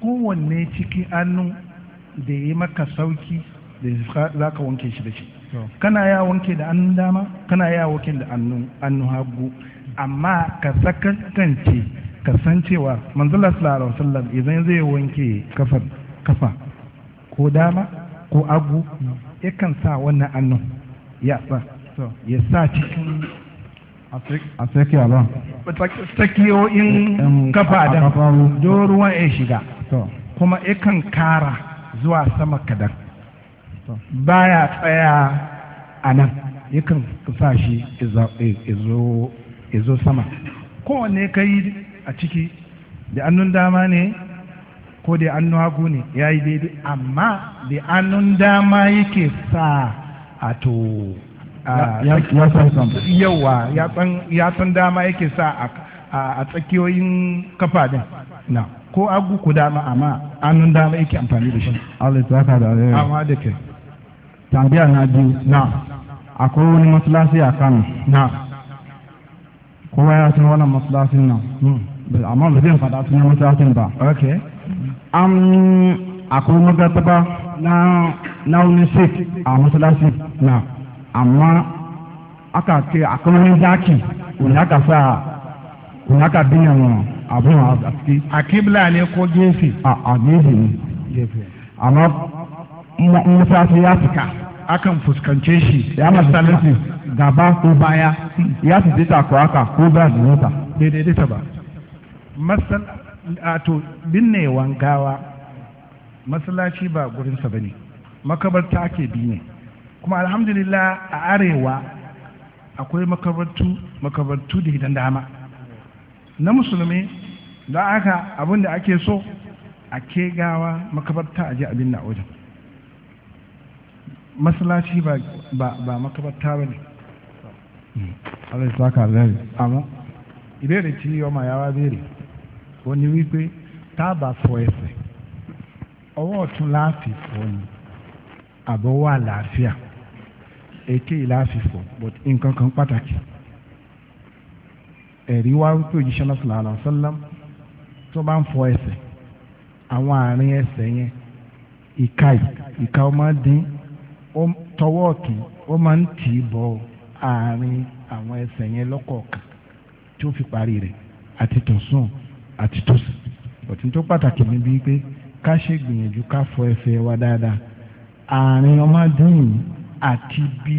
kowanne ciki annu da ya maka sauki da za ka wanke shi kana ya wanke da dama kana ya wanke da annun amma ka sakantance ka san cewa manzala sallallahu alaihi wasallam idan zai wanke kafar kafa ko dama ko agu yakan sa wannan annon ya sa ya sa cikin a tsakiya ba tsakiyoyin kafa da don ruwan ya shiga kuma yakan kara zuwa sama kadan baya tsaya a nan yakan sa shi izo ya zo sama kowanne ka yi a ciki da annun dama ne ko da annun hagu ne ya yi daidai amma da annun dama yake sa a to yawa ya san dama yake sa a tsakiyoyin kafa din na ko agu ku dama amma annun dama yake amfani da shi Allah ya saka da alheri amma da ke tambaya na biyu na akwai wani masu a kan na kuma ya san wannan masalacin nan amma ba zai faɗa sun yi masalacin ba ok an akwai magataba na na wani sheik a masalacin na amma aka ce akwai wani zaki wani aka sa wani aka biya wani abin a ciki a kibla ne ko gefe a gefe ne amma masalacin ya fika akan fuskance shi ya masallaci gaba ko baya ya su ta ko ko ba su mota daidai ta ba masal binne wangawa masallaci ba gurinsa ba ne makabarta ake ne. kuma alhamdulillah a arewa akwai makabartu makabartu da gidan dama na musulmi don aka abin da ake so a ke gawa makabarta a je abin na wajen masallaci ba ba makabarta ba ne aláìsàn kàlẹ́rì àmọ́ ìbéèrè tí ọmọ ìyá wa béèrè ó ní wípé tá a bá fọ ẹsẹ̀ ọwọ́ ọ̀tún láàfin fọ ni àbọ̀wọ́ àlàáfíà èké láàfin fọ but nǹkan kan pàtàkì ẹ̀rí wá wípé òjíṣẹ́ náà sallallahu alaihi wasallam tó bá ń fọ ẹsẹ̀ àwọn àárín ẹsẹ̀ yẹn ìka ìka ọmọ dín tọwọ́ ọ̀tún ó máa ń tì í bọ àárín àwọn ẹsẹ̀ yẹn lọ́kọ̀ọ̀kan tí ó fi parí rẹ̀ àti tọ̀sùn àti tòsì òtún tó pàtàkì níbi pé ká ṣe gbìyànjú ká fọ ẹsẹ̀ wa dáadáa àárín ọmọdún àti bí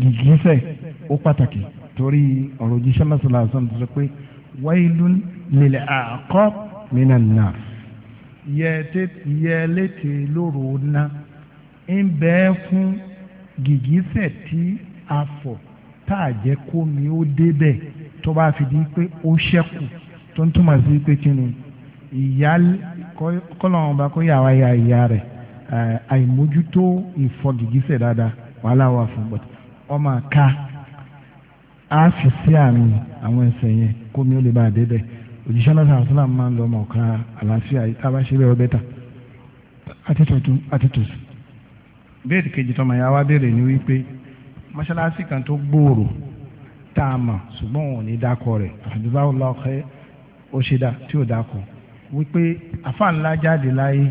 gìgísẹ̀ ó pàtàkì torí ọ̀rọ̀ jíṣẹ́ mọ́sálà àṣàm sọ pé wailun lil a'qab minan nar yẹ létí lóru náà ń bẹ fún gìgísẹ̀ tí a fọ̀ tá a jẹ́ kó mi ó débẹ̀ tó bá fi di pé ó ṣẹ́kù tó ń túmọ̀ sí pé kí ni ìyá kọ́lọ́run bá kó yàwá ya ìyá rẹ̀ àìmójútó ìfọ̀ gìgísẹ̀ dáadáa wàhálà wà fún bọ́tà ọmọ àka á fi sí àárín àwọn ẹsẹ̀ yẹn kó mi ó lè bá a débẹ̀ òjíṣẹ́ náà sàrọ̀sọ́là máa ń lọ ọmọ ọ̀ka àlàáfíà tá a bá ṣe bẹ́ẹ̀ ọ bẹ́ẹ̀ tà àti tuntun béèrè kejì tọmọ yà wá béèrè ni wípé mọ́ṣáláṣí kan tó gbòòrò tá a mọ̀ ṣùgbọ́n òun ò ní dákọ̀ rẹ̀ àdúbáwò lọ́kẹ́ ó ṣe dá tí ò dákọ̀ wípé àfáànlá jáde láyé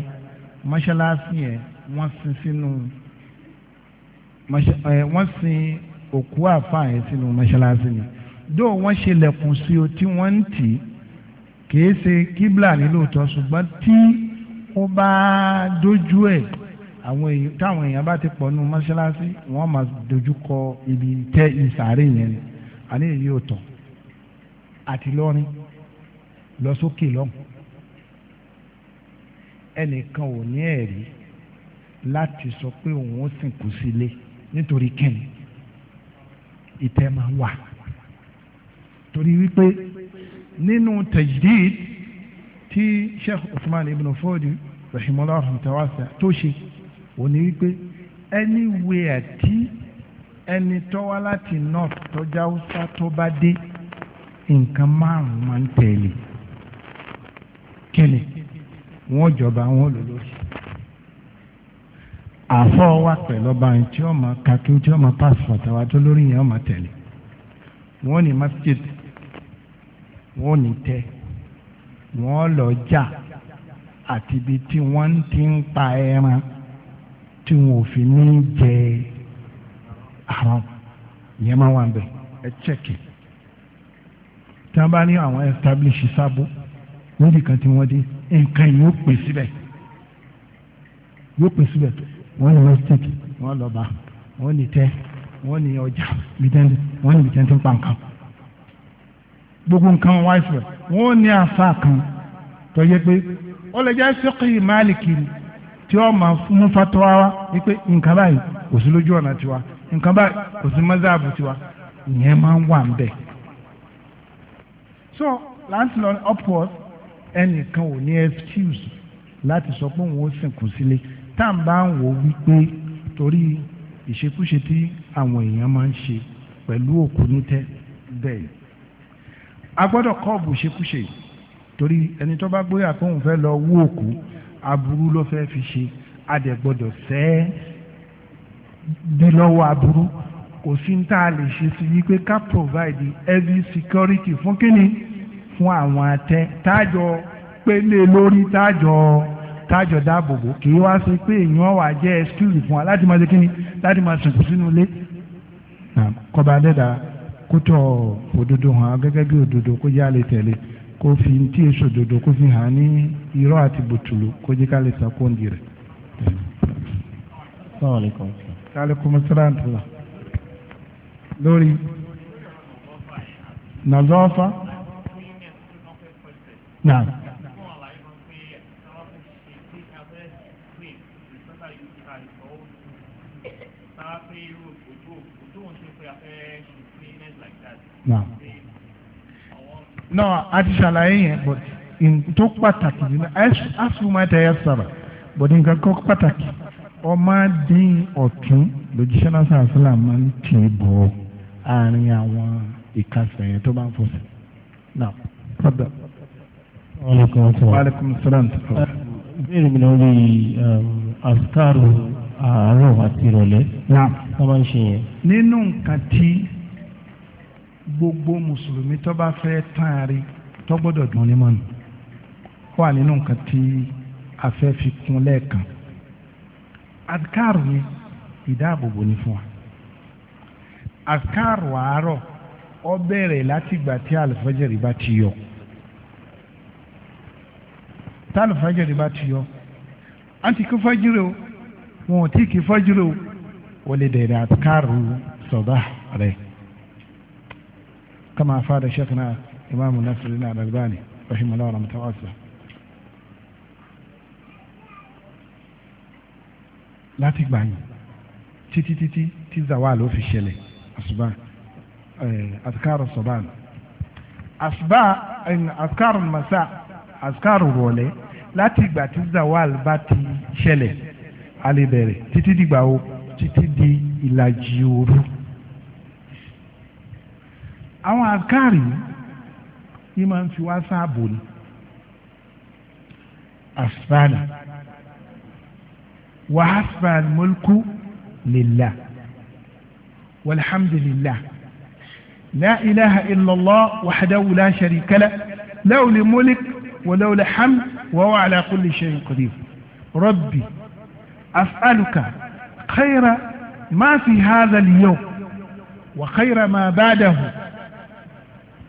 mọ́ṣáláṣí yẹn wọ́n sin sínú wọ́n sin òkú àfáà yẹn sínú mọ́ṣáláṣí ni dó wọ́n ṣe lẹ̀kùn sí o tí wọ́n ń tì í kìí ṣe kíblà nílòótọ́ ṣùgbọ́n tí ó bá dójú ẹ̀ àwọn èèyàn táwọn èèyàn bá ti pọ̀ nínú mọ́ṣáláṣí wọ́n máa dojúkọ ibi tẹ́ ìsàárè yẹn ni àní èyí ò tọ̀ àti lọ́rin lọ sókè lọ́hùn ẹnìkan ò ní ẹ̀rí láti sọ pé òun ó sìnkú sílé nítorí kíni ìtẹ́ máa wà torí wípé nínú tajdid tí Sheikh Usman ibn Fodi rahimahullah rahmatawasa tó ṣe ò ní wípé anywhere tí ẹni tó wá láti north tọ́já hausa tó bá dé nǹkan márùn-ún máa ń tẹ̀lé kíni wọ́n jọba wọn lólórí àfọ wa pẹ̀lú ọba tí wọ́n máa kakí tí wọ́n máa pàṣípàtà wa tó lórí yẹn wọ́n máa tẹ̀lé wọ́n ní masjid wọ́n ní tẹ́ wọ́n lọ jà àti ibi tí wọ́n ti ń pa ẹran tí wọn ò fi ní jẹ àrùn ìyẹn máa wà bẹ ẹ chẹ́kì tí wọ́n bá ní àwọn establish sábò níbi kan tí wọ́n dé nǹkan yìí ó pè síbẹ̀ yóò pè síbẹ̀ wọ́n ní mistake wọ́n lọ bá wọ́n ní tẹ́ wọ́n ní ọjà bìtẹ́ntì wọ́n ní bìtẹ́ntì pa gbogbo nǹkan wáyé fún ẹ wọ́n ní àfa kan tó pé ó lè sọ́kì máàlì kiri tí ó máa fún fatuwa wa wípé nǹkan báyìí kò sí lójú ọ̀nà tiwa nǹkan báyìí kò sí mọ́sáàbù tiwa ìyẹn máa ń wà ń bẹ̀. so lancelot upward ẹnìkan ò ní excuse láti sọ pé òun ó sìnkú sílé tá à ń bá ń wò ó wípé torí ìṣekúṣe tí àwọn èèyàn máa ń ṣe pẹ̀lú òkú nítẹ́ bẹ́ẹ̀ a gbọ́dọ̀ kọ́ọ̀bù ìṣekúṣe torí ẹni tó bá gbóyà pé òun fẹ́ lọ wú òkú aburú ló fẹ́ fi ṣe adẹ̀gbọ́dọ̀ sẹ́ bí lọ́wọ́ aburú kò sí tá a lè ṣe sí wípé ká provide every security fún kíni fún àwọn atẹ tájọ pélé lórí tájọ tájọ dáàbòbò kì í wá sí pé èèyàn wà jẹ́ excuse fún wa láti máa ṣe kíni láti máa sìnkú sínú ilé kọba adẹ́dà kótó òdodo hàn gẹ́gẹ́ bí òdodo kó yá lè tẹ̀lé kó fi tí èso dodo kó fi hàn ní irọ́ àti bòtùlù kó jẹ́ ká lè sọ kó ń di rẹ̀. kálíkùmù síràǹtì wa lórí nàzọ́fà náà. Now náà a ti ṣàlàyé yẹn but tó pàtàkì nínú asùnmọ́ tẹ̀yẹ sábà but nǹkan kọ́ pàtàkì ọmọ dín ọ̀tún lójúṣẹ́ náà sàásìlà máa ń tì í bọ̀ àárín àwọn ìkàsẹ̀ yẹn tó bá ń fọṣẹ̀ náà fọdà. wàlẹ́kùn sọ́dọ̀n tó kọ́. ìbéèrè mi náà lórí àṣkárù àárọ̀ àti ìrọ̀lẹ́. náà wọ́n ń ṣe yẹn. nínú nǹkan tí gbogbo mùsùlùmí tó bá fẹ́ tán rí tó gbọ́dọ̀ dùn ní mọ́nu ó wà nínú nǹkan tí a fẹ́ fi kún lẹ́ẹ̀kan azkar ni ìdáàbòbò ni fún wa azkar wàárọ̀ ó bẹ̀rẹ̀ láti ìgbà tí alifajari bá ti yọ tí alifajari bá ti yọ àti kí fajiri o wọn ò tí kí fajiri o wọlé dẹ̀rẹ̀ azkar sọ̀dá rẹ̀. كما أفاد شيخنا إمام نصر الدين الألباني رحمه الله ورحمة واسعة láti gbà yín títí títí tí zawal ó fi ṣẹlẹ̀ àṣùbà àtikárò sọ̀bàn àṣùbà àtikárò masa àtikárò rọ̀lẹ́ láti ìgbà tí zawal bá ti ṣẹlẹ̀ alẹ́ bẹ̀rẹ̀ títí dìgbà wo títí di ìlàjì òru. àwọn àkárì yìí máa ń fi wá sáàbò ni asfana wa asfana mulku lillah walhamdulillah la ilaha illallah wahdahu la sharika la lawli mulik wa lawli hamd wa huwa ala kulli shay'in qadir rabbi as'aluka khayra ma fi hadha al-yawm wa khayra ma ba'dahu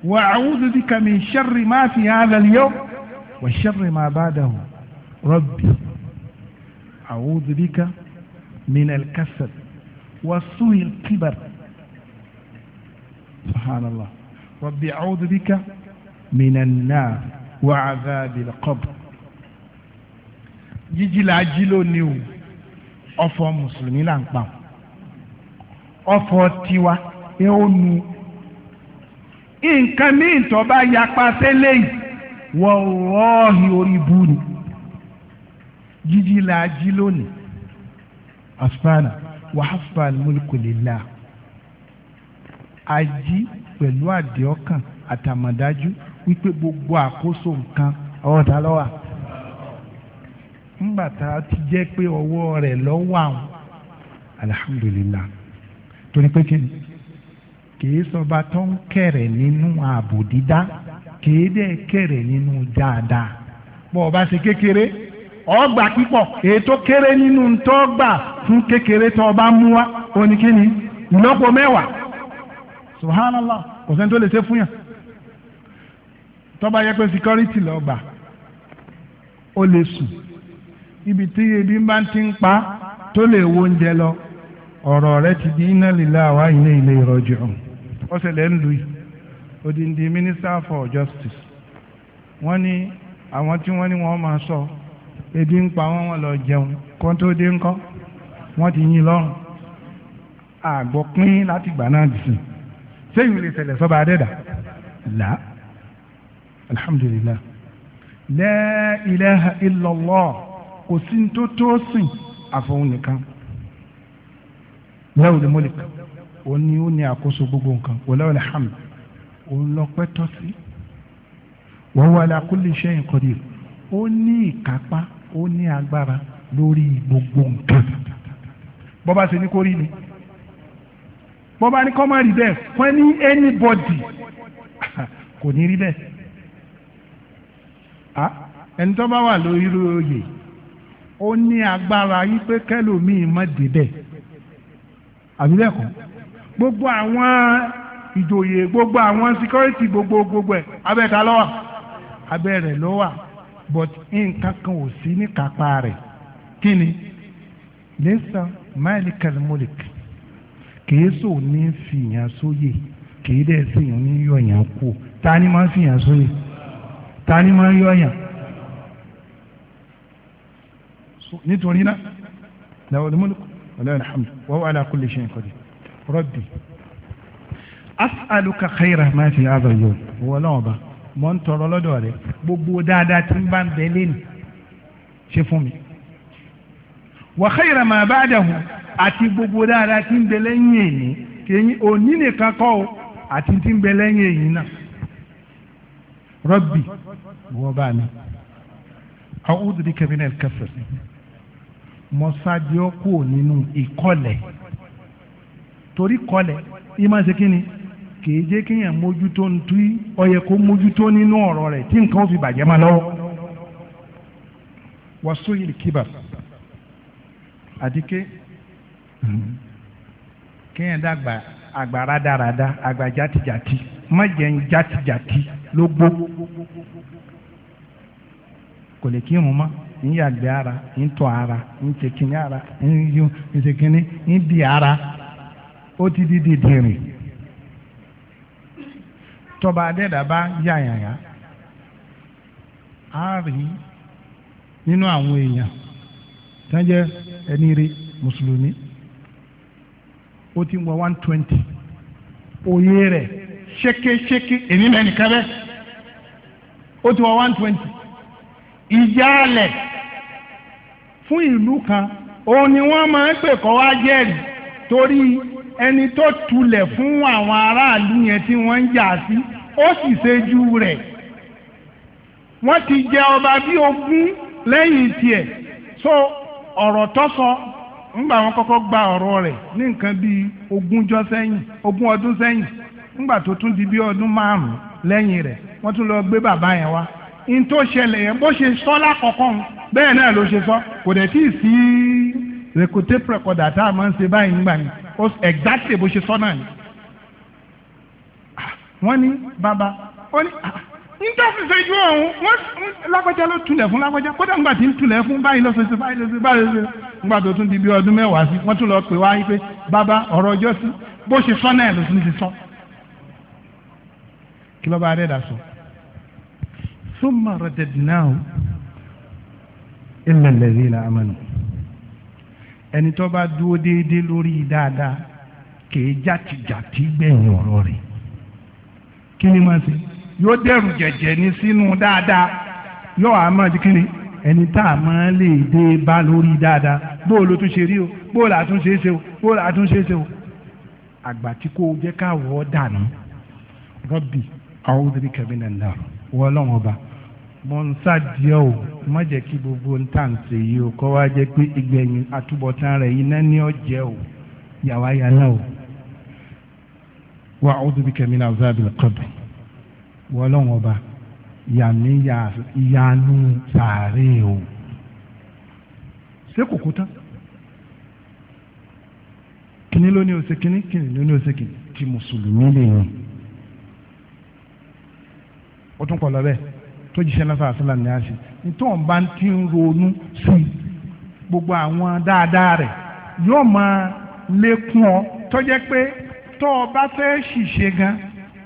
وأعوذ بك من شر ما في هذا اليوم وشر ما بعده ربي أعوذ بك من الكسل وسوء الكبر سبحان الله ربي أعوذ بك من النار وعذاب القبر يجي la نيو أفو مسلمين ọ̀fọ̀ mùsùlùmí là nǹkan míì tó bá yapa sẹ́lẹ̀ yìí wọ́n rọ́ọ̀hì orí bú ni jíjí la jí lónìí asfana ají pẹ̀lú àdéọ́kàn àtàmọ̀dájú wípé gbogbo àkóso nǹkan ọwọ́ ta lọ́wọ́ ti jẹ́ pé ọwọ́ rẹ̀ lọ́wọ́ àwọn alihamudulilayi pé kìí sọba tó ń kẹ̀rẹ̀ nínú ààbò dídá kìí dẹ̀ kẹ̀rẹ̀ nínú dáadáa bọ́ ọba ṣe kékeré ọgbà pípọ̀ ètò kéré nínú tó gbà fún kékeré tó ọba mú wa oníkíni ìlọ́po mẹ́wàá subhanallah kò sẹ́ni tó lè ṣe fún yàn tọ́ba yẹ pé security lọ gbà ó lè sùn ibi tí ebi bá ti ń pa tó lè wo oúnjẹ lọ ọ̀rọ̀ rẹ ti di iná lílá wa ilé ilé ìrọ̀jù ọ̀hún. ó ṣẹlẹ̀ ń lu yìí odindi minister for justice wọ́n ní àwọn tí wọ́n ní wọ́n máa sọ ebi ń pa wọ́n wọ́n lọ jẹun kó tó dé ńkọ́ wọ́n ti yín lọ́rùn àgbọ̀ pín láti gbà náà dìsìn sẹ́yìn lè ṣẹlẹ̀ sọ́ba adẹ́dà là alhamdulilah la ilaha illallah kò sí ní tó tó sìn àfọwọ́n nìkan lẹ́wọ̀n lè kan òun ni ó ní àkóso gbogbo nǹkan wala wala hamd òun lọ pẹ́ tọ́ sí wa huwa ala kulli shay'in qadir ó ní ìkápá ó ní agbára lórí gbogbo nǹkan bó bá ṣe rí ni bó bá ní kó rí bẹ́ẹ̀ fún ẹni anybody kò ní rí bẹ́ẹ̀ ah ẹni tó bá wà lórí oyè ó ní agbára yí pé kẹ́lòmíì má dé bẹ́ẹ̀ àbí bẹ́ẹ̀ kọ́ gbogbo àwọn ìjòyè gbogbo àwọn security gbogbo gbogbo ẹ̀ abẹ́ta lọ́wọ́ abẹ́ rẹ̀ lọ́wọ́ but nǹkan kan ò sí ní kápá rẹ̀ kí ni lẹ́sà máìlìkàlì mọ́lìk kìí sọ ní fìyàn sóyè kìí dẹ̀ fìyàn ní yọ̀yàn kú ta ni máa fìyàn sóyè ta ni máa ń nítorí náà làwọn olùmọ́lùkù wàlẹ́ alhamdu wa huwa ala kulli shay'in qadir rọ́bì as'aluka khayra ma fi hadha al-yawm wọ́n lọ́wọ́ bá mọ̀ ń tọrọ lọ́dọ̀ rẹ̀ gbogbo dáadáa tí ń bá ń bẹ lẹ́nu ṣe fún mi wa khayra ma ba'dahu àti gbogbo dáadáa tí ń bẹ lẹ́yìn èyí kìí òní nìkan kọ́ o àti tí ń bẹ lẹ́yìn èyí náà rọ́bì wọ́n bá mi a'udhu bika min al-kasal mọ́sáájú ọkọ̀ nínú ìkọlẹ̀. torí kọlẹ̀ ìmọ̀ ṣe kí ni kì í jẹ́ kéèyàn mójútó ń ọyẹ kó mójútó nínú ọ̀rọ̀ rẹ̀ tí nǹkan ó fi bàjẹ́ máa lọ́wọ́ wàásù yìí kíbà àdíké kéèyàn dàgbà àgbà rádaràda àgbà játijàti má jẹun játijàti ló gbó kò lè kí irun ara ń ara ń ara ń yún ń ń ara. o ti di dìdìrì tọba adẹ́dàbá yàyàyà á rí nínú àwọn èèyàn tí wọ́n jẹ́ ẹni rí mùsùlùmí ti one twenty rẹ̀ ṣékéṣéké èmi mẹ́nìkan bẹ́ẹ̀ o ti wọ one twenty fún ìlú kan òun ni máa ń pè kọ́ torí ẹni tó tulẹ̀ fún àwọn aráàlú yẹn tí wọ́n ń jà sí ó sì ṣejú rẹ̀ wọ́n ti jẹ ọba bí ogún lẹ́yìn tiẹ̀ so ọ̀rọ̀ tó sọ ńgbà wọn kọ́kọ́ gba ọ̀rọ̀ rẹ̀ ní nǹkan bíi ogúnjọ́ sẹ́yìn ogún ọdún sẹ́yìn ńgbà tó tún di bí ọdún márùn-ún lẹ́yìn rẹ̀ wọ́n tún lọ gbé bàbá yẹn wá in tó ṣẹlẹ̀ yẹn bó ṣe sọ lákọ̀ọ́kọ́ ń bẹ́ẹ̀ náà ló ṣe sọ kò dẹ̀ tí ì sí rẹ̀kọ̀tẹ́ pẹ̀kọ̀dà tá a máa ń ṣe báyìí ńgbà yẹn ó exactly bó ṣe sọ náà ni ah, wọ́n ní bàbá ó ní ah, nítòsíṣe ju òun wọ́n lágbájá ló tulẹ̀ fún lágbájá kódà ńgbà tí ń tulẹ̀ fún báyìí lọ́sọ̀ọ́sọ̀ báyìí lọ́sọ̀ọ́sọ̀ báyìí lọ́sọ̀ọ́sọ̀ ńgbà tó tún di bí ọdún mẹ́wàá sí wọ́n tún lọ pè wá pé bàbá ọ̀rọ̀ ọjọ́ sí bó ṣe sọ náà ló tún sọ. kí ló bá dà sọ. summa radadnahu illa alladhina amanu ẹni tó bá dúró déédéé lórí dáadáa kìí jàtìjàtì gbẹ̀yìn ọ̀rọ̀ rẹ̀ kí ni máa ṣe yóò dẹ̀rù jẹ̀jẹ̀ ní sínú dáadáa yóò á máa kí ni ẹni tá a máa lè dé bá lórí dáadáa bóò tún ṣe rí o bóò là ṣe o bóò là ṣe o àgbà tí kò jẹ́ ká wọ́ dànù rọ́bì àwọn obìnrin kẹ́mi náà ń dàrú wọ́ ọlọ́run ọba mo ń sádìẹ o má jẹ́ kí gbogbo ń tàn sí yìí o kọ́ wá jẹ́ pé ìgbẹ̀yìn àtúbọ̀tán rẹ̀ iná ní ọ̀jẹ́ o yàwá yàrá o wa a'udhu bika min azabil qabr wọ́lọ́wọ́n ọba yàmí yanu sàárè o ṣé kòkó tán kìnní ló ní ose kìnní kìnní ló ní ose kìnní ti mùsùlùmí lè yàn ó tún kọ lọ bẹ́ẹ̀ tó jíṣẹ́ náà sàásìlà ní àṣẹ nítorí wọn bá ti ń ronú sí gbogbo àwọn dáadáa rẹ̀ yóò máa lékún ọ tó jẹ́ pé tó o bá fẹ́ ṣìṣe gan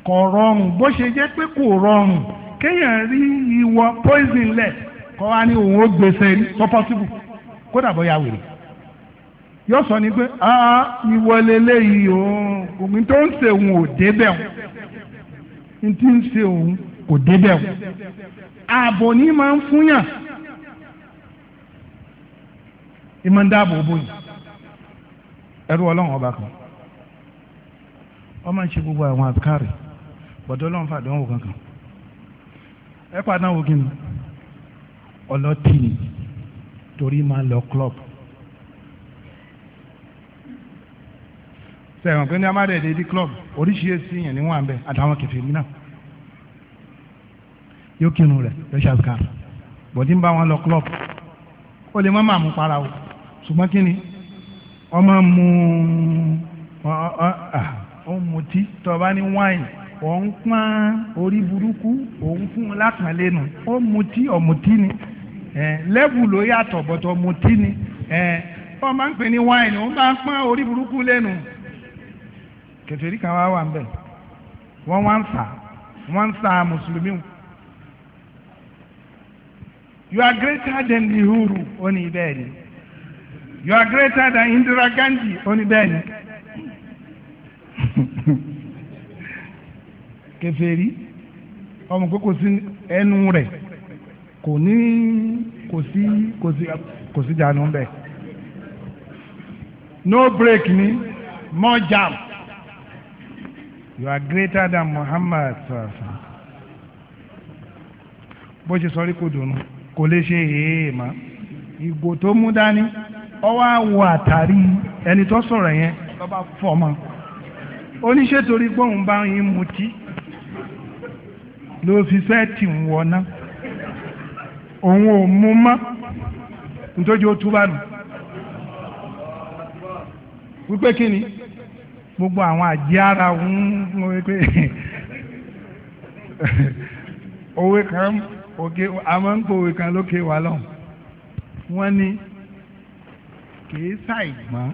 kò rọrùn bó ṣe jẹ́ pé kò rọrùn kéèyàn rí ìwọ poison lẹ̀ kọ́ wa ní òun ó gbèsè rí tó kódà bọ́ ya wèrè yóò sọ ni pé ah ìwọlé léyìí o òun tó ń ṣe òun ò débẹ̀ òun ti ń ṣe òun kò débẹ̀ o ààbò ní máa ń fúnyàn ìmọ̀ ń dáàbò bò yìí ẹrú ọlọ́run ọba kan ọmọ ń ṣe gbogbo àwọn àbíkárì bọ̀dọ̀ ọlọ́run fàdánwò kankan ẹ padà wò kíni ọlọ́tì ni torí máa lọ club sẹ̀wọ̀n pé ní amádẹ́ẹ̀dẹ́ di club oríṣiríṣi yẹn ni wọ́n à ń bẹ̀ àtàwọn kẹfẹ́ mi yóò kírun rẹ̀ yóò ṣàzùkà bọ̀dí ń bá wọn lọ club ó lè má máa mú para o ṣùgbọ́n kí ni ọmọ mu ó mutí tọba ní wáìnì òun pọ́n orí burúkú òun fún un lápẹ́lẹ́nu ó mutí ọ̀mùtí ni lẹ́bù ló yàtọ̀ bọ̀tọ̀ mutí ni wọ́n máa ń pè ní wáìnì wọ́n máa ń pọ́n orí burúkú lẹ́nu kẹfẹ́rí kan wá wà ń bẹ̀ wọ́n wá ń fà wọ́n ń sa mùsùlùmí You are greater than Nehru, ó You are greater than Indira Gandhi, ó ní bẹ́ẹ̀ ni. Kèfèrí, ọmọ kókò sí ẹnu rẹ̀, kò ní kò sí kò sí kò sí No break ni, more jam. You are greater than Muhammad. Bó ṣe sọ rí kò kò lè ṣe èèyàn mọ́ ìgò tó mú dání ọwọ́ àwọ̀ àtàrí ẹni tó sọ̀rọ̀ yẹn lọ́ba fọmọ oníṣẹ́ torí gbóhùn bá yín mutí ló fi sẹ́ẹ̀tì ń wọná òun ò mú mọ́ nítorí ó túbà nù wípé kí ni gbogbo àwọn àjẹ́ ara ń wípé òwe kan òkè àmọ́ ń pòwe kan lókè wà lọ́hùn wọ́n ní kìí ṣàìgbọ́n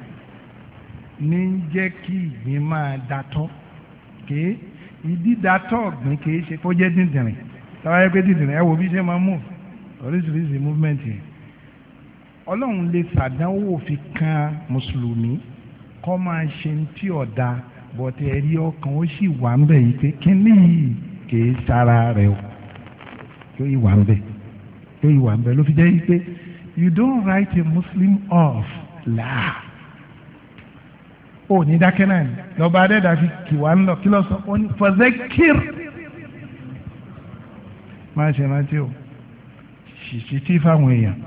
ní ń jẹ́ kí ìgbín máa datọ́ kìí ìdídatọ́ ọ̀gbìn kìí ṣe kó jẹ́ dídìrín tọ́wọ́ yẹ pé dídìrín ẹ wo bí ṣe máa mú oríṣiríṣi movement yẹn ọlọ́run lè ṣàdánwò fi kan mùsùlùmí kọ́ máa ṣe ń tí ọ̀dà bọ̀tẹ̀ ẹ̀rí ọkàn ó sì wà ń bẹ̀ yìí pé kínní yìí kìí ṣara rẹ̀ o yóò wà ń yóò wà ń ló fi jẹ́ yí you don't write a muslim off láà ó ní dákẹ́ náà ni lọ́ba adẹ́dà fi kì wá ń lọ kí lọ sọ ó ní fazakir má ṣe rántí o ṣìṣì tí fáwọn èèyàn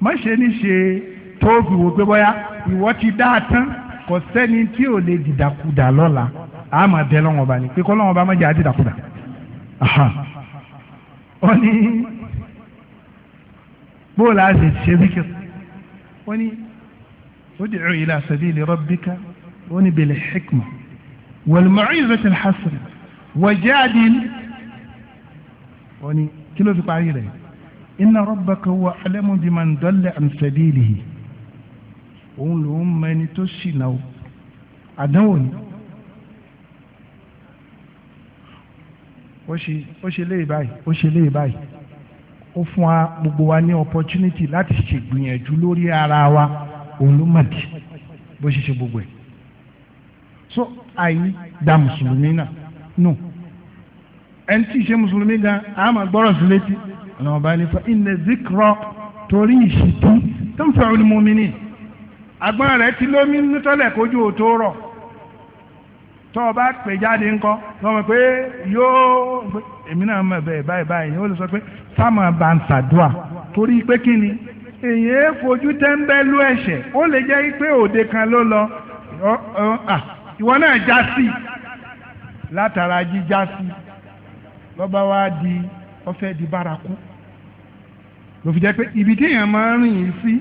má ṣe ní ṣe tó fi wò pé bóyá ìwọ ti dá a tán kò sẹ́ni tí ò lè dìdàkudà lọ́la àmọ́ bẹ́ẹ̀ lọ́wọ́ bá pé kọ́ lọ́wọ́ má jẹ́ àdìdàkudà wọ́n ní bóòlù àti ṣe zikir wọ́n ní ud'u ila sabili rabbika wọ́n ní bil hikma wal mau'izati al hasana wajadil wọ́n ní kí ló fi parí rẹ̀ inna rabbaka huwa a'lamu biman dalla an sabilihi òun lòun mọ ẹni tó ṣìnà o ni. ó ṣe léyìí báyìí ó ṣe léyìí báyìí ó fún wa gbogbo wa ní opportunity láti ṣègbìyànjú lórí ara wa òun ló màdì bó ṣe ṣe gbogbo ẹ̀ so àyí da mùsùlùmí náà nù ẹni tí ì ṣe mùsùlùmí gan a máa gbọ́rọ̀ sí létí ọ̀nà ọba ní fa inna zikra torí ìṣìtú tó ń fẹ́ olùmọ̀mí ni àgbọ̀n rẹ̀ ti lómi nítọ́lẹ̀ kójú òtó rọ̀ tọ́ ọ bá pè jáde ńkọ́ lọ́mọ pé yóò èmi náà mọ̀ bẹ́ẹ̀ báyìí báyìí ó lè sọ pé sáàmù bá ń ṣàdúà torí pé kí ni èyàn fojú tẹ́ńbẹ́lú ẹ̀ṣẹ̀ ó lè jẹ́ pé òde kan ló lọ ìwọ náà já sí látara jíjá sí lọ́ba wá di ọfẹ́ di bárakú ló fi jẹ́ pé ibi tí èèyàn máa ń rìn sí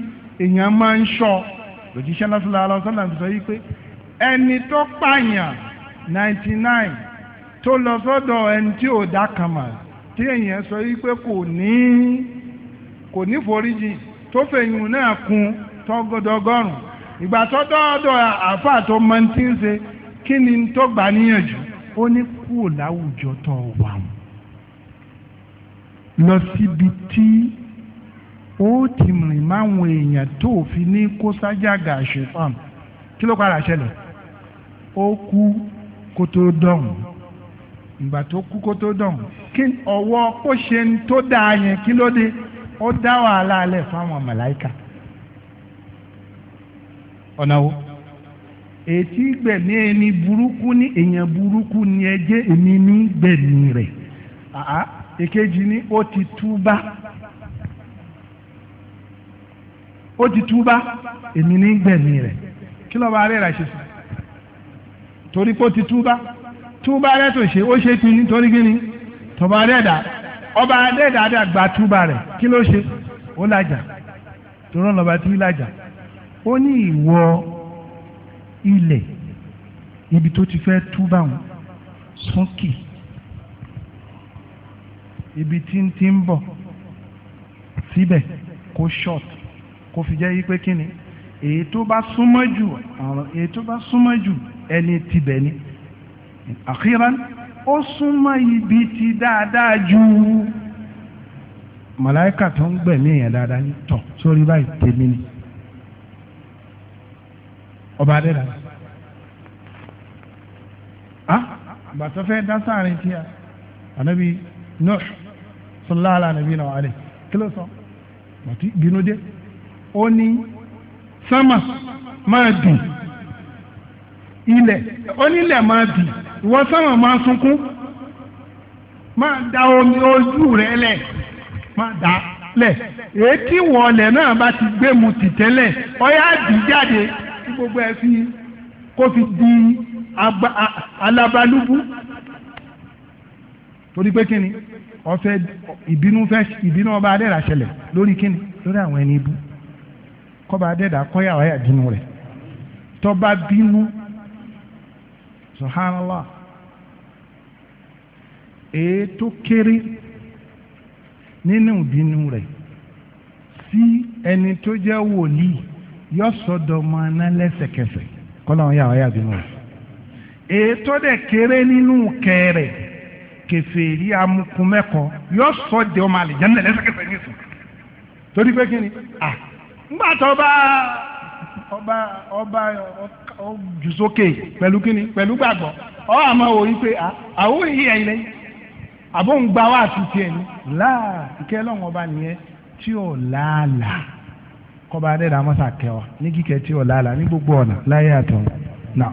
èèyàn máa ń ṣọ́ lòjíṣẹ́ lọ́sọ̀lá lọ́sọ̀lá ti sọ yí pé ẹni tó pààyàn ninety nine tó lọ sọ́dọ̀ ẹni tí ò dá kan mà tí èèyàn sọ wípé kò ní kò ní foríjì tó fẹ̀yìn náà kun tọ́gọ́dọ́gọ́rùn ìgbà tọ́dọ̀ ọ̀dọ̀ àáfà tó mọ ti ń ṣe kí ni tó gbà níyànjú ó ní kúrò láwùjọ tó wà lọ síbi tí ó ti rìn máwọn èèyàn tó fi ní kó sájàgà ṣe fáwọn kí ló padà ṣẹlẹ̀ ó kú kó tó dọ̀hún ìgbà tó kú kó tó dọ̀hún kí ọwọ́ ó ṣe ń tó dáa yẹn kí ló dé ó dá wàhálà alẹ́ fáwọn màláìka ọ̀nàwó ètí gbẹ̀mí ẹni ní èèyàn burúkú ni ẹ èmi ní gbẹ̀mí rẹ̀ ni ó ti túbá ó ti túbá èmi ní gbẹ̀mí rẹ̀ kí lọ́ba torí pé ó ti túbá túbá rẹ̀ tó ṣe ó ṣe kí ni torí kí ni tọba adẹ́dà ọba adẹ́dà dàgbà túbà rẹ̀ kí ló ṣe ó làjà torí ọlọ́ba tí làjà ó ní ìwọ ilẹ̀ ibi tó ti fẹ́ túbà wọn sọ́kì ibi tí ń ti ń bọ̀ síbẹ̀ kó short kó fi jẹ́ yí pé kí èyí tó bá súnmọ́ jù èyí tó bá súnmọ́ jù ẹni tibẹ̀ ni àkíran ó súnmọ́ ibi ti dáadáa ju màláìka tó ń gbẹ̀mí yẹn dáadáa ní tọ̀ sórí báyìí tèmi ni ọba adéra ah bàtọ́ fẹ́ dá sáàrin tí a ànábi Nuh sallallahu ala nabiyina wa alayhi sọ bàtí bínú dé ó ní sámà máa dùn ilẹ̀ onílẹ̀ máa bì ìwọ́n sáwọn máa sunkún máa da omi ojú rẹ̀ lẹ̀ máa dà á lẹ̀ èékí wọ̀ọ̀lẹ̀ náà bá ti gbé mu tì tẹ́lẹ̀ ọyá dì jáde tí gbogbo ẹ fi kó fi di alábàlúbú torí pé kíni ọfẹ ìbínú fẹ ìbínú ọba adẹ́dà ṣẹlẹ̀ lórí kíni lórí àwọn ẹni ibú kọba adẹ́dà kọ́yà ọ̀yà bínú rẹ̀ tọba bínú subhanallah èyí tó kéré nínú ìbínú rẹ̀ sí ẹni tó jẹ́ wòlíì yọ sọ́dọ̀ ọmọ aná lẹ́sẹ̀kẹsẹ̀ kọ́nà ọ̀yà ọ̀yà bínú rẹ̀ èyí tó dẹ̀ kéré nínú kẹrẹ̀ kèfèrí amukumẹ́kọ yọ sọ́dọ̀ ọmọ àlìjẹ́ńdẹ̀ lẹ́sẹ̀kẹsẹ̀ ní ìsìn torí pé kí ni ah ńgbà tó bá ọba ọba jù sókè pẹ̀lú kíni pẹ̀lú gbàgbọ́ ọ àmọ́ wò yí pé àwọn èyí ẹ̀yìn lẹ́yìn àbó ń gba wá àtúntì ẹ̀ ní láà ìkẹ́ lọ́wọ́n ọba nìyẹn tí ò láàlà kọba adẹ́dà amọ́sà kẹwàá ní kíkẹ́ tí ò láàlà ní gbogbo ọ̀nà láyé àtọ̀ náà.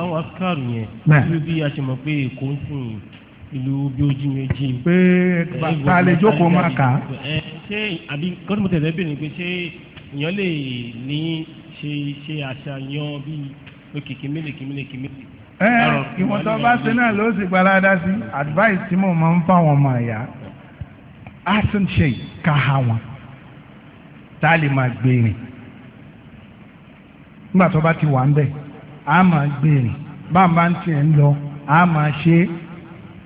àwọn akáàrù yẹn bí bí a ṣe mọ̀ pé èkó ń sìn ìlú bí ojú méjì. pé bá a lè jókòó máa kà á. ṣé àbí gọ́dọ̀ mo tẹ̀lé bèrè pé ṣé èèyàn lè ní ṣe ṣe àṣàyàn bíi òkè kìmílè kìmílè kìmílè. ẹ ìwọ̀n tó bá ṣe náà ló sì gbalada sí advice tí mo máa ń fáwọn ọmọ àyà asin ṣe ká ha wọn tá a lè máa gbé e rìn nígbà tó bá ti wà ń bẹ̀ a máa gbé e rìn bá a máa ń tiẹ̀ ń lọ a máa ṣe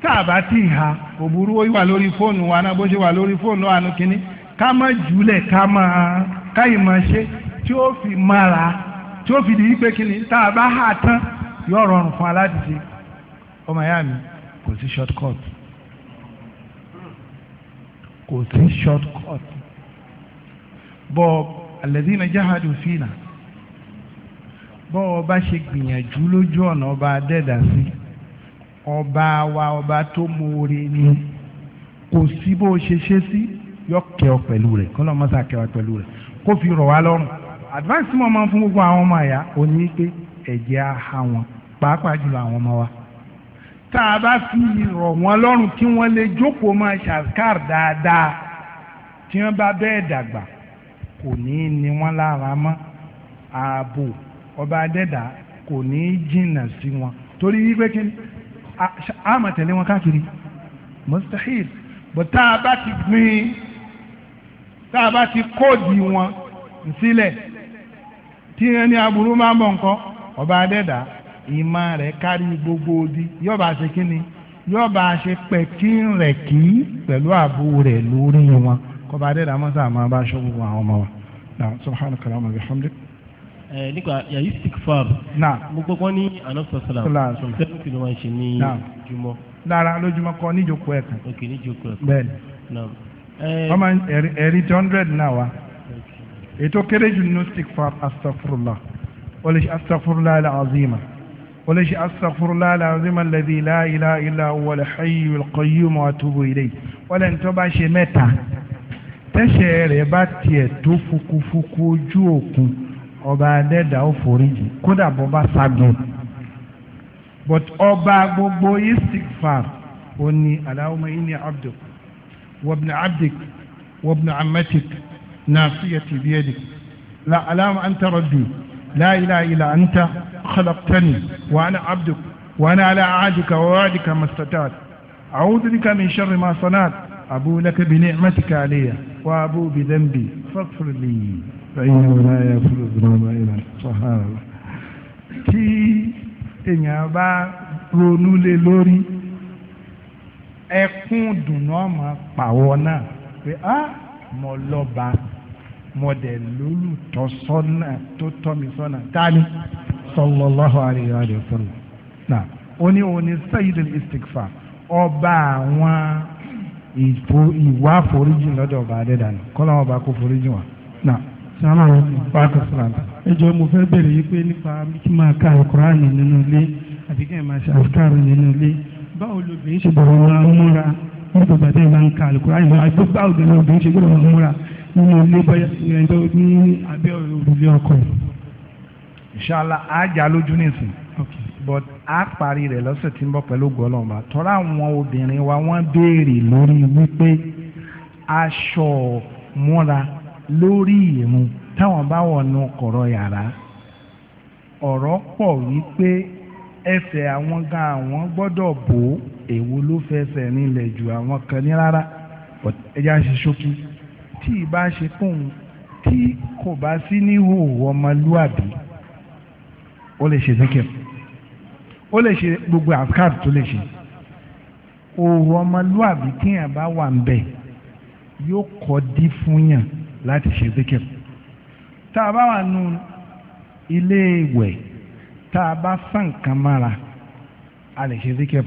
tá a bá ti ha kò burú ó wà lórí fóònù wa náà bó ṣe wà lórí fóònù wa nù kínní ká má jùlẹ̀ ká máa káyì máa ṣe tí ó fi mára tí ó fi di wípé kí ni tá a bá hà tán yóò rọrùn fún aládìsí ọmọ ìyá mi kò sí short cut kò sí short cut bọ́ alladhina jahadu fina bọ́ ọba ṣe gbìyànjú lójú ọ̀nà ọba adẹ́dà sí ọba wa ọba tó mọ̀ọ́re ni kò sí bó ṣe ṣe sí yọ kẹ́ ọ pẹ̀lú rẹ̀ kọ́lọ́ kẹ́ ọ pẹ̀lú rẹ̀ kó fi rọ̀ wá lọ́rùn advance tí wọ́n máa ń fún gbogbo àwọn ọmọ àyà ò pé ẹ̀jẹ̀ aha wọn pàápàá jùlọ àwọn ọmọ wa tá a bá fi rọ̀ wọ́n lọ́rùn kí wọ́n lè jókòó máa ṣàkàr dáadáa tí wọ́n bá bẹ́ẹ̀ dàgbà kò ní í ni wọ́n lára mọ́ ààbò ọba adẹ́dà kò ní í jìnnà sí wọn torí wípé kí a máa tẹ̀lé wọn káàkiri mustahil but a bá ti gbìn tá a bá ti kóòdì wọn sílẹ̀ tí yẹn ní aburú máa ń bọ̀ nǹkan ọba adẹ́dà ìmọ̀ rẹ̀ kárí gbogbo odi yọba ṣe kí ni yọba ṣe pẹ̀kí rẹ̀ kí pẹ̀lú ààbò rẹ̀ lórí wọn kọba adẹ́dà mọ́sá máa bá aṣọ gbogbo àwọn ọmọ wa náà subhanahu wa ta'ala wa bihamdi. ẹ nípa yàyí sikfar. náà gbogbo kan ní anasasala sọmtẹ́nu kìlọ̀ máa ṣe ní jùmọ̀. lára lójúmọ́ kọ́ níjókòó ẹ̀kan. ok níjókòó ẹ̀kan. bẹ́ẹ̀ ni. ẹ̀rí two hundred náà wá ètò kéré jù nínú istighfar astaghfirullah ó lè ṣe astaghfirullah al-azima ó lè ṣe astaghfirullah al-azima alladhi la ilaha illa huwa al-hayyul qayyum wa atubu ilayh ó lè ní tó bá ṣe mẹ́ta tẹ́ṣẹ̀ rẹ̀ bá tiẹ̀ tó fukufuku ojú òkun ọba adẹ́dà ó foríjì kódà bó bá sagun but ọba gbogbo istighfar ó ní allahumma inni abduk wa ibn abdik wa ibn ammatik ناصيتي بيدك لا ألام أنت ربي لا إله إلا أنت خلقتني وأنا عبدك وأنا على عهدك ووعدك ما استطعت أعوذ بك من شر ما صنعت أبو لك بنعمتك علي وأبو بذنبي فاغفر لي فإنه لا يغفر الذنوب إلا أنت سبحان الله tí èèyàn bá ronú lé ẹkún dùnú ọmọ pàwọ náà pé á mọ lọ́ba mọ̀dẹ̀ lólùtọ́sọ́nà tó tọ́ mi sọ́nà tani na oní oní sayyid al-istighfar ọba àwọn ìwà foríjì lọ́dọ̀ ọba adẹ́dàní ọba kó foríjì wa na. sàmà pàtó sàlàtà. ẹ jọ mo fẹ́ bẹ̀rẹ̀ yìí pé nípa kí máa ka àkùránì nínú ilé àti kí ẹ máa ṣe àfikàrò nínú ilé báwo lóbìnrin ṣe bọ̀rọ̀ múra máa ń ka nínú ilé báwo ṣe nínú ilé bọ́yá ẹjọ́ ní abẹ́ òrùlé ọkọ̀ inshallah àjà lójú nìsín but a parí rẹ̀ lọ́sẹ̀ tí ń bọ̀ pẹ̀lú gọlọmọba tọ́lá àwọn obìnrin wa wọ́n béèrè lórí wípé aṣọ múra lórí ìrun táwọn bá wọnú kọ̀rọ̀ yàrá ọ̀rọ̀ pọ̀ wípé ẹsẹ̀ àwọn gan àwọn gbọ́dọ̀ bò èwo ló fẹsẹ̀ nílẹ̀ ju àwọn kan ní rárá ẹ̀jẹ̀ àṣìṣókí tí ìbá ṣe fóun tí kò bá sí ní hòòhò ọmọlúàbí ó lè ṣe zikir ó lè ṣe gbogbo afkar tó lè ṣe hòòhò ọmọlúàbí tíyàn bá wà ń bẹ yóò kọ́ dí fún yàn láti ṣe zikir tá a bá wà nù ilé ìwẹ̀ tá a bá sàn kan mára a lè ṣe zikir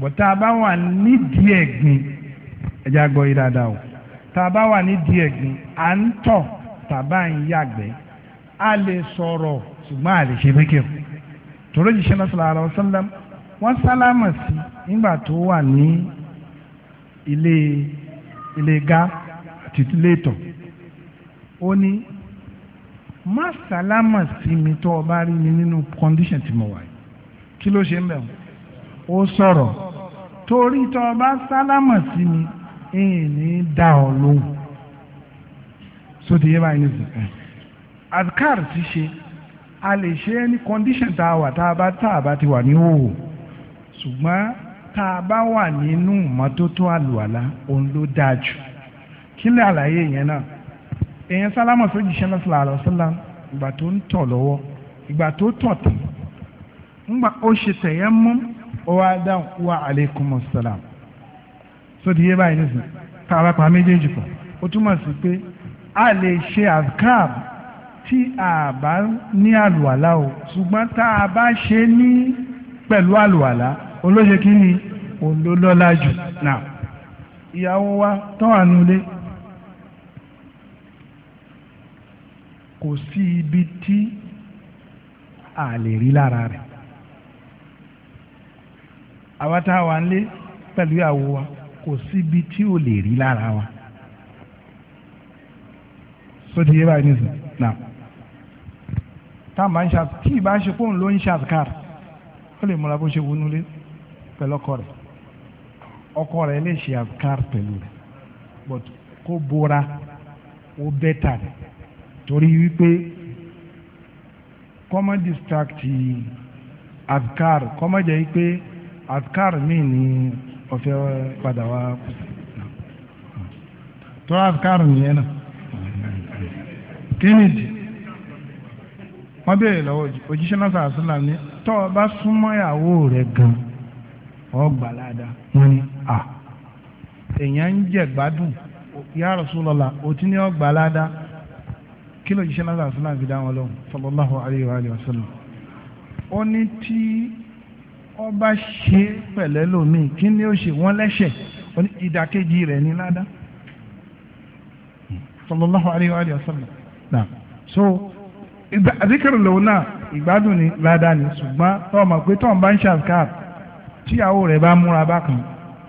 bọ̀ tá a bá wà nídìí ẹ̀gbin ẹ̀já gbọ́ yí dáadáa o tàbá wà nídìí ẹ̀gbìn à ń tọ̀ tàbá ń yàgbẹ́ a lè sọ̀rọ̀ ṣùgbọ́n a lè ṣe bẹ́kẹ̀ o tòró jíṣẹ́ náà sallallahu alaihi wasallam wọ́n sálámà sí nígbà tó wà ní ilé ilé ga àti ilé ìtọ̀ ó ní má sálámà sí mi tó o bá rí mi nínú kọ́ndíṣàn tí mo wà yìí kí ló ṣe ń bẹ̀ wọ́n ó sọ̀rọ̀ torí tó o bá sálámà sí mi ìní dá ọ lóhùn sóde yé báyìí nìsín azkar ti ṣe a lè ṣe é ní condition tá a wà tá a bá tá a bá ti wà ní òwò ṣùgbọ́n tá a bá wà nínú mọ́tótó àlùwàlá òun ló dáa jù kí lè àlàyé yẹn náà èèyàn sálámà sójì ṣẹlẹ̀ sílá àlọ sílá ìgbà tó ń tọ̀ lọ́wọ́ ìgbà tó tọ̀ tán ńgbà ó ṣe tẹ̀yẹ́ mú ó wá dáhùn wá aleykum salaam sódì yé báyìí nísìnyí tá a bá pa méjèèjì pọ̀ ó túmọ̀ sí pé a lè ṣe azkab tí a bá ní àlùwàlá o ṣùgbọ́n tá a bá ṣe ní pẹ̀lú àlùwàlá olóṣè kí ni olólọ́lá jù náà ìyàwó wa tó wà nulẹ̀ kò sí ibi tí a lè rí lára rẹ̀ àwa tá a wà ń lé pẹ̀lú ìyàwó wa kò síbi tí ò lè rí lára wa sọ́dí yé báyìí nìsín náà tá a máa ń ṣe tí ì bá ṣe fóun ló ń ṣe àtìkárì ó lè múra bó ṣe wọnú lé pẹ̀lú ọkọ rẹ̀ ọkọ rẹ̀ lè ṣe àtìkárì pẹ̀lú rẹ̀ but kó bora ó bẹ́tà rẹ̀ torí wípé kọ́mọ́ distract àtìkárì kọ́mọ́ jẹ́ wípé àtìkárì míì ní. ọ̀fẹ́ padà wá tó àfikàrùn nìyẹn náà kí ni ìdí wọ́n béèrè lọ́wọ́ òjíṣẹ́ náà sàásùlà ní tọ́ ọ bá súnmọ́ ìyàwó rẹ̀ gan ọgbà ládàá wọ́n ní à èèyàn ń jẹ gbádùn ya òtún ní ọgbà ládàá kí náà fi dá wọn ọba ṣe pẹ̀lẹ́ lómi kí ni ó ṣe wọ́n lẹ́ṣẹ̀ ìdàkejì rẹ̀ ní ládá sallallahu alayhi wa sallam náà so àdìkìrì lòun náà ìgbádùn ní ládá ni ṣùgbọ́n tọ́ọ̀mọ̀ pé tọ́ọ̀mù bá ń ṣàkàr tíyàwó rẹ̀ bá múra bákan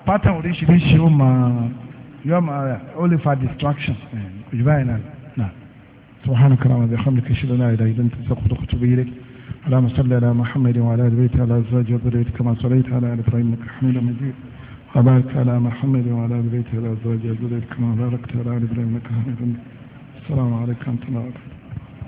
pátán oríṣiríṣi ó máa yọ máa rà ó lè fa distraction kò jù báyìí náà. سبحانك اللهم وبحمدك اشهد ان لا اله الا انت استغفرك واتوب اليك اللهم صل على محمد وعلى ال بيته وعلى ازواجه وذريته كما صليت على ال ابراهيم انك حميد مجيد وبارك على محمد وعلى ال بيته وعلى ازواجه وذريته كما باركت على ال ابراهيم انك حميد مجيد السلام عليكم ورحمه الله وبركاته